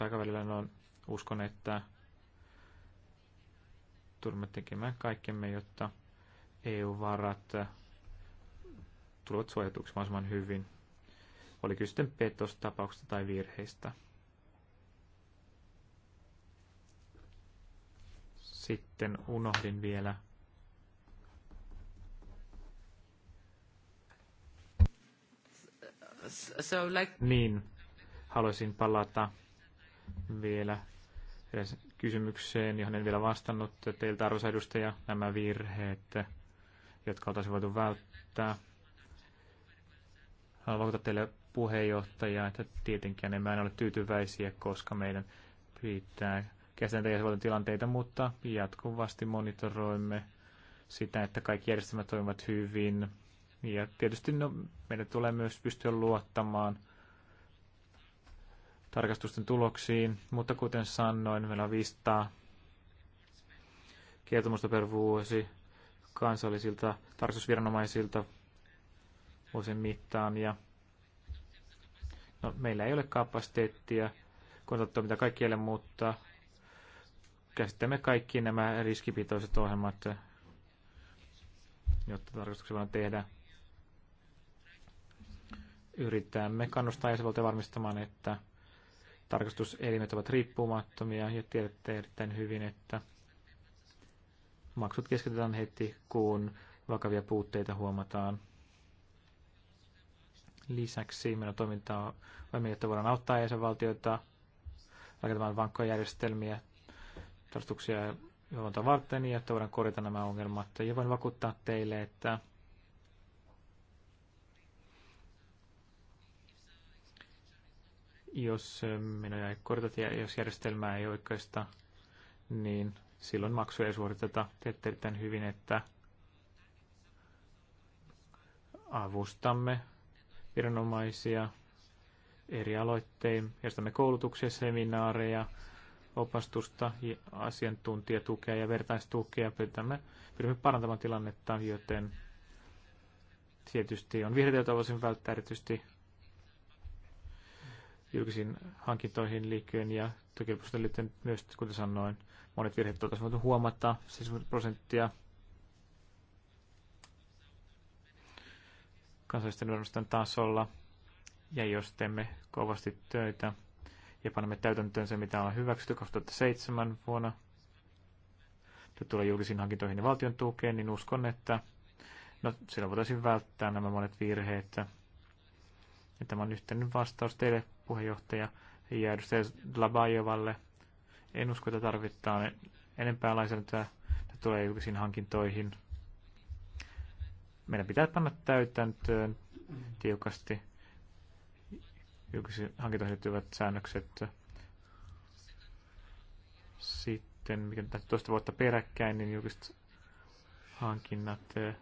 aikavälillä on no, uskon, että tulemme tekemään kaikkemme, jotta EU-varat tulevat suojatuksi mahdollisimman hyvin oli kyse sitten petostapauksista tai virheistä. Sitten unohdin vielä so like... Niin, haluaisin palata vielä kysymykseen, johon en vielä vastannut teiltä arvoisa edustaja, nämä virheet, jotka oltaisiin voitu välttää. Haluan vakuuttaa teille puheenjohtaja, että tietenkään emme aina ole tyytyväisiä, koska meidän pitää käsitellä tilanteita, mutta jatkuvasti monitoroimme sitä, että kaikki järjestelmät toimivat hyvin. Ja tietysti no, meidän tulee myös pystyä luottamaan tarkastusten tuloksiin, mutta kuten sanoin, meillä on 500 kertomusta per vuosi kansallisilta tarkastusviranomaisilta vuosien mittaan ja No, meillä ei ole kapasiteettia kontatoa mitä kaikkialle, mutta käsittämme kaikki nämä riskipitoiset ohjelmat, jotta tarkastuksia voidaan tehdä. Yritämme kannustaa jäsenvaltio varmistamaan, että tarkastuselimet ovat riippumattomia ja tiedätte erittäin hyvin, että maksut keskitetään heti, kun vakavia puutteita huomataan. Lisäksi meillä on toimintaa, että voidaan auttaa jäsenvaltioita rakentamaan vankkoja järjestelmiä, tarkoituksia ja valvontaa varten, että voidaan korjata nämä ongelmat. Ja voin vakuuttaa teille, että jos menoja ei korjata ja jos järjestelmää ei oikeasta, niin silloin maksuja ei suoriteta. Teette erittäin hyvin, että avustamme viranomaisia eri aloittein. Järjestämme koulutuksia, seminaareja, opastusta, asiantuntijatukea ja vertaistukea. Pyrimme, pyrimme parantamaan tilannetta, joten tietysti on vihreitä, joita voisin välttää erityisesti julkisiin hankintoihin liittyen ja tukilpuisten liittyen myös, kuten sanoin, monet virheet oltaisiin voitu huomata, siis prosenttia kansallisten verotusten tasolla. Ja jos teemme kovasti töitä ja panemme täytäntöön se, mitä on hyväksytty 2007 vuonna, tulee julkisiin hankintoihin ja valtion tukeen, niin uskon, että no, sillä voitaisiin välttää nämä monet virheet. Ja tämä on yhteinen vastaus teille, puheenjohtaja ja edustaja Labajovalle. En usko, että tarvitaan enempää lainsäädäntöä, että tulee julkisiin hankintoihin – meidän pitää panna täytäntöön tiukasti julkisiin hankintoihin liittyvät säännökset. Sitten, mikä toista vuotta peräkkäin, niin julkiset hankinnat eh,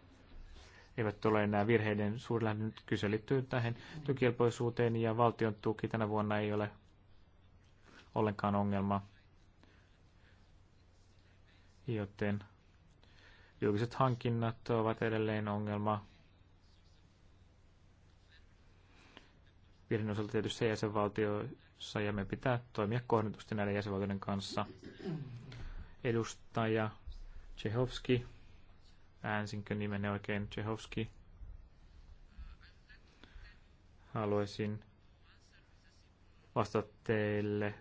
eivät ole enää virheiden suurlähden Kyse liittyy tähän tukielpoisuuteen ja valtion tuki tänä vuonna ei ole ollenkaan ongelma. Joten Julkiset hankinnat ovat edelleen ongelma. Virhin osalta tietysti jäsenvaltioissa ja me pitää toimia kohdentusti näiden jäsenvaltioiden kanssa. Edustaja Chehovski, äänsinkö nimen oikein Chehovski? Haluaisin vastata teille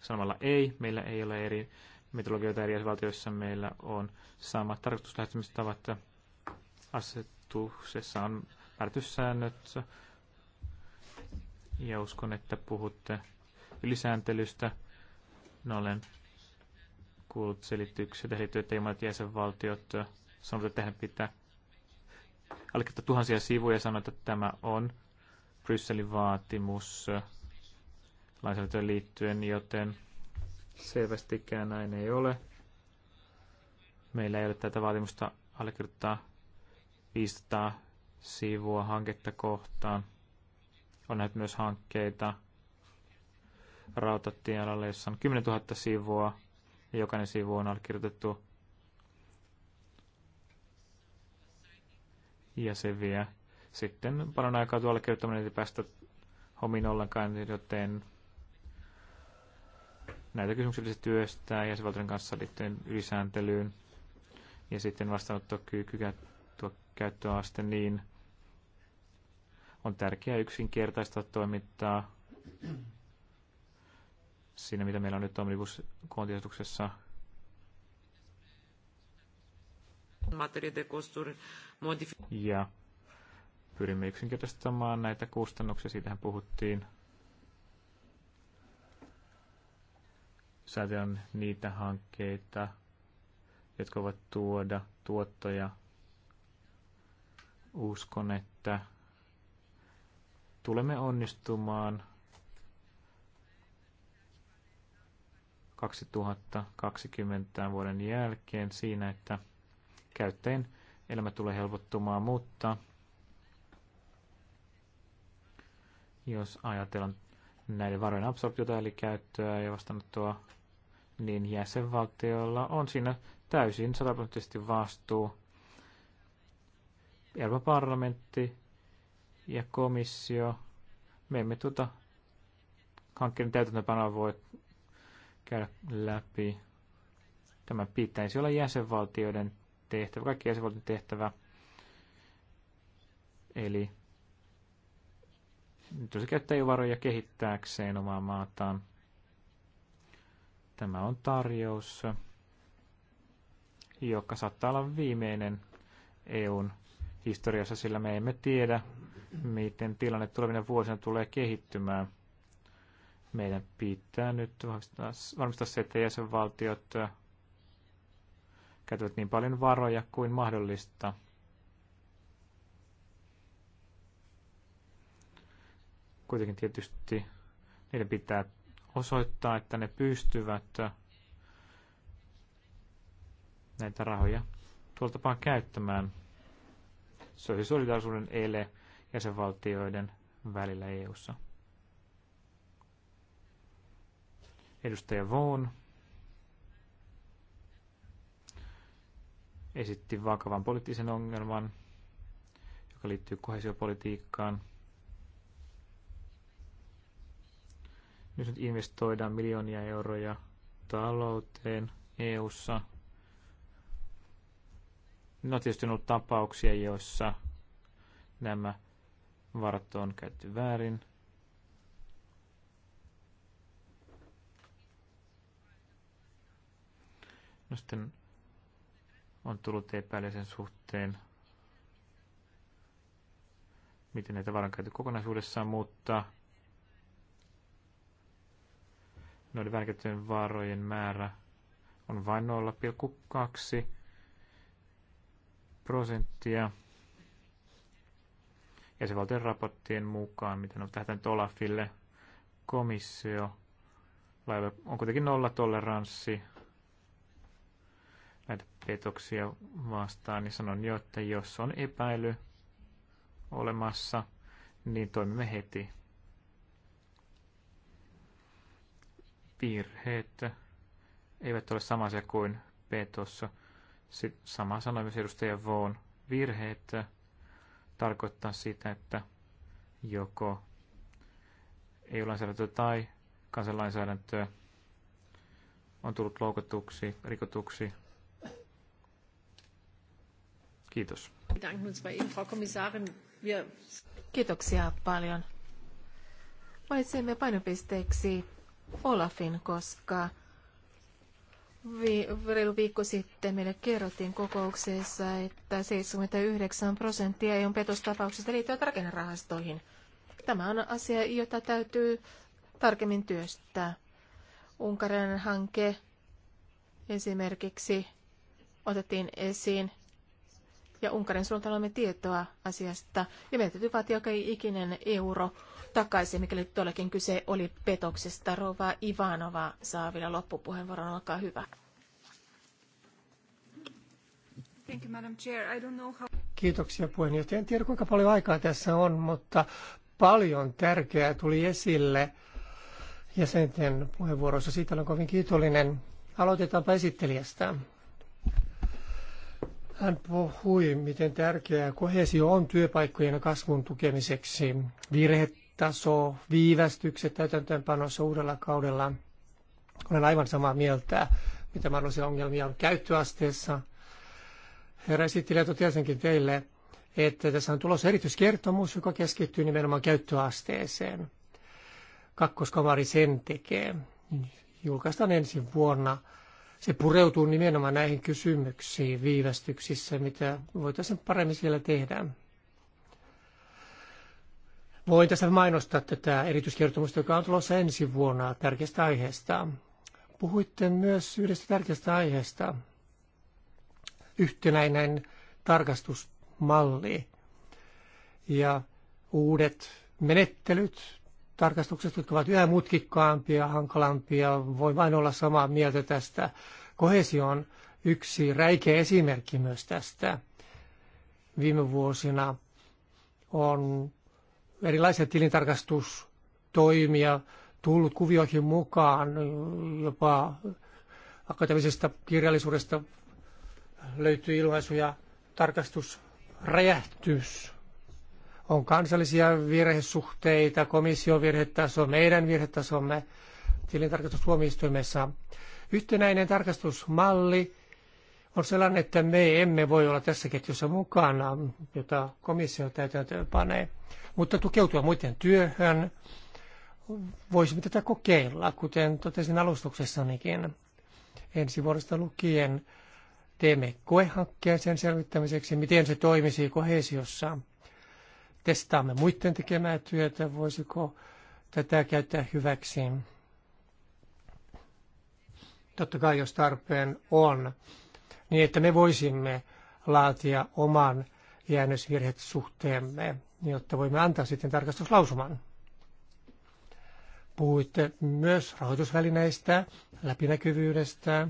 sanomalla ei, meillä ei ole eri mitologioita eri valtioissa meillä on samat tarkastuslähestymistavat. Asetuksessa on määrätyssäännöt ja uskon, että puhutte ylisääntelystä. No, olen kuullut selityksiä, että liittyy, että ilman, jäsenvaltiot sanovat, että tähän pitää allekirjoittaa tuhansia sivuja ja sanoa, että tämä on Brysselin vaatimus lainsäädäntöön liittyen, joten Selvästikään näin ei ole. Meillä ei ole tätä vaatimusta allekirjoittaa 500 sivua hanketta kohtaan. On näitä myös hankkeita rautatiealalle, jossa on 10 000 sivua ja jokainen sivu on allekirjoitettu. Ja se vie sitten paljon aikaa tuolla kirjoittaminen ei päästä hommiin ollenkaan, joten näitä kysymyksiä pitäisi työstää jäsenvaltion kanssa liittyen ylisääntelyyn ja sitten vastaanottokyky tuo käyttöaste, niin on tärkeää yksinkertaistaa toimintaa siinä, mitä meillä on nyt omnibuskoontiasetuksessa. Ja pyrimme yksinkertaistamaan näitä kustannuksia, siitähän puhuttiin on niitä hankkeita, jotka ovat tuoda tuottoja. Uskon, että tulemme onnistumaan 2020 vuoden jälkeen siinä, että käyttäjän elämä tulee helpottumaan, mutta jos ajatellaan näiden varojen absorptiota eli käyttöä ja vastaanottoa niin jäsenvaltioilla on siinä täysin sataprosenttisesti vastuu. Euroopan parlamentti ja komissio, me emme tuota hankkeen täytäntöpanoa voi käydä läpi. Tämä pitäisi olla jäsenvaltioiden tehtävä, kaikki jäsenvaltioiden tehtävä. Eli nyt se käyttää varoja kehittääkseen omaa maataan. Tämä on tarjous, joka saattaa olla viimeinen EUn historiassa, sillä me emme tiedä, miten tilanne tulevina vuosina tulee kehittymään. Meidän pitää nyt varmistaa se, että jäsenvaltiot käytävät niin paljon varoja kuin mahdollista. Kuitenkin tietysti niiden pitää osoittaa, että ne pystyvät näitä rahoja tuoltapaan käyttämään. Se olisi solidaarisuuden ele jäsenvaltioiden välillä EU-ssa. Edustaja Vaughan esitti vakavan poliittisen ongelman, joka liittyy kohesiopolitiikkaan – Jos nyt investoidaan miljoonia euroja talouteen EU-ssa, no tietysti on ollut tapauksia, joissa nämä varat on käytetty väärin. No sitten on tullut epäilyä suhteen, miten näitä varankäyttö kokonaisuudessaan muuttaa. noiden väärinkäytettyjen varojen määrä on vain 0,2 prosenttia. Ja valtion raporttien mukaan, mitä on tähän Olafille, komissio laiva on kuitenkin nollatoleranssi näitä petoksia vastaan, niin sanon jo, että jos on epäily olemassa, niin toimimme heti. virheet eivät ole samaisia kuin petossa. Sama sanoi myös edustaja Vaughan. Virheet tarkoittaa sitä, että joko EU-lainsäädäntöä tai kansanlainsäädäntöä on tullut loukotuksi, rikotuksi. Kiitos. Kiitoksia paljon. Valitsemme painopisteeksi Olafin, koska vi, reilu viikko sitten meille kerrottiin kokouksessa, että 79 prosenttia on e petostapauksista liittyvät rakennerahastoihin. Tämä on asia, jota täytyy tarkemmin työstää. Unkarin hanke esimerkiksi otettiin esiin ja Unkarin suunta olemme tietoa asiasta. Ja meidän täytyy vaatia joka ikinen euro takaisin, mikäli todellakin kyse oli petoksesta. Rova Ivanova saa vielä loppupuheenvuoron. Olkaa hyvä. Thank you, Madam Chair. I don't know how... Kiitoksia puheenjohtaja. En tiedä kuinka paljon aikaa tässä on, mutta paljon tärkeää tuli esille jäsenten puheenvuorossa. Siitä olen kovin kiitollinen. Aloitetaanpa esittelijästä. Hän puhui, miten tärkeää kohesio on työpaikkojen kasvun tukemiseksi. Virhetaso, viivästykset täytäntöönpanossa uudella kaudella. Olen aivan samaa mieltä, mitä mahdollisia ongelmia on käyttöasteessa. Herra esittelijä totesinkin teille, että tässä on tulossa erityiskertomus, joka keskittyy nimenomaan käyttöasteeseen. Kakkoskamari sen tekee. Julkaistaan ensi vuonna se pureutuu nimenomaan näihin kysymyksiin viivästyksissä, mitä voitaisiin paremmin siellä tehdä. Voin tässä mainostaa tätä erityiskertomusta, joka on tulossa ensi vuonna tärkeästä aiheesta. Puhuitte myös yhdestä tärkeästä aiheesta, yhtenäinen tarkastusmalli ja uudet menettelyt tarkastukset, jotka ovat yhä mutkikkaampia, hankalampia. Voi vain olla samaa mieltä tästä. Kohesio on yksi räikeä esimerkki myös tästä. Viime vuosina on erilaisia tilintarkastustoimia tullut kuvioihin mukaan, jopa akateemisesta kirjallisuudesta löytyy ilmaisuja tarkastusräjähtys on kansallisia virhesuhteita, komission virhetaso, meidän virhetasomme tilintarkastustuomioistuimessa. Yhtenäinen tarkastusmalli on sellainen, että me emme voi olla tässä ketjussa mukana, jota komissio täytäntöön panee, mutta tukeutua muiden työhön. Voisimme tätä kokeilla, kuten totesin alustuksessanikin. Ensi vuodesta lukien teemme koehankkeen sen selvittämiseksi, miten se toimisi kohesiossa – testaamme muiden tekemää työtä, voisiko tätä käyttää hyväksi. Totta kai, jos tarpeen on, niin että me voisimme laatia oman suhteemme, jotta voimme antaa sitten tarkastuslausuman. Puhuitte myös rahoitusvälineistä, läpinäkyvyydestä,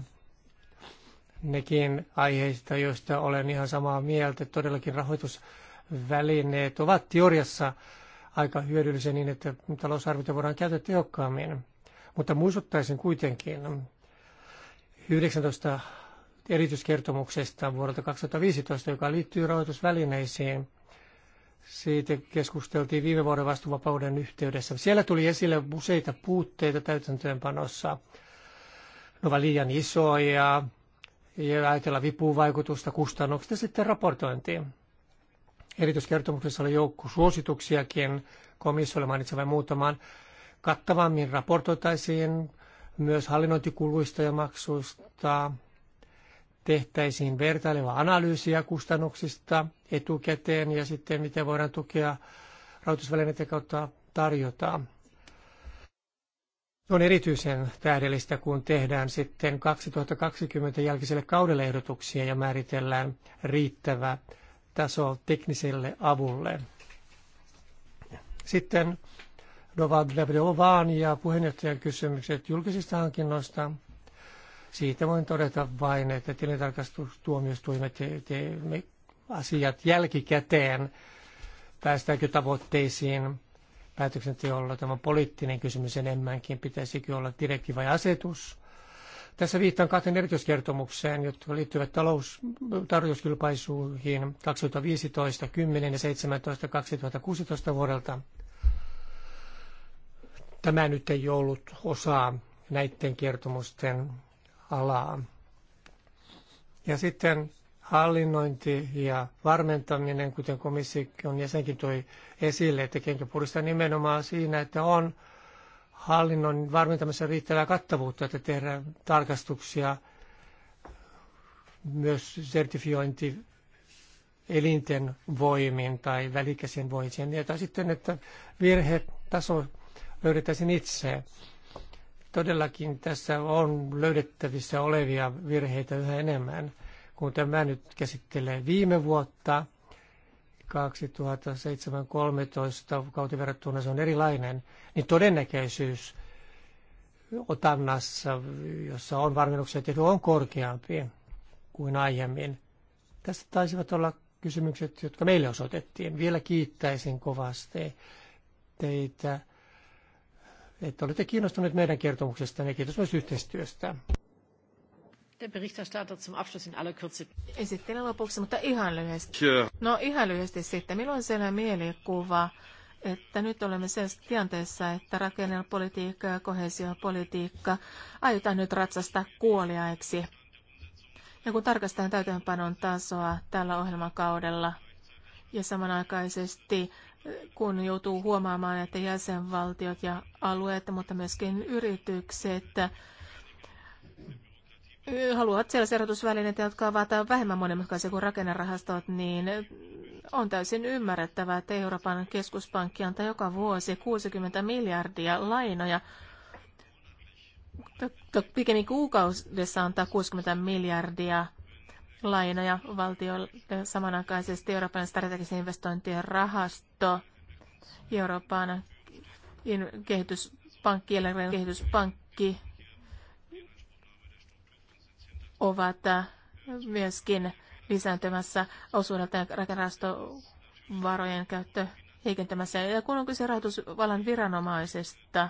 nekin aiheista, joista olen ihan samaa mieltä. Todellakin rahoitus välineet ovat teoriassa aika hyödyllisiä niin, että talousarvioita voidaan käyttää tehokkaammin. Mutta muistuttaisin kuitenkin 19 erityiskertomuksesta vuodelta 2015, joka liittyy rahoitusvälineisiin. Siitä keskusteltiin viime vuoden vastuvapauden yhteydessä. Siellä tuli esille useita puutteita täytäntöönpanossa. Ne ovat liian isoja ja ajatella vipuvaikutusta kustannuksista sitten raportointiin. Erityiskertomuksessa oli joukko suosituksiakin komissiolle mainitsevan muutaman. Kattavammin raportoitaisiin myös hallinnointikuluista ja maksuista. Tehtäisiin vertaileva analyysiä kustannuksista etukäteen ja sitten miten voidaan tukea rahoitusvälineiden kautta tarjota. On erityisen tähdellistä, kun tehdään sitten 2020 jälkiselle kaudelle ehdotuksia ja määritellään riittävä tasolla tekniselle avulle. Sitten Dovadlevovan ja puheenjohtajan kysymykset julkisista hankinnoista. Siitä voin todeta vain, että tilintarkastustuomioistuimet teemme asiat jälkikäteen, päästäänkö tavoitteisiin päätöksenteolla. Tämä on poliittinen kysymys enemmänkin, pitäisikö olla direktiivi vai asetus. Tässä viittaan kahteen erityiskertomukseen, jotka liittyvät taloustarjouskilpaisuihin 2015, 10 ja 17, 2016 vuodelta. Tämä nyt ei ollut osa näiden kertomusten alaa. Ja sitten hallinnointi ja varmentaminen, kuten on jäsenkin toi esille, että kenkä puristaa nimenomaan siinä, että on hallinnon varmentamassa riittävää kattavuutta, että tehdään tarkastuksia myös sertifiointi elinten voimin tai välikäsien voimin, tai sitten, että virhetaso löydettäisiin itse. Todellakin tässä on löydettävissä olevia virheitä yhä enemmän. Kun tämä nyt käsittelee viime vuotta, 2007-2013 kautta verrattuna se on erilainen, niin todennäköisyys otannassa, jossa on varmennuksia tehty, on korkeampi kuin aiemmin. Tästä taisivat olla kysymykset, jotka meille osoitettiin. Vielä kiittäisin kovasti teitä, että olette kiinnostuneet meidän kertomuksestamme ja kiitos myös yhteistyöstä der Berichterstatter zum Abschluss in aller Kürze. Esittelen lopuksi, mutta ihan lyhyesti. No ihan lyhyesti sitten. Minulla on sellainen mielikuva, että nyt olemme sellaisessa tilanteessa, että rakennepolitiikka ja kohesiopolitiikka aiotaan nyt ratsasta kuoliaiksi. Ja kun tarkastetaan täytäntöönpanon tasoa tällä ohjelmakaudella ja samanaikaisesti kun joutuu huomaamaan, että jäsenvaltiot ja alueet, mutta myöskin yritykset haluavat siellä rahoitusvälineitä, jotka ovat vähemmän monimutkaisia kuin rakennerahastot, niin on täysin ymmärrettävää, että Euroopan keskuspankki antaa joka vuosi 60 miljardia lainoja. Pikemmin kuukaudessa antaa 60 miljardia lainoja valtiolle samanaikaisesti Euroopan strategisen investointien rahasto, Euroopan kehityspankki, kehityspankki ovat äh, myöskin lisääntymässä osuudelta rakennastovarojen käyttö heikentämässä. Ja kun on kyse rahoitusvallan viranomaisesta,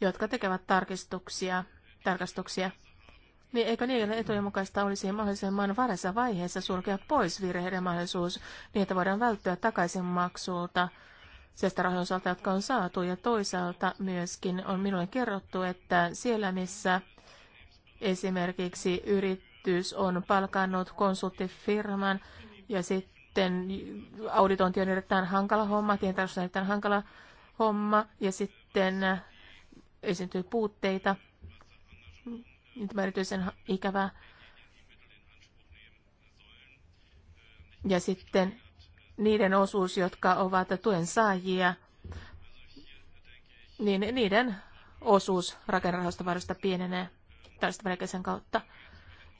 jotka tekevät tarkistuksia, tarkastuksia, niin eikö niiden etujen mukaista olisi mahdollisimman varhaisessa vaiheessa sulkea pois virheiden mahdollisuus, niin että voidaan välttyä takaisinmaksulta sieltä rahoitusalta, jotka on saatu, ja toisaalta myöskin on minulle kerrottu, että siellä, missä Esimerkiksi yritys on palkannut konsulttifirman ja sitten auditointi on erittäin hankala homma, tientarkastus on erittäin hankala homma ja sitten esiintyy puutteita. Tämä erityisen ikävää. Ja sitten niiden osuus, jotka ovat tuen saajia, niin niiden osuus rakennerahastovaroista pienenee tällaista välikäisen kautta.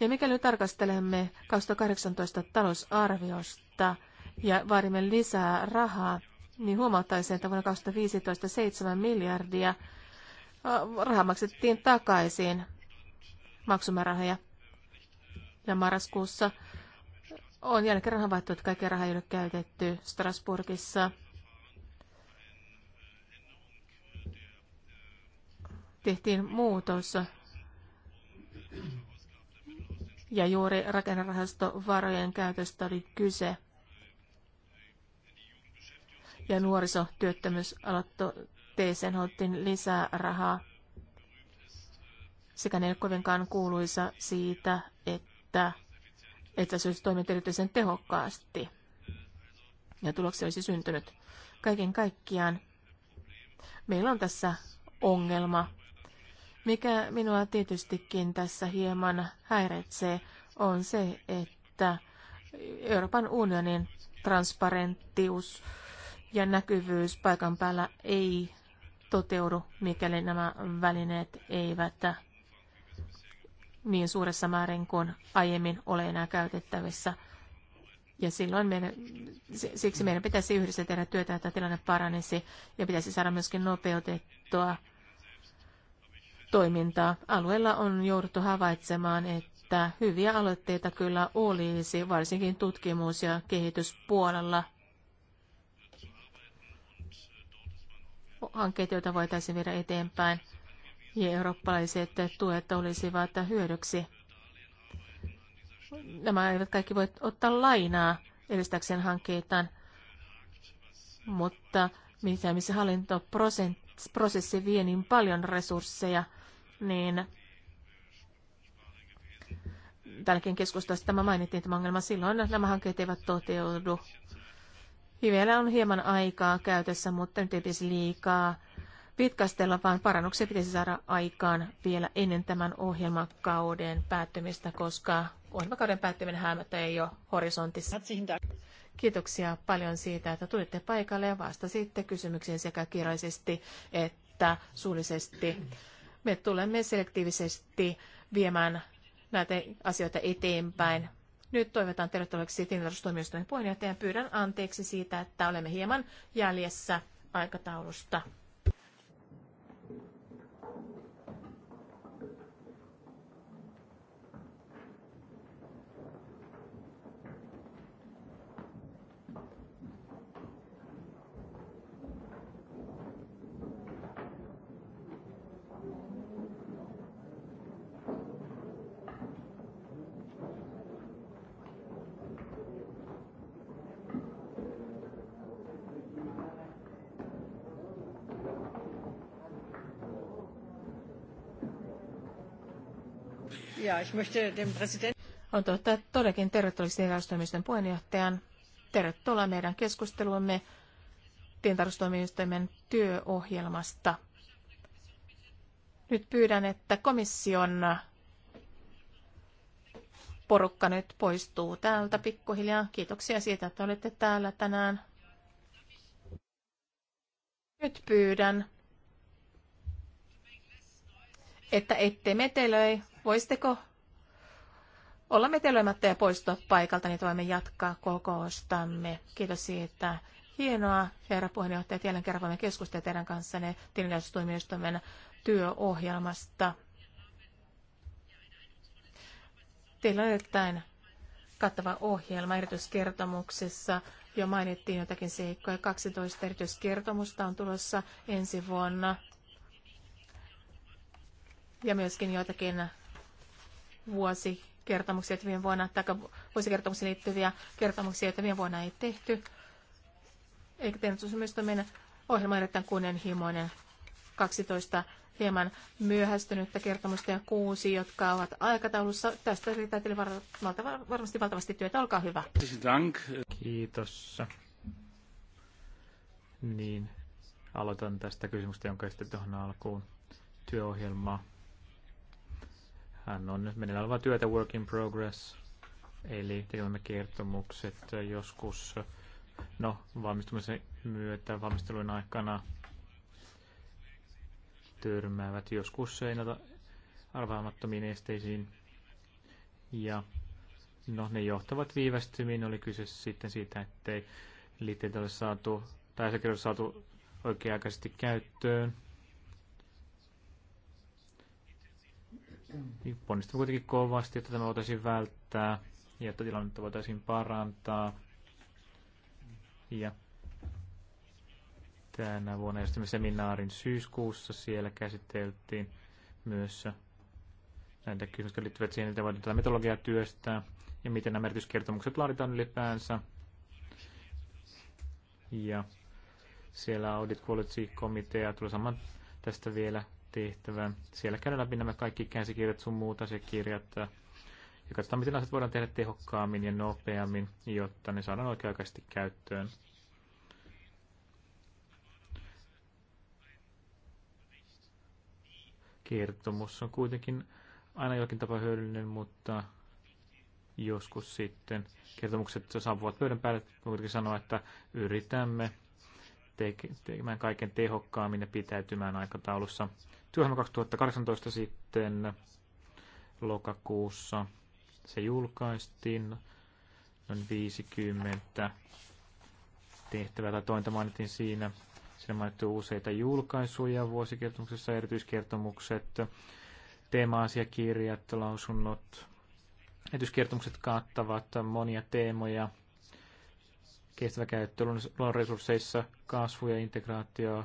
Ja mikäli tarkastelemme 2018 talousarviosta ja vaadimme lisää rahaa, niin huomauttaisiin, että vuonna 2015 7 miljardia rahaa maksettiin takaisin maksumäärärahoja. Ja marraskuussa on jälkeen havaittu, että kaikki raha ei ole käytetty Strasbourgissa. Tehtiin muutos ja juuri rakennerahastovarojen käytöstä oli kyse. Ja nuorisotyöttömyys aloitteeseen ottiin lisää rahaa. Sekä ei kovinkaan kuuluisa siitä, että että olisi toiminut erityisen tehokkaasti. Ja tuloksia olisi syntynyt. Kaiken kaikkiaan meillä on tässä ongelma mikä minua tietystikin tässä hieman häiritsee, on se, että Euroopan unionin transparenttius ja näkyvyys paikan päällä ei toteudu, mikäli nämä välineet eivät niin suuressa määrin kuin aiemmin ole enää käytettävissä. Ja silloin meidän, siksi meidän pitäisi yhdessä tehdä työtä, että tilanne paranisi ja pitäisi saada myöskin nopeutettua toimintaa. Alueella on jouduttu havaitsemaan, että hyviä aloitteita kyllä olisi, varsinkin tutkimus- ja kehityspuolella. Hankkeet, joita voitaisiin viedä eteenpäin, ja eurooppalaiset tuet olisivat hyödyksi. Nämä eivät kaikki voi ottaa lainaa edistäkseen hankkeitaan, mutta missä hallintoprosessi vie niin paljon resursseja – niin tälläkin keskustelussa tämä mainittiin tämä ongelma. Silloin että nämä hankkeet eivät toteudu. Vielä on hieman aikaa käytössä, mutta nyt ei pitäisi liikaa pitkastella, vaan parannuksia pitäisi saada aikaan vielä ennen tämän ohjelmakauden päättymistä, koska ohjelmakauden päättyminen häämättä ei ole horisontissa. Kiitoksia paljon siitä, että tulitte paikalle ja vastasitte kysymyksiin sekä kirjallisesti että suullisesti. Me tulemme selektiivisesti viemään näitä asioita eteenpäin. Nyt toivotan tervetulleeksi tilintarkastustoimistojen puheenjohtajan. Pyydän anteeksi siitä, että olemme hieman jäljessä aikataulusta. On totta, että todellakin tervetuloa tilastoimiston puheenjohtajan. Tervetuloa meidän keskusteluumme tilintarkastustoimistoimen työohjelmasta. Nyt pyydän, että komission porukka nyt poistuu täältä pikkuhiljaa. Kiitoksia siitä, että olette täällä tänään. Nyt pyydän, että ette metelöi Voisitteko olla metelöimättä ja poistua paikalta, niin voimme jatkaa kokoustamme. Kiitos siitä. Hienoa, herra puheenjohtaja, että jälleen kerran voimme keskustella teidän kanssanne tilinkäytöstoimistoimen työohjelmasta. Teillä on erittäin kattava ohjelma erityiskertomuksessa. Jo mainittiin jotakin seikkoja. 12 erityiskertomusta on tulossa ensi vuonna. Ja myöskin joitakin vuosi kertomuksia, että viime vuonna, tai vuosikertomuksiin liittyviä kertomuksia, joita viime vuonna ei tehty. Eikä tiedotusyhteistyömen ohjelma erittäin kunnianhimoinen. 12 hieman myöhästynyttä kertomusta ja kuusi, jotka ovat aikataulussa. Tästä riittää teille valta, varmasti valtavasti työtä. Olkaa hyvä. Kiitos. Niin, aloitan tästä kysymystä, jonka sitten tuohon alkuun. Työohjelma hän on nyt meneillään oleva työtä Work in Progress, eli tekemämme kertomukset joskus no, valmistumisen myötä, valmistelun aikana törmäävät joskus ennalta arvaamattomiin esteisiin. Ja no, ne johtavat viivästymiin. Oli kyse sitten siitä, ettei liitteitä ole saatu tai se saatu oikea-aikaisesti käyttöön. Niin ponnistamme kuitenkin kovasti, että tämä voitaisiin välttää ja että tilannetta voitaisiin parantaa. Ja tänä vuonna järjestimme seminaarin syyskuussa. Siellä käsiteltiin myös näitä kysymyksiä, jotka liittyvät siihen, että voidaan tätä metodologiaa työstää ja miten nämä merkityskertomukset laaditaan ylipäänsä. Ja siellä Audit Quality-komitea tulee saman tästä vielä tehtävä. Siellä käydään läpi nämä kaikki käsikirjat sun muut asiakirjat ja katsotaan, miten asiat voidaan tehdä tehokkaammin ja nopeammin, jotta ne saadaan oikea-aikaisesti käyttöön. Kertomus on kuitenkin aina jokin tapa hyödyllinen, mutta joskus sitten kertomukset saapuvat pöydän päälle. Kuitenkin sanoa, että yritämme tekemään kaiken tehokkaammin ja pitäytymään aikataulussa työhön 2018 sitten lokakuussa se julkaistiin noin 50 tehtävää tai tointa mainittiin siinä. Siinä mainittu useita julkaisuja vuosikertomuksessa, erityiskertomukset, teema-asiakirjat, lausunnot. Erityiskertomukset kattavat monia teemoja. Kestävä käyttö, resursseissa, kasvu ja integraatio,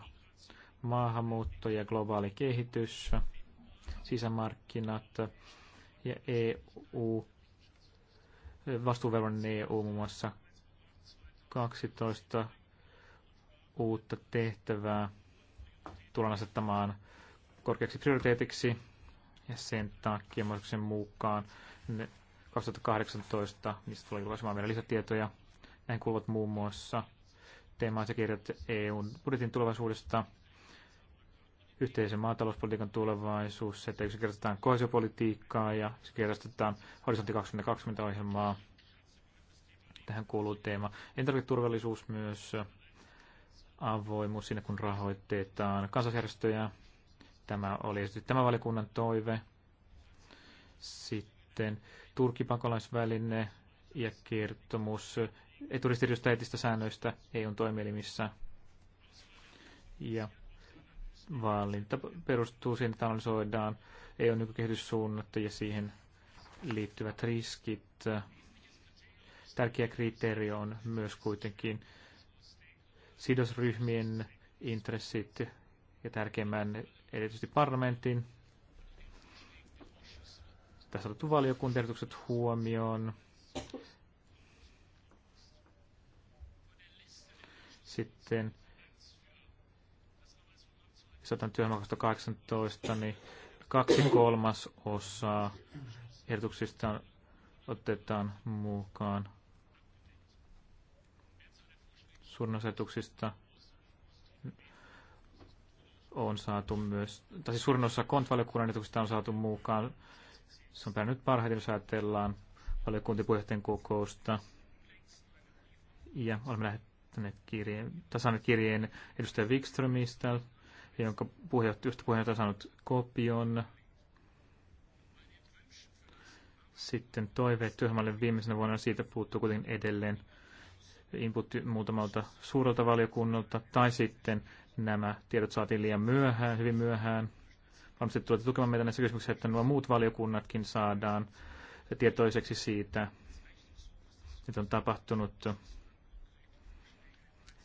maahanmuutto ja globaali kehitys, sisämarkkinat ja EU, vastuuvelvollinen EU muun muassa 12 uutta tehtävää tullaan asettamaan korkeaksi prioriteetiksi ja sen takia mukaan 2018 niistä tulee julkaisemaan vielä lisätietoja. Näin kuuluvat muun muassa teema kirjat EUn budjetin tulevaisuudesta, yhteisen maatalouspolitiikan tulevaisuus, se, että yksinkertaistetaan kohesiopolitiikkaa ja yksinkertaistetaan horisontti 2020 ohjelmaa. Tähän kuuluu teema elintarviketurvallisuus myös, avoimuus siinä, kun rahoitetaan kansallisjärjestöjä. Tämä oli tämä valikunnan toive. Sitten turkipakolaisväline ja kertomus eturistiriosta etistä säännöistä EUn toimielimissä. Ja valinta perustuu siihen, että analysoidaan EUn nykykehityssuunnat ja siihen liittyvät riskit. Tärkeä kriteeri on myös kuitenkin sidosryhmien intressit ja tärkeimmän erityisesti parlamentin. Tässä on otettu valiokuntertukset huomioon. Sitten satan työmaakasta 18, niin kaksi kolmas osaa ehdotuksista otetaan mukaan. Suurin on saatu myös, tai siis suurin osa kontvaliokunnan ehdotuksista on saatu mukaan. Se on pärjännyt parhaiten, jos ajatellaan valiokuntipuheenjohtajan kokousta. Ja olemme lähettäneet kirjeen, tasan kirjeen edustaja Wikströmistä, jonka puheenjohtaja, josta puheenjohtaja on saanut kopion. Sitten toiveet työhjelmälle viimeisenä vuonna siitä puuttuu kuitenkin edelleen input muutamalta suurelta valiokunnalta, tai sitten nämä tiedot saatiin liian myöhään, hyvin myöhään. Varmasti tulette tukemaan meitä näissä kysymyksissä, että nuo muut valiokunnatkin saadaan tietoiseksi siitä, että on tapahtunut.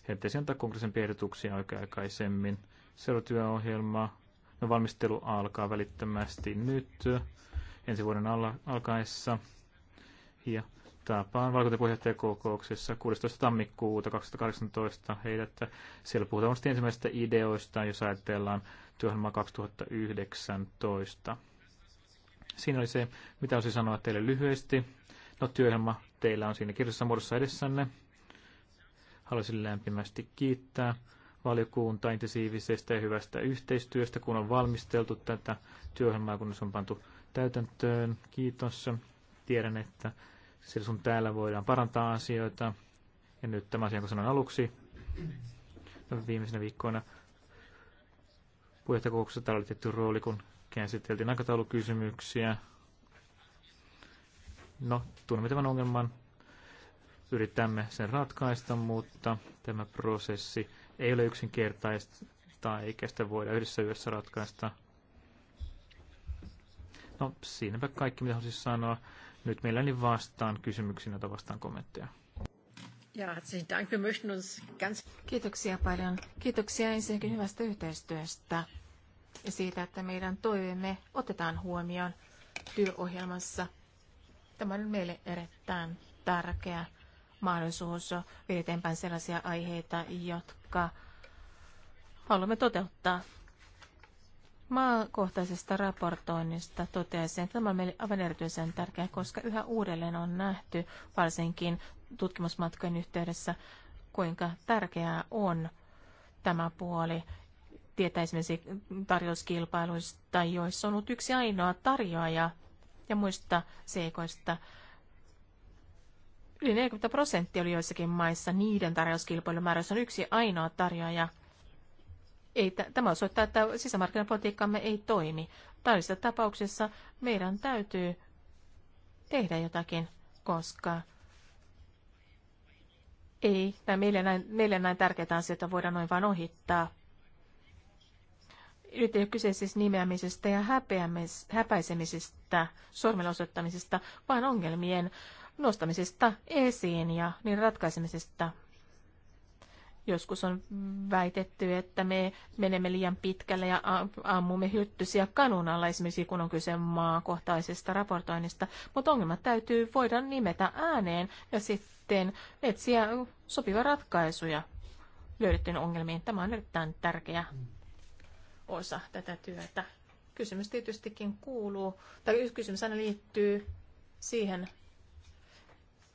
Heidän pitäisi antaa konkreettisempia ehdotuksia oikea-aikaisemmin seuratyöohjelma, no valmistelu alkaa välittömästi nyt ensi vuoden alla, alkaessa. Ja tapaan valkotepuheenjohtajakokouksessa 16. tammikuuta 2018 heidät. Siellä puhutaan ensimmäisistä ideoista, jos ajatellaan työohjelmaa 2019. Siinä oli se, mitä olisin sanoa teille lyhyesti. No työohjelma teillä on siinä kirjassa muodossa edessänne. Haluaisin lämpimästi kiittää valiokunta intensiivisestä ja hyvästä yhteistyöstä, kun on valmisteltu tätä työohjelmaa, kun se on pantu täytäntöön. Kiitos. Tiedän, että sillä sun täällä voidaan parantaa asioita. Ja nyt tämä asia, kun sanon aluksi, viimeisenä viikkoina puheenjohtajakokouksessa täällä oli tietty rooli, kun käsiteltiin aikataulukysymyksiä. No, tunnemme tämän ongelman, yritämme sen ratkaista, mutta tämä prosessi ei ole yksinkertaista, eikä sitä voida yhdessä yössä ratkaista. No siinäpä kaikki, mitä haluaisin sanoa. Nyt mielelläni vastaan kysymyksiin tai vastaan kommentteja. Ja, herzlichen uns ganz... Kiitoksia paljon. Kiitoksia ensinnäkin hyvästä yhteistyöstä ja siitä, että meidän toiveemme otetaan huomioon työohjelmassa. Tämä on meille erittäin tärkeä mahdollisuus viedä eteenpäin sellaisia aiheita, jotka politiikkaa haluamme toteuttaa. Maakohtaisesta raportoinnista toteaisin, että tämä on meille aivan erityisen tärkeä, koska yhä uudelleen on nähty, varsinkin tutkimusmatkojen yhteydessä, kuinka tärkeää on tämä puoli tietää esimerkiksi tarjouskilpailuista, joissa on ollut yksi ainoa tarjoaja ja muista seikoista Yli 40 prosenttia oli joissakin maissa niiden määrässä on yksi ainoa tarjoaja. Ei, tämä osoittaa, että sisämarkkinapolitiikkamme ei toimi. Tällaisissa tapauksissa meidän täytyy tehdä jotakin, koska ei, tai meille näin, meille näin tärkeitä asioita voidaan noin vain ohittaa. Nyt ei ole kyse siis nimeämisestä ja häpäisemisestä, sormen osoittamisesta, vaan ongelmien nostamisesta esiin ja niin ratkaisemisesta. Joskus on väitetty, että me menemme liian pitkälle ja ammumme hyttysiä kanunalla, esimerkiksi kun on kyse maakohtaisesta raportoinnista, mutta ongelmat täytyy voida nimetä ääneen ja sitten etsiä sopiva ratkaisuja löydettyyn ongelmiin. Tämä on erittäin tärkeä osa tätä työtä. Kysymys tietystikin kuuluu, tai kysymys aina liittyy siihen,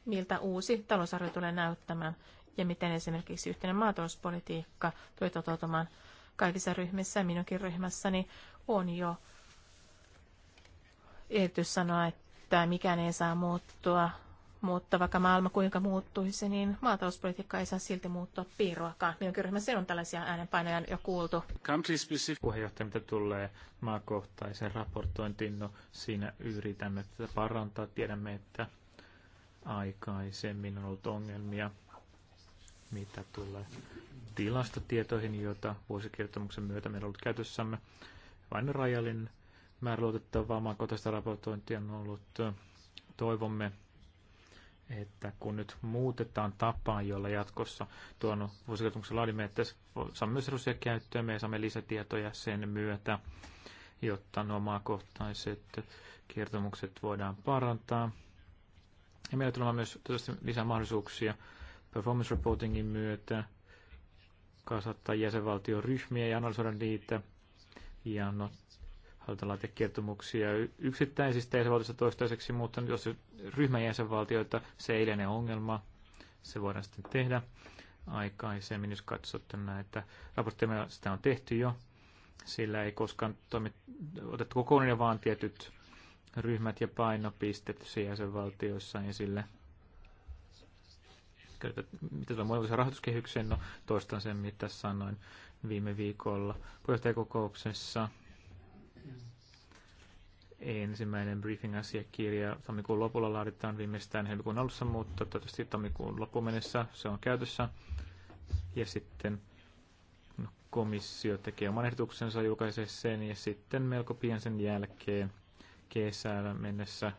miltä uusi talousarvio tulee näyttämään ja miten esimerkiksi yhteinen maatalouspolitiikka tulee toteutumaan kaikissa ryhmissä. Minunkin ryhmässäni on jo ehditys sanoa, että mikään ei saa muuttua, mutta vaikka maailma kuinka muuttuisi, niin maatalouspolitiikka ei saa silti muuttua piiruakaan. Minunkin ryhmässä on tällaisia äänenpainoja jo kuultu. Puheenjohtaja, mitä tulee maakohtaisen raportointiin, no siinä yritämme tätä parantaa. Tiedämme, että Aikaisemmin on ollut ongelmia, mitä tulee tilastotietoihin, joita vuosikertomuksen myötä meillä on ollut käytössämme. Vain rajallinen määrä luotettavaa maakohtaista raportointia on ollut. Toivomme, että kun nyt muutetaan tapaa, jolla jatkossa tuon vuosikertomuksen laadimme, että saamme myös resursseja käyttöön, me saamme lisätietoja sen myötä, jotta nuo maakohtaiset kertomukset voidaan parantaa. Ja meillä tulee myös toivottavasti lisää mahdollisuuksia performance reportingin myötä kasvattaa jäsenvaltioryhmiä ja analysoida niitä. Ja no, halutaan laittaa kertomuksia yksittäisistä jäsenvaltioista toistaiseksi, mutta jos ryhmän jäsenvaltioita se ei ole ongelma, se voidaan sitten tehdä aikaisemmin, jos katsotte näitä raportteja, sitä on tehty jo. Sillä ei koskaan toimi, otettu kokonainen, vaan tietyt ryhmät ja painopistet sijaisenvaltioissa esille. Mitä tulee muodollisen rahoituskehykseen? No, toistan sen, mitä sanoin viime viikolla puheenjohtajakokouksessa. Ensimmäinen briefing-asiakirja tammikuun lopulla laaditaan viimeistään helmikuun alussa, mutta toivottavasti tammikuun loppuun mennessä se on käytössä. Ja sitten no, komissio tekee oman ehdotuksensa, julkaisee sen ja sitten melko pian sen jälkeen – kesällä mennessä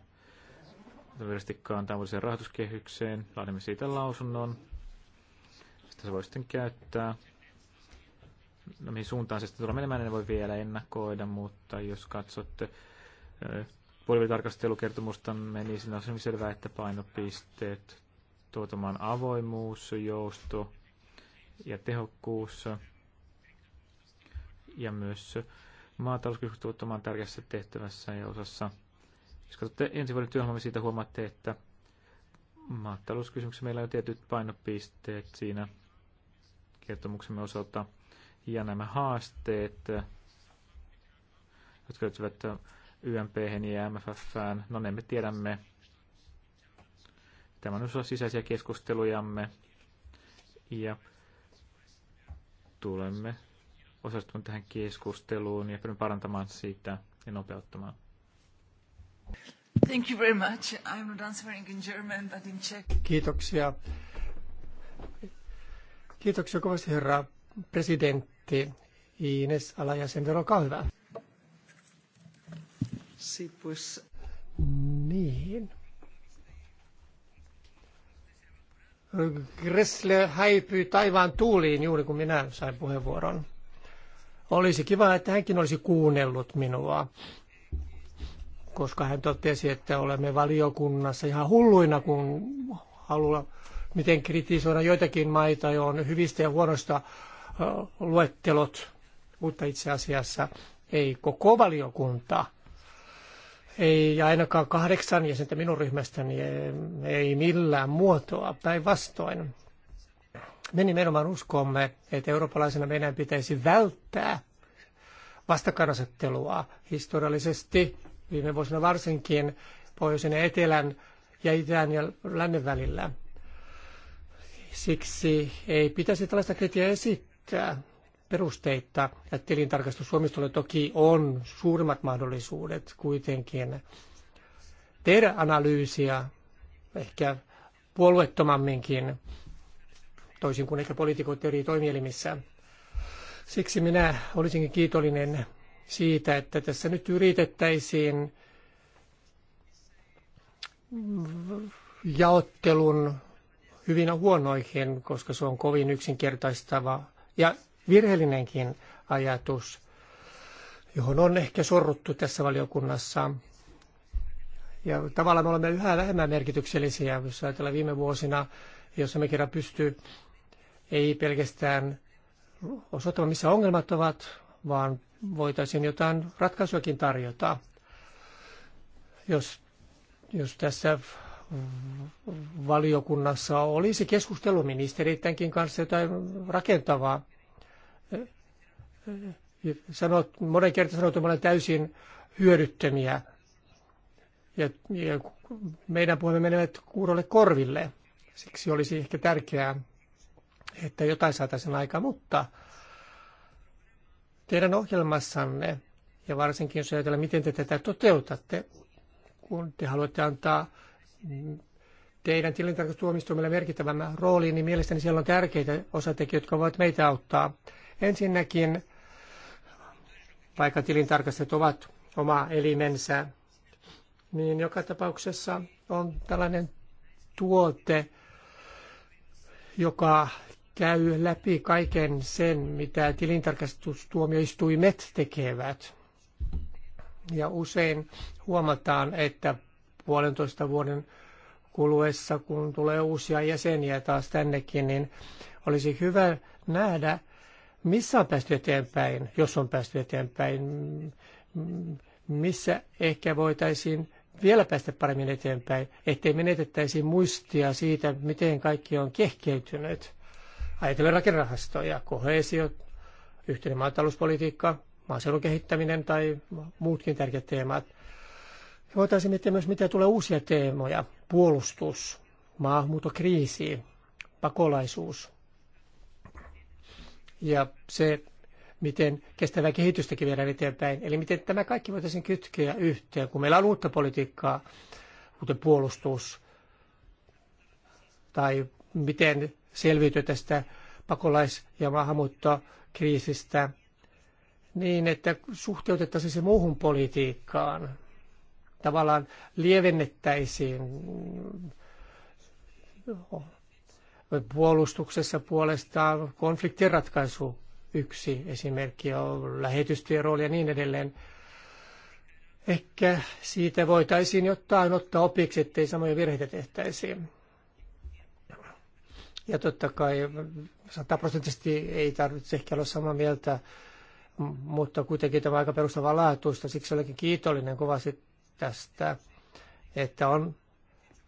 virallisesti kantaa rahoituskehykseen. Laadimme siitä lausunnon. Sitä se voi sitten käyttää. No, mihin suuntaan se sitten tulee menemään, en voi vielä ennakoida, mutta jos katsotte puolivälitarkastelukertomustamme, niin siinä on se selvää, että painopisteet tuotamaan avoimuus, jousto ja tehokkuus ja myös maatalouskeskukset ovat tärkeässä tehtävässä ja osassa. Jos katsotte ensi vuoden työohjelmaa, siitä huomaatte, että maatalouskysymyksessä meillä on tietyt painopisteet siinä kertomuksemme osalta. Ja nämä haasteet, jotka löytyvät YMP ja MFF, no ne me tiedämme. Tämä on osa sisäisiä keskustelujamme. Ja tulemme osallistumaan tähän keskusteluun ja pyrin parantamaan siitä ja nopeuttamaan. Thank you very much. I'm not answering in German, but in Czech. Kiitoksia. Kiitoksia kovasti herra presidentti Ines Alajasender, olkaa hyvä. pues. Niin. Gressle häipyi taivaan tuuliin juuri kun minä sain puheenvuoron. Olisi kiva, että hänkin olisi kuunnellut minua, koska hän totesi, että olemme valiokunnassa ihan hulluina, kun haluaa miten kritisoida joitakin maita, jo on hyvistä ja huonoista luettelot, mutta itse asiassa ei koko valiokunta ei ainakaan kahdeksan jäsentä minun ryhmästäni, ei millään muotoa, päinvastoin. Me nimenomaan uskomme, että eurooppalaisena meidän pitäisi välttää vastakkainasettelua historiallisesti, viime vuosina varsinkin pohjoisen ja etelän ja itään ja lännen välillä. Siksi ei pitäisi tällaista kritiä esittää perusteita, että tilintarkastus Suomistolle toki on suurimmat mahdollisuudet kuitenkin tehdä analyysiä ehkä puolueettomamminkin toisin kuin ehkä poliitikot eri toimielimissä. Siksi minä olisinkin kiitollinen siitä, että tässä nyt yritettäisiin jaottelun hyvin huonoihin, koska se on kovin yksinkertaistava ja virheellinenkin ajatus, johon on ehkä sorruttu tässä valiokunnassa. Ja tavallaan me olemme yhä vähemmän merkityksellisiä, jos ajatellaan viime vuosina, jos emme kerran pysty ei pelkästään osoittamaan, missä ongelmat ovat, vaan voitaisiin jotain ratkaisuakin tarjota. Jos, jos tässä valiokunnassa olisi keskustelu ministeriittenkin kanssa jotain rakentavaa. Sanot, monen kertaan sanottu, olen täysin hyödyttömiä. Ja, ja meidän puheemme menevät kuurolle korville. Siksi olisi ehkä tärkeää että jotain saataisiin aikaa, mutta teidän ohjelmassanne, ja varsinkin jos ajatellaan, miten te tätä toteutatte, kun te haluatte antaa teidän tilintarkastustuomistuimelle merkittävän rooliin, niin mielestäni siellä on tärkeitä osatekijöitä, jotka voivat meitä auttaa. Ensinnäkin, vaikka tilintarkastajat ovat oma elimensä, niin joka tapauksessa on tällainen tuote, joka käy läpi kaiken sen, mitä tilintarkastustuomioistuimet tekevät. Ja usein huomataan, että puolentoista vuoden kuluessa, kun tulee uusia jäseniä taas tännekin, niin olisi hyvä nähdä, missä on päästy eteenpäin, jos on päästy eteenpäin, missä ehkä voitaisiin vielä päästä paremmin eteenpäin, ettei menetettäisi muistia siitä, miten kaikki on kehkeytynyt. Ajatellen rakennerahastoja, kohesio, yhteinen maatalouspolitiikka, maaseudun kehittäminen tai muutkin tärkeät teemat. Voitaisiin miettiä myös, mitä tulee uusia teemoja. Puolustus, maahanmuutokriisi, pakolaisuus ja se, miten kestävää kehitystäkin viedään eteenpäin. Eli miten tämä kaikki voitaisiin kytkeä yhteen, kun meillä on uutta politiikkaa, kuten puolustus, tai miten selviytyä tästä pakolais- ja maahanmuuttokriisistä niin, että suhteutettaisiin se muuhun politiikkaan. Tavallaan lievennettäisiin puolustuksessa puolestaan konfliktin ratkaisu yksi esimerkki on lähetystyön rooli ja niin edelleen. Ehkä siitä voitaisiin jotain ottaa opiksi, ettei samoja virheitä tehtäisiin. Ja totta kai sataprosenttisesti ei tarvitse ehkä olla samaa mieltä, mutta kuitenkin tämä on aika perustavaa laatuista. Siksi olenkin kiitollinen kovasti tästä, että on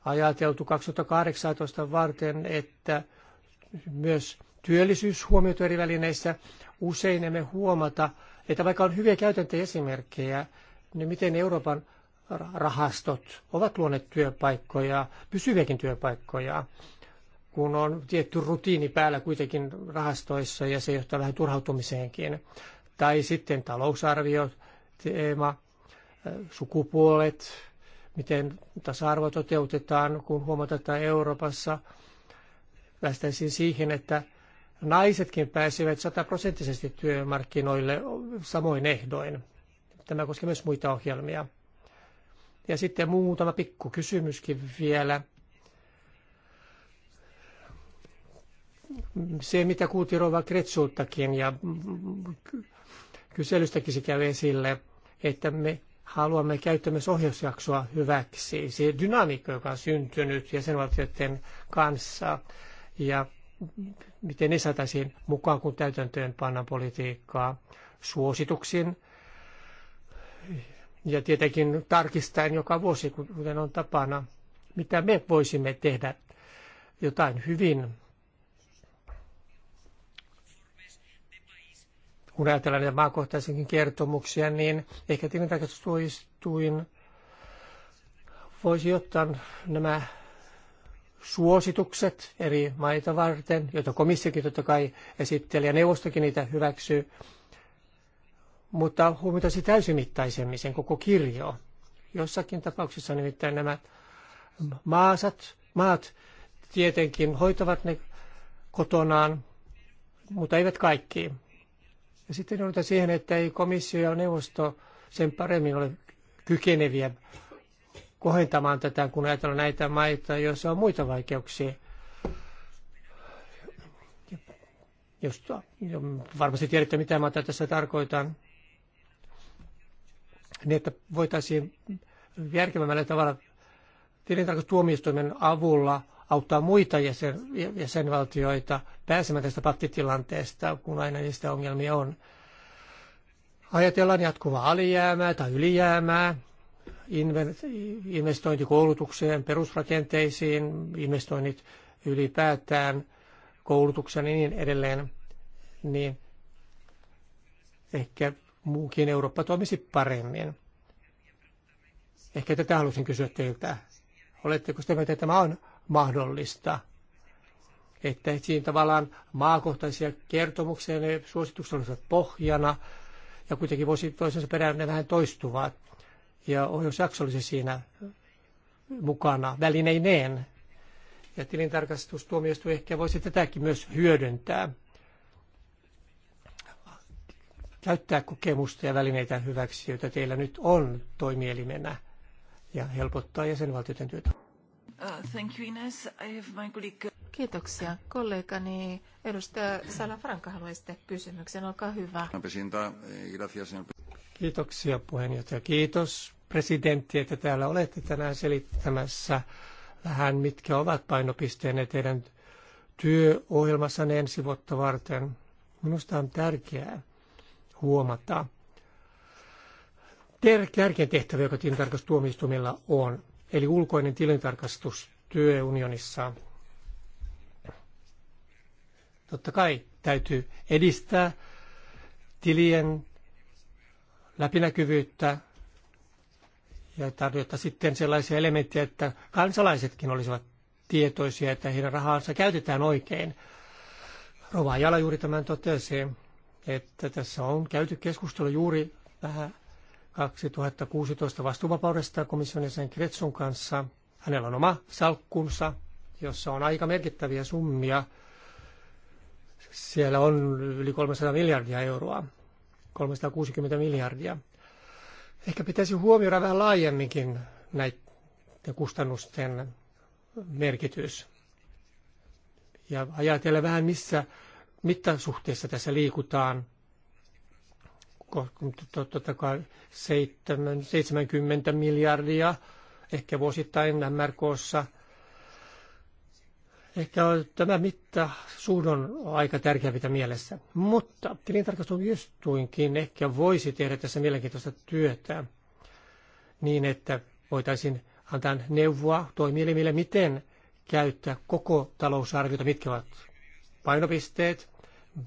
ajateltu 2018 varten, että myös työllisyys huomioitu eri välineissä. Usein emme huomata, että vaikka on hyviä käytäntöjä esimerkkejä, niin miten Euroopan rahastot ovat luoneet työpaikkoja, pysyviäkin työpaikkoja kun on tietty rutiini päällä kuitenkin rahastoissa ja se johtaa vähän turhautumiseenkin. Tai sitten talousarvio, teema, äh, sukupuolet, miten tasa-arvo toteutetaan, kun huomataan, että Euroopassa päästäisiin siihen, että naisetkin pääsevät sataprosenttisesti työmarkkinoille samoin ehdoin. Tämä koskee myös muita ohjelmia. Ja sitten muutama pikku kysymyskin vielä se, mitä kuultiin Rova Kretsultakin ja kyselystäkin se käy esille, että me haluamme käyttää myös ohjausjaksoa hyväksi. Se dynamiikka, joka on syntynyt jäsenvaltioiden kanssa ja miten ne saataisiin mukaan, kun täytäntöön pannaan politiikkaa suosituksin ja tietenkin tarkistaen joka vuosi, kuten on tapana, mitä me voisimme tehdä jotain hyvin kun ajatellaan näitä maakohtaisenkin kertomuksia, niin ehkä tilintarkastustuomioistuin voisi ottaa nämä suositukset eri maita varten, joita komissiokin totta kai esitteli ja neuvostokin niitä hyväksyy, mutta huomioitaisi täysimittaisemmin sen koko kirjo. Jossakin tapauksessa nimittäin nämä maasat, maat tietenkin hoitavat ne kotonaan, mutta eivät kaikki. Ja sitten on siihen, että ei komissio ja neuvosto sen paremmin ole kykeneviä kohentamaan tätä, kun ajatellaan näitä maita, joissa on muita vaikeuksia. Jos varmasti tiedätte, mitä maata tässä tarkoitan, niin että voitaisiin järkevämmällä tavalla tilintarkastustuomioistuimen avulla – auttaa muita jäsen, jäsenvaltioita pääsemään tästä pattitilanteesta, kun aina niistä ongelmia on. Ajatellaan jatkuvaa alijäämää tai ylijäämää, investointikoulutukseen, perusrakenteisiin, investoinnit ylipäätään, koulutuksen ja niin edelleen, niin ehkä muukin Eurooppa toimisi paremmin. Ehkä tätä halusin kysyä teiltä. Oletteko sitä mieltä, että tämä on mahdollista. Että siinä tavallaan maakohtaisia kertomuksia ja ne suositukset olisivat pohjana ja kuitenkin voisi toisensa perään ne vähän toistuvat. Ja ohjausjakso olisi siinä mukana välineineen. Ja tilintarkastustuomioistuin ehkä voisi tätäkin myös hyödyntää. Käyttää kokemusta ja välineitä hyväksi, joita teillä nyt on toimielimenä ja helpottaa jäsenvaltioiden työtä. Uh, uh, Kiitoksia. Kollegani edustaja Salafranca haluaa esittää kysymyksen. Olkaa hyvä. Eh, Kiitoksia puheenjohtaja. Kiitos presidentti, että täällä olette tänään selittämässä vähän, mitkä ovat painopisteenne teidän työohjelmassanne ensi vuotta varten. Minusta on tärkeää huomata tärkein tehtävä, joka tilintarkastustuomioistuimella on eli ulkoinen tilintarkastus työunionissa. Totta kai täytyy edistää tilien läpinäkyvyyttä ja tarjota sitten sellaisia elementtejä, että kansalaisetkin olisivat tietoisia, että heidän rahansa käytetään oikein. Rova Jala juuri tämän totesi, että tässä on käyty keskustelu juuri vähän 2016 vastuuvapaudesta komission jäsen Kretsun kanssa. Hänellä on oma salkkunsa, jossa on aika merkittäviä summia. Siellä on yli 300 miljardia euroa, 360 miljardia. Ehkä pitäisi huomioida vähän laajemminkin näiden kustannusten merkitys. Ja ajatella vähän missä mittasuhteessa tässä liikutaan totta kai 70 miljardia ehkä vuosittain MRKssa. Ehkä tämä mitta suhdon aika tärkeä pitää mielessä. Mutta jostuinkin, ehkä voisi tehdä tässä mielenkiintoista työtä niin, että voitaisiin antaa neuvoa toimielimille, miten käyttää koko talousarviota, mitkä ovat painopisteet,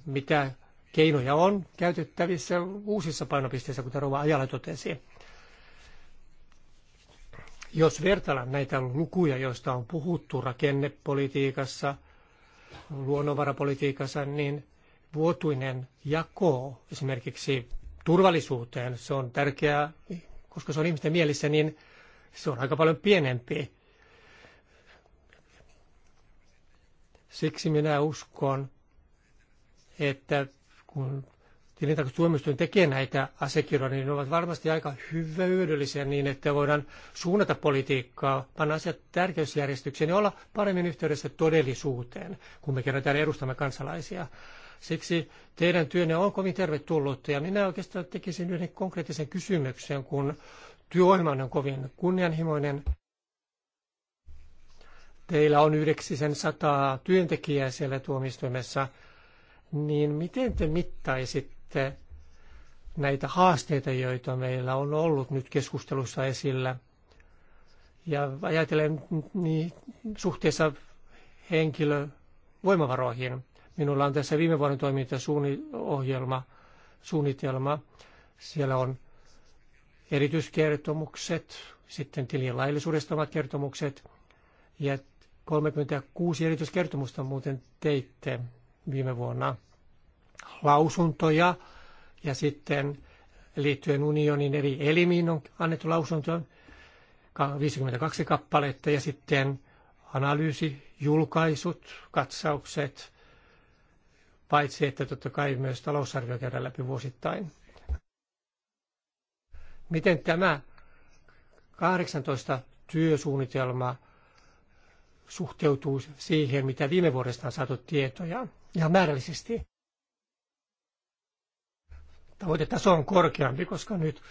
mitä keinoja on käytettävissä uusissa painopisteissä, kuten Rova Ajala totesi. Jos vertaillaan näitä lukuja, joista on puhuttu rakennepolitiikassa, luonnonvarapolitiikassa, niin vuotuinen jako esimerkiksi turvallisuuteen, se on tärkeää, koska se on ihmisten mielissä, niin se on aika paljon pienempi. Siksi minä uskon, että kun tilintarkastustuomioistuin tekee näitä asiakirjoja, niin ne ovat varmasti aika hyödyllisiä niin, että voidaan suunnata politiikkaa, panna asiat tärkeysjärjestykseen ja olla paremmin yhteydessä todellisuuteen, kun me kerran täällä edustamme kansalaisia. Siksi teidän työnne on kovin tervetullut ja minä oikeastaan tekisin yhden konkreettisen kysymyksen, kun työohjelmanne on kovin kunnianhimoinen. Teillä on 900 työntekijää siellä tuomistoimessa niin miten te mittaisitte näitä haasteita, joita meillä on ollut nyt keskustelussa esillä? Ja ajatellen niin suhteessa henkilövoimavaroihin. Minulla on tässä viime vuoden toimintasuunnitelma, suunnitelma. Siellä on erityiskertomukset, sitten tilien laillisuudesta omat kertomukset ja 36 erityiskertomusta muuten teitte viime vuonna lausuntoja ja sitten liittyen unionin eri elimiin on annettu lausuntoja 52 kappaletta ja sitten analyysi, julkaisut, katsaukset, paitsi että totta kai myös talousarvio käydään läpi vuosittain. Miten tämä 18 työsuunnitelma suhteutuu siihen, mitä viime vuodesta on saatu tietoja? ihan määrällisesti. Tavoitetaso on korkeampi, koska nyt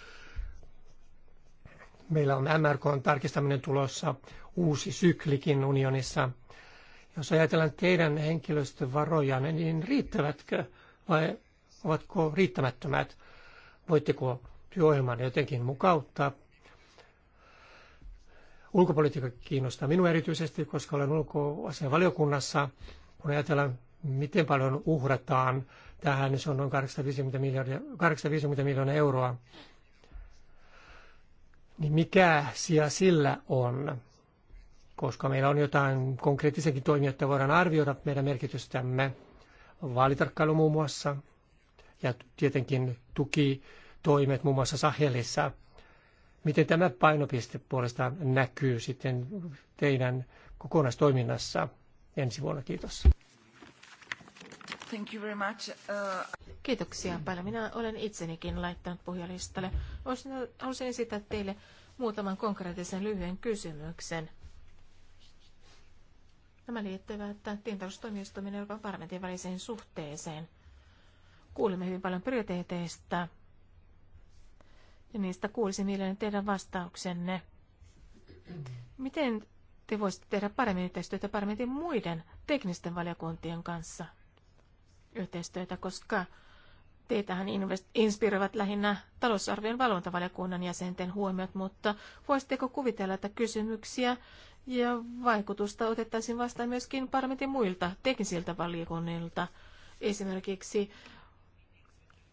meillä on on tarkistaminen tulossa uusi syklikin unionissa. Jos ajatellaan teidän henkilöstövaroja, niin riittävätkö vai ovatko riittämättömät? Voitteko työohjelman jotenkin mukauttaa? Ulkopolitiikka kiinnostaa minua erityisesti, koska olen ulkoasian valiokunnassa. Kun ajatellaan miten paljon uhrataan tähän, se on noin 850 miljardia, 850 miljoonaa euroa. Niin mikä sija sillä on? Koska meillä on jotain konkreettisenkin toimia, että voidaan arvioida meidän merkitystämme. Vaalitarkkailu muun muassa ja tietenkin tukitoimet muun muassa Sahelissa. Miten tämä painopiste puolestaan näkyy sitten teidän kokonaistoiminnassa ensi vuonna? Kiitos. Uh, Kiitoksia paljon. Minä olen itsenikin laittanut puhujalistalle. Haluaisin esittää teille muutaman konkreettisen lyhyen kysymyksen. Nämä liittyvät tientaloustoimistuminen Euroopan parlamentin väliseen suhteeseen. Kuulimme hyvin paljon prioriteeteista ja niistä kuulisin mielelläni teidän vastauksenne. Miten te voisitte tehdä paremmin yhteistyötä parlamentin muiden teknisten valiokuntien kanssa? yhteistyötä, koska teitähän invest- inspiroivat lähinnä talousarvion valvontavaliokunnan jäsenten huomiot, mutta voisitteko kuvitella, että kysymyksiä ja vaikutusta otettaisiin vastaan myöskin parlamentin muilta teknisiltä valiokunnilta, esimerkiksi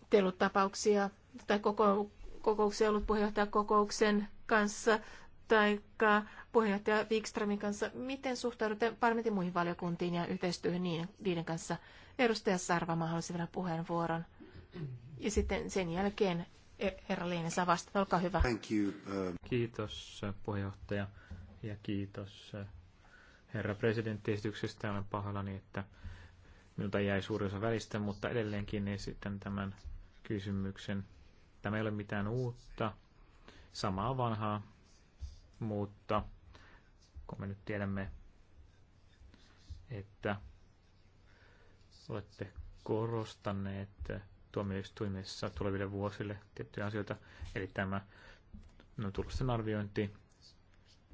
teillut tapauksia tai koko, kokouksia ollut puheenjohtajakokouksen kanssa tai puheenjohtaja Wikströmin kanssa. Miten suhtaudutte parlamentin muihin valiokuntiin ja yhteistyöhön niiden, niiden kanssa? Edustaja Sarvama halusi vielä puheenvuoron. Ja sitten sen jälkeen e- herra Liine saa vastata. Olkaa hyvä. Thank you. Um, kiitos puheenjohtaja ja kiitos herra presidentti esityksestä. Olen pahoillani, että minulta jäi suuri osa välistä, mutta edelleenkin esitän tämän kysymyksen. Tämä ei ole mitään uutta, samaa vanhaa, mutta kun me nyt tiedämme, että olette korostaneet tuomioistuimessa tuleville vuosille tiettyjä asioita, eli tämä no, tulosten arviointi.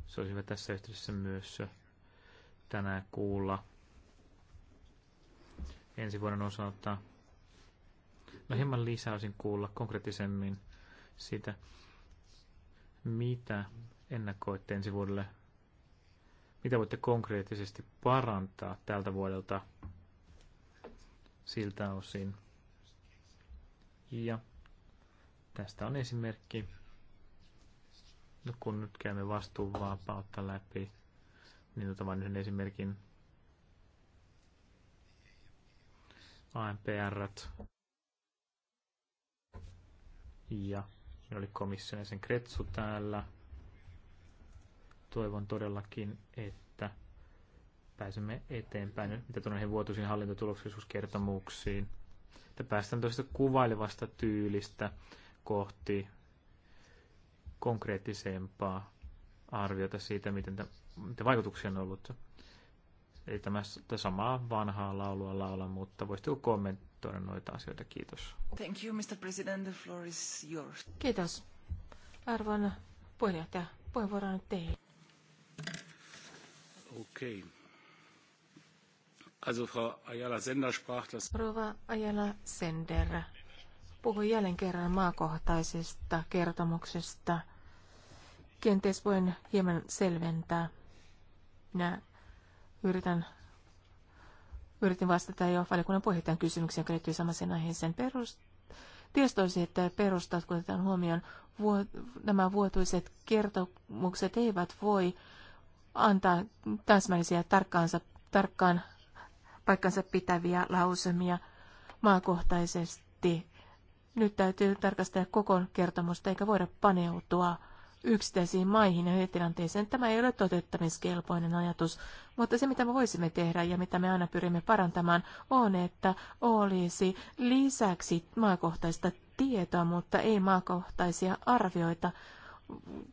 Se olisi hyvä tässä yhteydessä myös tänään kuulla ensi vuoden osalta. No hieman lisää olisin kuulla konkreettisemmin sitä, mitä ennakoitte ensi vuodelle, mitä voitte konkreettisesti parantaa tältä vuodelta siltä osin. Ja tästä on esimerkki. No kun nyt käymme vastuunvapautta läpi, niin otan vain yhden esimerkin. ANPR. Ja oli komission sen Kretsu täällä. Toivon todellakin, että pääsemme eteenpäin, mitä tulee vuotuisiin hallintotuloksellisuuskertomuksiin. Että päästään tuosta kuvailevasta tyylistä kohti konkreettisempaa arviota siitä, miten tämän, mitä vaikutuksia on ollut. Eli tämä, tämä samaa vanhaa laulua laula, mutta voisitko kommentoida noita asioita? Kiitos. Thank you, Mr. President. The floor is yours. Kiitos. Arvon puheenjohtaja, puheenvuoro on teille. Okay. Rova Sender puhui jälleen kerran maakohtaisesta kertomuksesta. Kenties voin hieman selventää. Minä yritän Yritin vastata jo valiokunnan puheenjohtajan kysymykseen, joka liittyy samaisen aiheeseen perust. Tiestoisi, että perustat, kun otetaan huomioon, vuo, nämä vuotuiset kertomukset eivät voi antaa täsmällisiä tarkkaansa, tarkkaan paikkansa pitäviä lausumia maakohtaisesti. Nyt täytyy tarkastella koko kertomusta, eikä voida paneutua yksittäisiin maihin ja tilanteeseen. Tämä ei ole toteuttamiskelpoinen ajatus, mutta se mitä me voisimme tehdä ja mitä me aina pyrimme parantamaan on, että olisi lisäksi maakohtaista tietoa, mutta ei maakohtaisia arvioita,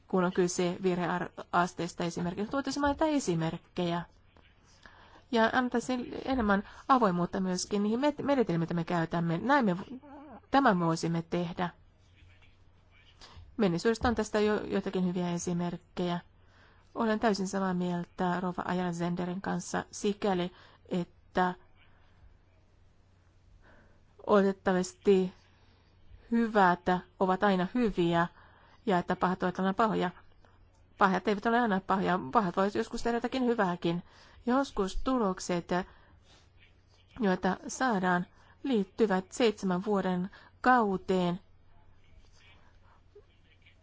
kun on kyse virheasteista esimerkiksi. Tuotaisiin mainita esimerkkejä ja antaisi enemmän avoimuutta myöskin niihin menetelmiin, mitä me käytämme. Näin me tämän voisimme tehdä. Menneisyydestä on tästä jo joitakin hyviä esimerkkejä. Olen täysin samaa mieltä Rova Ajala Zenderin kanssa sikäli, että otettavasti hyvät ovat aina hyviä ja että pahat ovat aina pahoja. Pahat eivät ole aina pahoja, pahat voivat joskus tehdä jotakin hyvääkin. Joskus tulokset, joita saadaan, liittyvät seitsemän vuoden kauteen.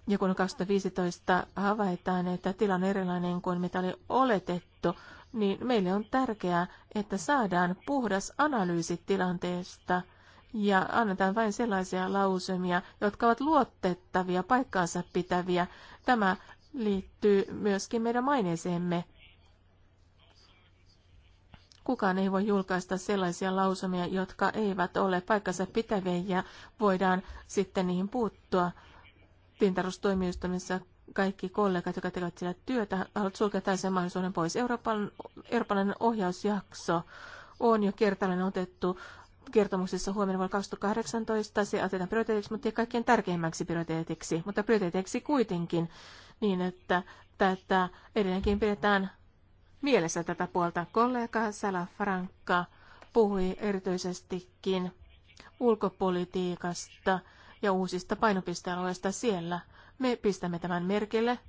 Ja kun 2015 havaitaan, että tilanne on erilainen kuin mitä oli oletettu, niin meille on tärkeää, että saadaan puhdas analyysi tilanteesta ja annetaan vain sellaisia lausumia, jotka ovat luotettavia, paikkaansa pitäviä. Tämä liittyy myöskin meidän maineeseemme Kukaan ei voi julkaista sellaisia lausumia, jotka eivät ole paikkansa pitäviä ja voidaan sitten niihin puuttua. Pintarustoimistoimissa kaikki kollegat, jotka tekevät sillä työtä, haluat sulkea tällaisen mahdollisuuden pois. Euroopan, eurooppalainen ohjausjakso on jo kertalainen otettu kertomuksessa huomenna vuonna 2018. Se asetetaan prioriteetiksi, mutta ei kaikkein tärkeimmäksi prioriteetiksi, mutta prioriteetiksi kuitenkin niin, että tätä edelleenkin pidetään mielessä tätä puolta. Kollega Franka puhui erityisestikin ulkopolitiikasta ja uusista painopistealueista siellä. Me pistämme tämän merkille.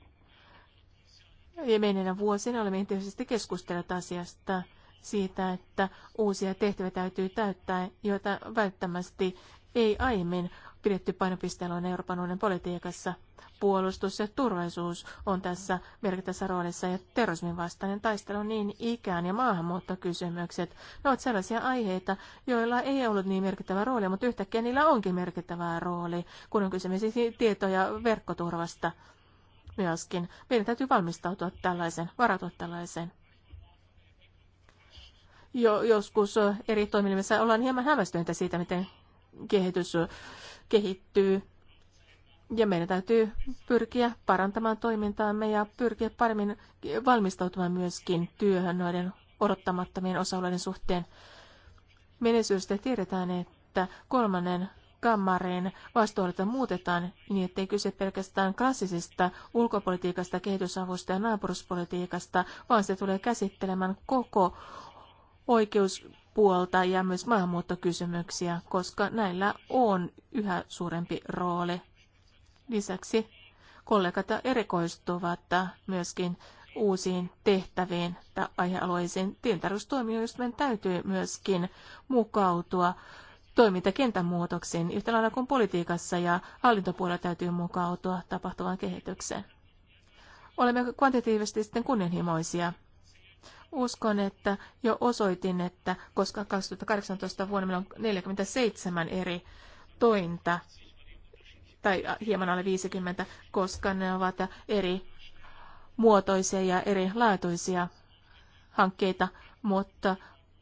Ja menneinä vuosina olemme intensiivisesti keskustelleet asiasta siitä, että uusia tehtäviä täytyy täyttää, joita välttämättä ei aiemmin pidetty painopistealueen Euroopan unionin politiikassa – puolustus ja turvallisuus on tässä merkittävässä roolissa ja terrorismin vastainen taistelu niin ikään ja maahanmuuttokysymykset. Ne ovat sellaisia aiheita, joilla ei ollut niin merkittävää roolia, mutta yhtäkkiä niillä onkin merkittävää rooli, kun on kysymys siis tietoja ja verkkoturvasta myöskin. Meidän täytyy valmistautua tällaisen, varautua tällaiseen. Jo, joskus eri toiminnassa ollaan hieman hämmästyneitä siitä, miten kehitys kehittyy ja meidän täytyy pyrkiä parantamaan toimintaamme ja pyrkiä paremmin valmistautumaan myöskin työhön noiden odottamattomien osa suhteen. Menesyystä tiedetään, että kolmannen kammarin vastuudelta muutetaan niin, ettei kyse pelkästään klassisesta ulkopolitiikasta, kehitysavusta ja naapuruspolitiikasta, vaan se tulee käsittelemään koko oikeuspuolta ja myös maahanmuuttokysymyksiä, koska näillä on yhä suurempi rooli Lisäksi kollegat erikoistuvat myöskin uusiin tehtäviin tai aihealueisiin. Tilintarkastustuomioistuimen täytyy myöskin mukautua toimintakentän muutoksiin, yhtä lailla kuin politiikassa ja hallintopuolella täytyy mukautua tapahtuvaan kehitykseen. Olemme kvantitiivisesti sitten kunnianhimoisia. Uskon, että jo osoitin, että koska 2018 vuonna meillä on 47 eri tointa, tai hieman alle 50, koska ne ovat eri muotoisia ja erilaatuisia hankkeita, mutta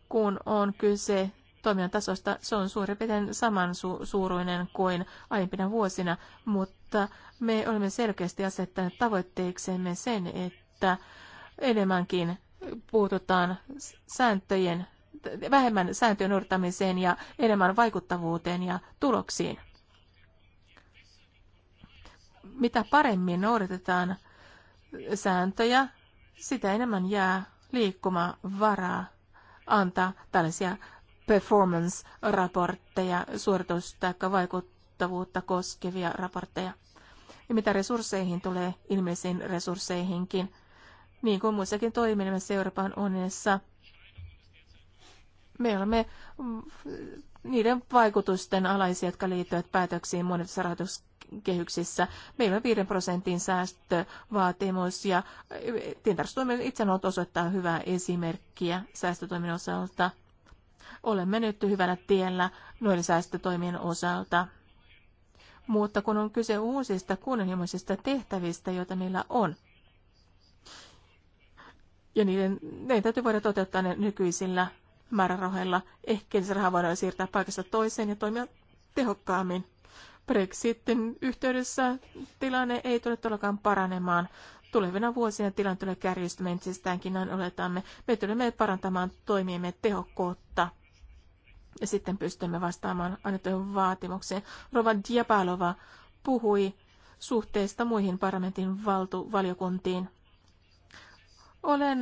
kun on kyse toimijan tasosta, se on suurin piirtein samansuuruinen su- kuin aiempina vuosina, mutta me olemme selkeästi asettaneet tavoitteeksemme sen, että enemmänkin puututaan sääntöjen, vähemmän sääntöjen noudattamiseen ja enemmän vaikuttavuuteen ja tuloksiin mitä paremmin noudatetaan sääntöjä, sitä enemmän jää liikkumavaraa antaa tällaisia performance-raportteja, suoritus- tai vaikuttavuutta koskevia raportteja. Ja mitä resursseihin tulee, ilmeisiin resursseihinkin, niin kuin muissakin toiminnassa Euroopan unionissa, me olemme mm, niiden vaikutusten alaisia, jotka liittyvät päätöksiin monissa kehyksissä. Meillä on 5 prosentin säästövaatimus ja eh, tientarkastustoimen itse on osoittaa hyvää esimerkkiä säästötoimen osalta. Olemme nyt hyvällä tiellä noiden säästötoimien osalta. Mutta kun on kyse uusista kunnianhimoisista tehtävistä, joita meillä on, ja niiden, ne täytyy voida toteuttaa ne nykyisillä määrärahoilla. Ehkä se raha voidaan siirtää paikasta toiseen ja toimia tehokkaammin. Brexitin yhteydessä tilanne ei tule todellakaan paranemaan. Tulevina vuosina tilanne tulee kärjistymään entisestäänkin, näin oletamme. Me tulemme parantamaan toimiemme tehokkuutta ja sitten pystymme vastaamaan annettuihin vaatimukseen. Rova Diabalova puhui suhteesta muihin parlamentin valtu- valiokuntiin. Olen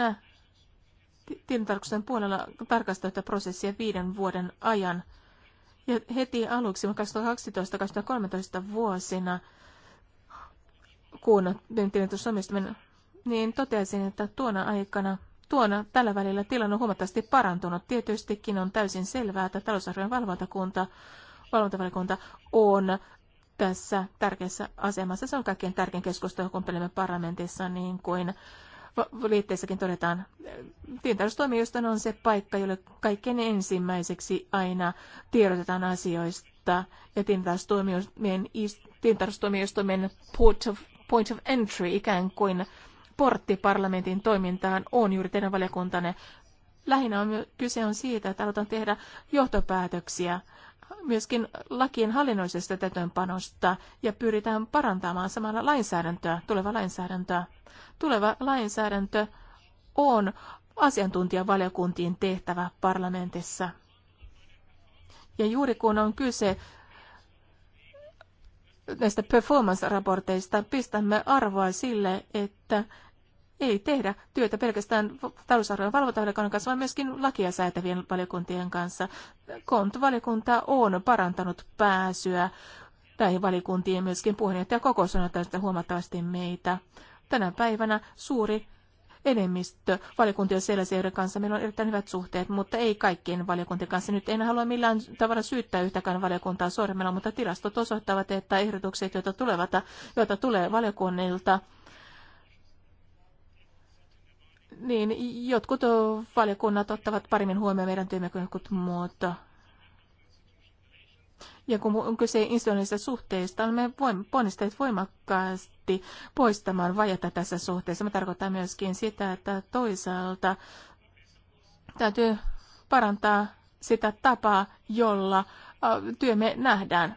tilintarkastuksen puolella tarkastanut prosessia viiden vuoden ajan – ja heti aluksi 2012-2013 vuosina, kun mentiin tuossa niin totesin, että tuona aikana Tuona tällä välillä tilanne on huomattavasti parantunut. Tietystikin on täysin selvää, että talousarvion valvontakunta, valvontavalikunta on tässä tärkeässä asemassa. Se on kaikkein tärkein keskustelu, kun parlamentissa, niin kuin liitteessäkin todetaan, tilintarkastustoimijoiston on se paikka, jolle kaikkein ensimmäiseksi aina tiedotetaan asioista ja tilintarkastustoimijoistomen port of, point of entry ikään kuin portti parlamentin toimintaan on juuri teidän valiokuntanne. Lähinnä on, kyse on siitä, että halutaan tehdä johtopäätöksiä myöskin lakien hallinnollisesta täytäntöönpanosta ja pyritään parantamaan samalla lainsäädäntöä, tuleva lainsäädäntöä. Tuleva lainsäädäntö on asiantuntijavaliokuntien tehtävä parlamentissa. Ja juuri kun on kyse näistä performance-raporteista, pistämme arvoa sille, että ei tehdä työtä pelkästään talousarvojen valvontavaliokunnan kanssa, vaan myöskin lakia säätävien valiokuntien kanssa. Kontvaliokunta on parantanut pääsyä näihin valiokuntiin myöskin puheenjohtaja kokous on tästä huomattavasti meitä. Tänä päivänä suuri enemmistö valiokuntia sellaisia, joiden kanssa meillä on erittäin hyvät suhteet, mutta ei kaikkien valiokuntien kanssa. Nyt en halua millään tavalla syyttää yhtäkään valiokuntaa sormella, mutta tilastot osoittavat, että ehdotukset, joita, tulevat, joita tulee valiokunnilta, niin jotkut valiokunnat ottavat paremmin huomioon meidän työmme kuin jotkut muut. Ja kun on kyse instituutioista suhteista, niin me voimme ponnistaa voimakkaasti poistamaan vajata tässä suhteessa. Me tarkoittaa myöskin sitä, että toisaalta täytyy parantaa sitä tapaa, jolla työmme nähdään.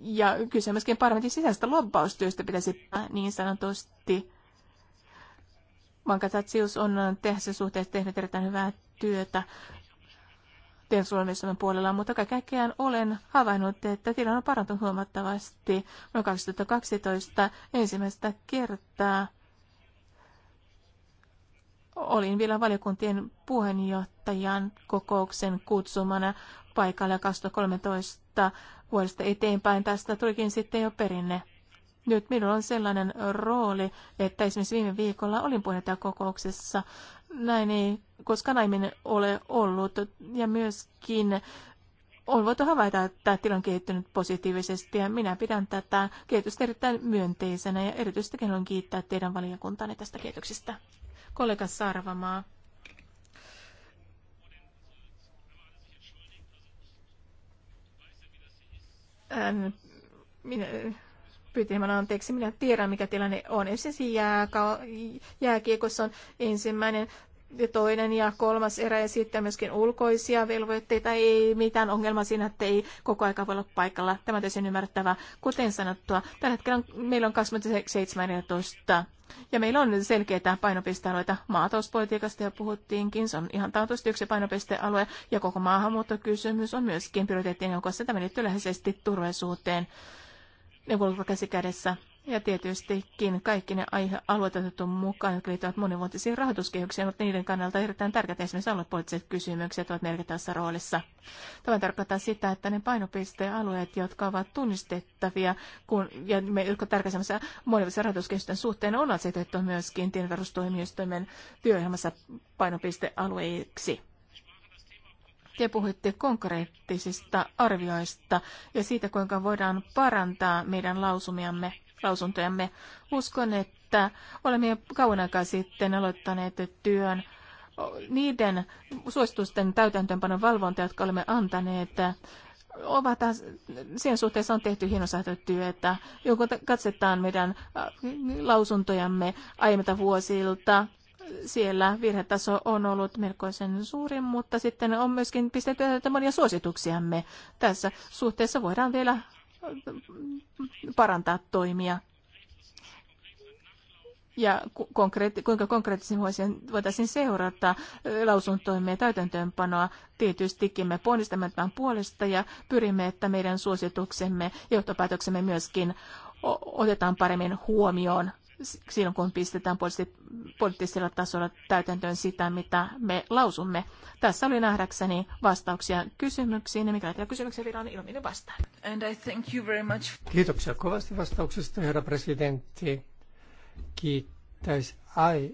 Ja kyse myöskin parlamentin sisäistä lobbaustyöstä pitäisi niin sanotusti Vanka Tatsius on tässä suhteessa tehnyt erittäin hyvää työtä Tensuomistamon puolella, mutta kaikkiaan olen havainnut, että tilanne on parantunut huomattavasti. Vuonna 2012 ensimmäistä kertaa olin vielä valiokuntien puheenjohtajan kokouksen kutsumana paikalle 2013 vuodesta eteenpäin. Tästä tulikin sitten jo perinne. Nyt minulla on sellainen rooli, että esimerkiksi viime viikolla olin puheenjohtajakokouksessa. Näin ei koskaan aiemmin ole ollut. Ja myöskin on voitu havaita, että tilanne on kehittynyt positiivisesti ja minä pidän tätä kehitystä erittäin myönteisenä ja erityisesti haluan kiittää teidän valiokuntanne tästä kehityksestä. Kollega Sarvamaa. Ähm, minä, pyytin hieman anteeksi. Minä tiedän, mikä tilanne on. Esimerkiksi jääka- jääkiekossa on ensimmäinen ja toinen ja kolmas erä ja sitten myöskin ulkoisia velvoitteita. Ei mitään ongelmaa siinä, että ei koko aika voi olla paikalla. Tämä on täysin ymmärrettävää. Kuten sanottua, tällä hetkellä meillä on 2017 ja meillä on selkeitä painopistealueita. Maatalouspolitiikasta ja puhuttiinkin, se on ihan taatusti yksi painopistealue, ja koko maahanmuuttokysymys on myöskin prioriteettien joukossa. Tämä liittyy läheisesti turvallisuuteen neuvolva kädessä. Ja tietystikin kaikki ne aihealueet otettu mukaan, jotka liittyvät monivuotisiin rahoituskehyksiin, mutta niiden kannalta erittäin tärkeät. Esimerkiksi aluepoliittiset kysymykset ovat merkittävässä roolissa. Tämä tarkoittaa sitä, että ne painopistealueet, jotka ovat tunnistettavia kun, ja me, jotka tärkeämmässä monivuotisen rahoituskehysten suhteen on asetettu myöskin tienverustoimijoistoimen työohjelmassa painopistealueiksi. Te puhuitte konkreettisista arvioista ja siitä, kuinka voidaan parantaa meidän lausumiamme, lausuntojamme. Uskon, että olemme jo kauan aikaa sitten aloittaneet työn niiden suositusten täytäntöönpanon valvonta, jotka olemme antaneet, ovat, sen suhteessa on tehty hienosäätötyötä. Joku katsotaan meidän äh, lausuntojamme aiemmilta vuosilta, siellä virhetaso on ollut melkoisen suuri, mutta sitten on myöskin pistetty monia suosituksiamme. Tässä suhteessa voidaan vielä mm, parantaa toimia. Ja kuinka konkreettisesti voitaisiin seurata lausuntoimme ja täytäntöönpanoa. Tietystikin me ponnistamme tämän puolesta ja pyrimme, että meidän suosituksemme ja johtopäätöksemme myöskin otetaan paremmin huomioon silloin, kun pistetään poliittisella tasolla täytäntöön sitä, mitä me lausumme. Tässä oli nähdäkseni vastauksia kysymyksiin, ja mikä teillä kysymyksiä vielä on, ilmiin vastaan. And I thank you very much. Kiitoksia kovasti vastauksesta, herra presidentti. Kiittäisi. Ai,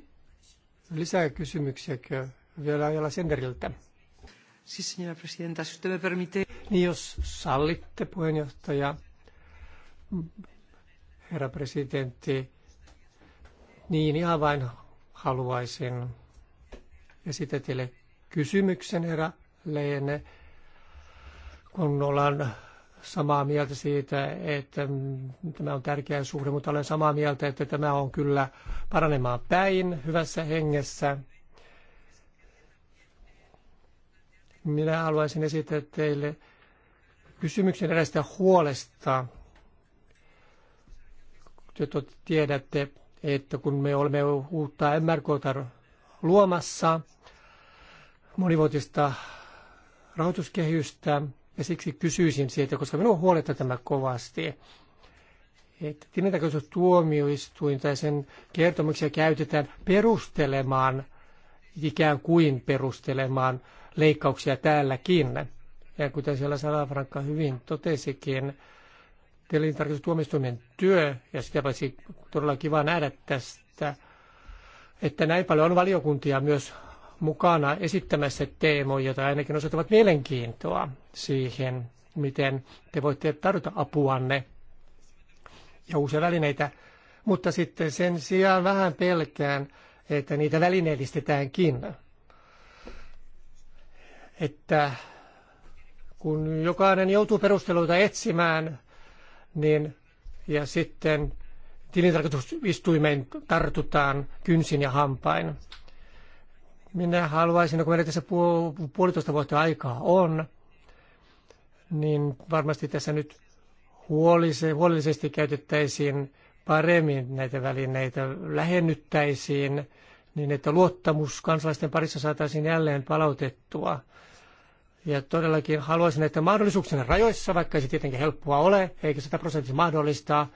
lisää kysymyksiäkö vielä ajalla Senderiltä? Siis, señora presidenta, si me permite... Niin, jos sallitte, puheenjohtaja, herra presidentti, niin, ihan vain haluaisin esittää teille kysymyksen, herra Leene, kun ollaan samaa mieltä siitä, että tämä on tärkeä suhde, mutta olen samaa mieltä, että tämä on kyllä paranemaan päin hyvässä hengessä. Minä haluaisin esittää teille kysymyksen erästä huolesta, Te tiedätte että kun me olemme uutta MRK luomassa, monivuotista rahoituskehystä, ja siksi kysyisin siitä, koska minua huoletta tämä kovasti, että tilintarkastustuomioistuin tai sen kertomuksia käytetään perustelemaan, ikään kuin perustelemaan leikkauksia täälläkin. Ja kuten siellä Salafrankka hyvin totesikin, tilintarkastustuomioistuimen työ, ja sitä olisi todella kiva nähdä tästä, että näin paljon on valiokuntia myös mukana esittämässä teemoja, tai ainakin osoittavat mielenkiintoa siihen, miten te voitte tarjota apuanne ja uusia välineitä, mutta sitten sen sijaan vähän pelkään, että niitä välineellistetäänkin. Että kun jokainen joutuu perusteluita etsimään, niin, ja sitten tilintarkastusistuimeen tartutaan kynsin ja hampain. Minä haluaisin, kun meillä tässä puolitoista vuotta aikaa on, niin varmasti tässä nyt huolellisesti käytettäisiin paremmin näitä välineitä, lähennyttäisiin niin, että luottamus kansalaisten parissa saataisiin jälleen palautettua. Ja todellakin haluaisin, että mahdollisuuksien rajoissa, vaikka ei se tietenkin helppoa ole, eikä sitä prosenttia mahdollistaa,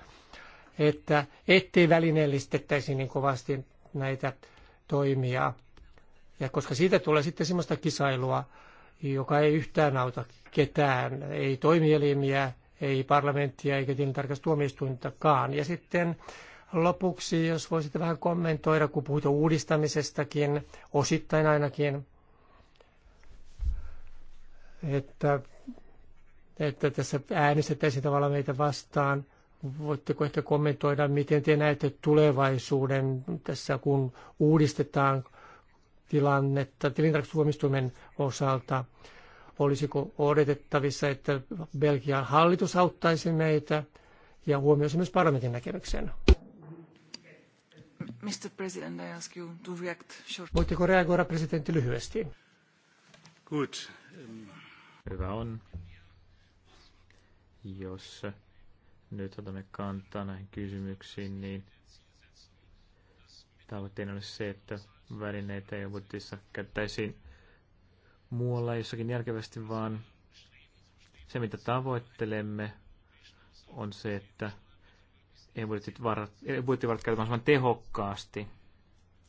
että ettei välineellistettäisi niin kovasti näitä toimia. Ja koska siitä tulee sitten sellaista kisailua, joka ei yhtään auta ketään, ei toimielimiä, ei parlamenttia eikä tilintarkastustuomioistuintakaan. Ja sitten lopuksi, jos voisitte vähän kommentoida, kun puhuit uudistamisestakin, osittain ainakin, että, että tässä äänestettäisiin tavallaan meitä vastaan. Voitteko ehkä kommentoida, miten te näette tulevaisuuden tässä, kun uudistetaan tilannetta tilintarkastustuomistuimen osalta? Olisiko odotettavissa, että Belgian hallitus auttaisi meitä ja huomioisi myös parlamentin näkemyksen? Mr. President, I ask you to react short. Voitteko reagoida presidentti lyhyesti? Good. Um... Hyvä on. Jos nyt otamme kantaa näihin kysymyksiin, niin tavoitteena olisi se, että välineitä ei budjetissa käyttäisiin muualla jossakin järkevästi, vaan se, mitä tavoittelemme, on se, että budjettivarat, varat, käytetään vain tehokkaasti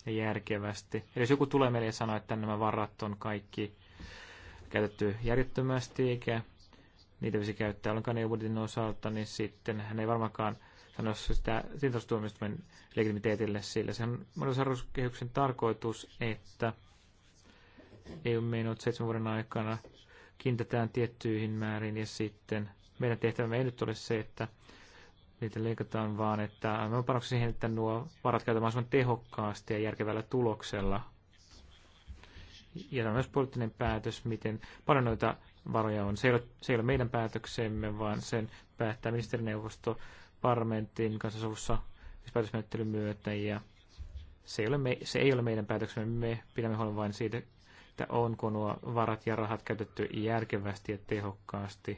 ja järkevästi. Eli jos joku tulee meille ja sanoo, että nämä varat on kaikki käytetty järjettömästi, eikä niitä vesi käyttää ollenkaan EU-budjetin osalta, niin sitten hän ei varmaankaan sano sitä tilintarkastustuomioistuimen legitimiteetille, sillä se on mahdollisuuskehyksen tarkoitus, että ole meinut seitsemän vuoden aikana kiintetään tiettyihin määriin ja sitten meidän tehtävämme ei nyt ole se, että niitä leikataan, vaan että me on siihen, että nuo varat käytetään mahdollisimman tehokkaasti ja järkevällä tuloksella ja tämä on myös poliittinen päätös, miten paljon noita varoja on. Se ei ole, se ei ole meidän päätöksemme, vaan sen päättää ministerineuvosto parlamentin kanssa sovussa päätösmenettelyn myötä. Ja se ei, ole me, se ei ole meidän päätöksemme. Me pidämme huolen vain siitä, että onko nuo varat ja rahat käytetty järkevästi ja tehokkaasti.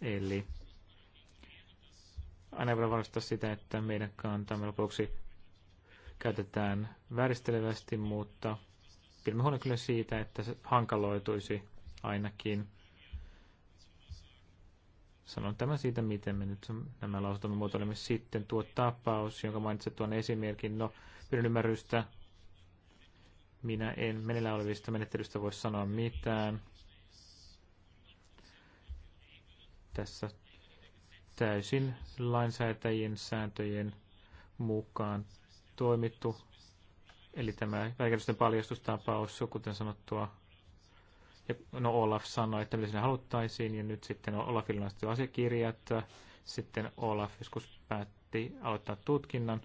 Eli aina voidaan varmistaa sitä, että meidän kantamme lopuksi käytetään vääristelevästi, mutta pidämme huolen kyllä siitä, että se hankaloituisi ainakin. Sanon tämä siitä, miten me nyt nämä lausutamme muotoilemme sitten. Tuo tapaus, jonka mainitsit tuon esimerkin, no pyydän ymmärrystä. Minä en meneillään olevista menettelystä voi sanoa mitään. Tässä täysin lainsäätäjien sääntöjen mukaan toimittu Eli tämä välikäytösten paljastustapaus, kuten sanottua, ja no Olaf sanoi, että mitä sinä haluttaisiin, ja nyt sitten Olafilla on asiakirjat, sitten Olaf joskus päätti aloittaa tutkinnan,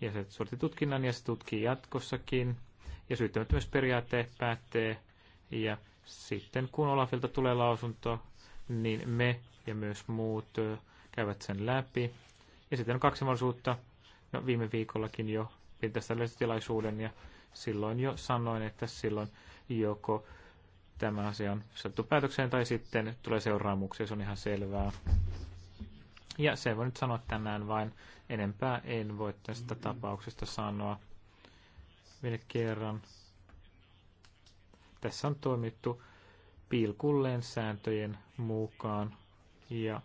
ja se suoritti tutkinnan, ja se tutkii jatkossakin, ja syyttämättömyysperiaate päättee, ja sitten kun Olafilta tulee lausunto, niin me ja myös muut käyvät sen läpi. Ja sitten on kaksi mahdollisuutta. No, viime viikollakin jo pitäisi tällaisen tilaisuuden ja silloin jo sanoin, että silloin joko tämä asia on saatu päätökseen tai sitten tulee seuraamuksia, se on ihan selvää. Ja se voi nyt sanoa tänään vain, enempää en voi tästä tapauksesta sanoa vielä kerran. Tässä on toimittu pilkulleen sääntöjen mukaan ja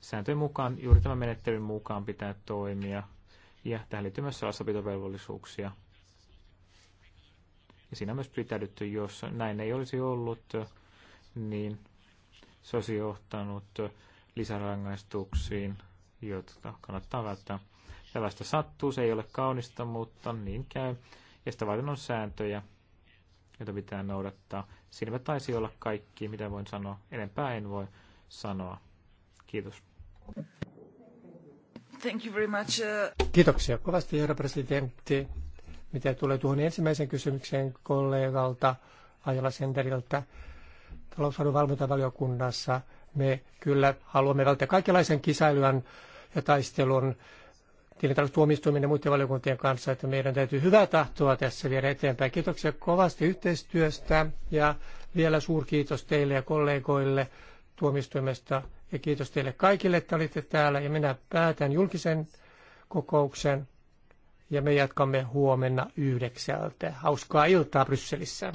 sääntöjen mukaan, juuri tämän menettelyn mukaan pitää toimia ja tähän liittyy myös salassapitovelvollisuuksia. Ja siinä on myös pitäydytty, jos näin ei olisi ollut, niin se olisi johtanut lisärangaistuksiin, jotka kannattaa välttää. Tällaista sattuu, se ei ole kaunista, mutta niin käy. Ja sitä varten on sääntöjä, joita pitää noudattaa. Siinä taisi olla kaikki, mitä voin sanoa. Enempää en voi sanoa. Kiitos. Thank you very much. Uh, Kiitoksia kovasti, herra presidentti. Mitä tulee tuohon ensimmäiseen kysymykseen kollegalta Ajala Senderiltä talousarvon valvontavaliokunnassa, me kyllä haluamme välttää kaikenlaisen kisailun ja taistelun tilintarkastustuomioistuimen ja muiden valiokuntien kanssa, että meidän täytyy hyvää tahtoa tässä viedä eteenpäin. Kiitoksia kovasti yhteistyöstä ja vielä suurkiitos teille ja kollegoille tuomistuimesta ja kiitos teille kaikille, että olitte täällä ja minä päätän julkisen kokouksen ja me jatkamme huomenna yhdeksältä. Hauskaa iltaa Brysselissä.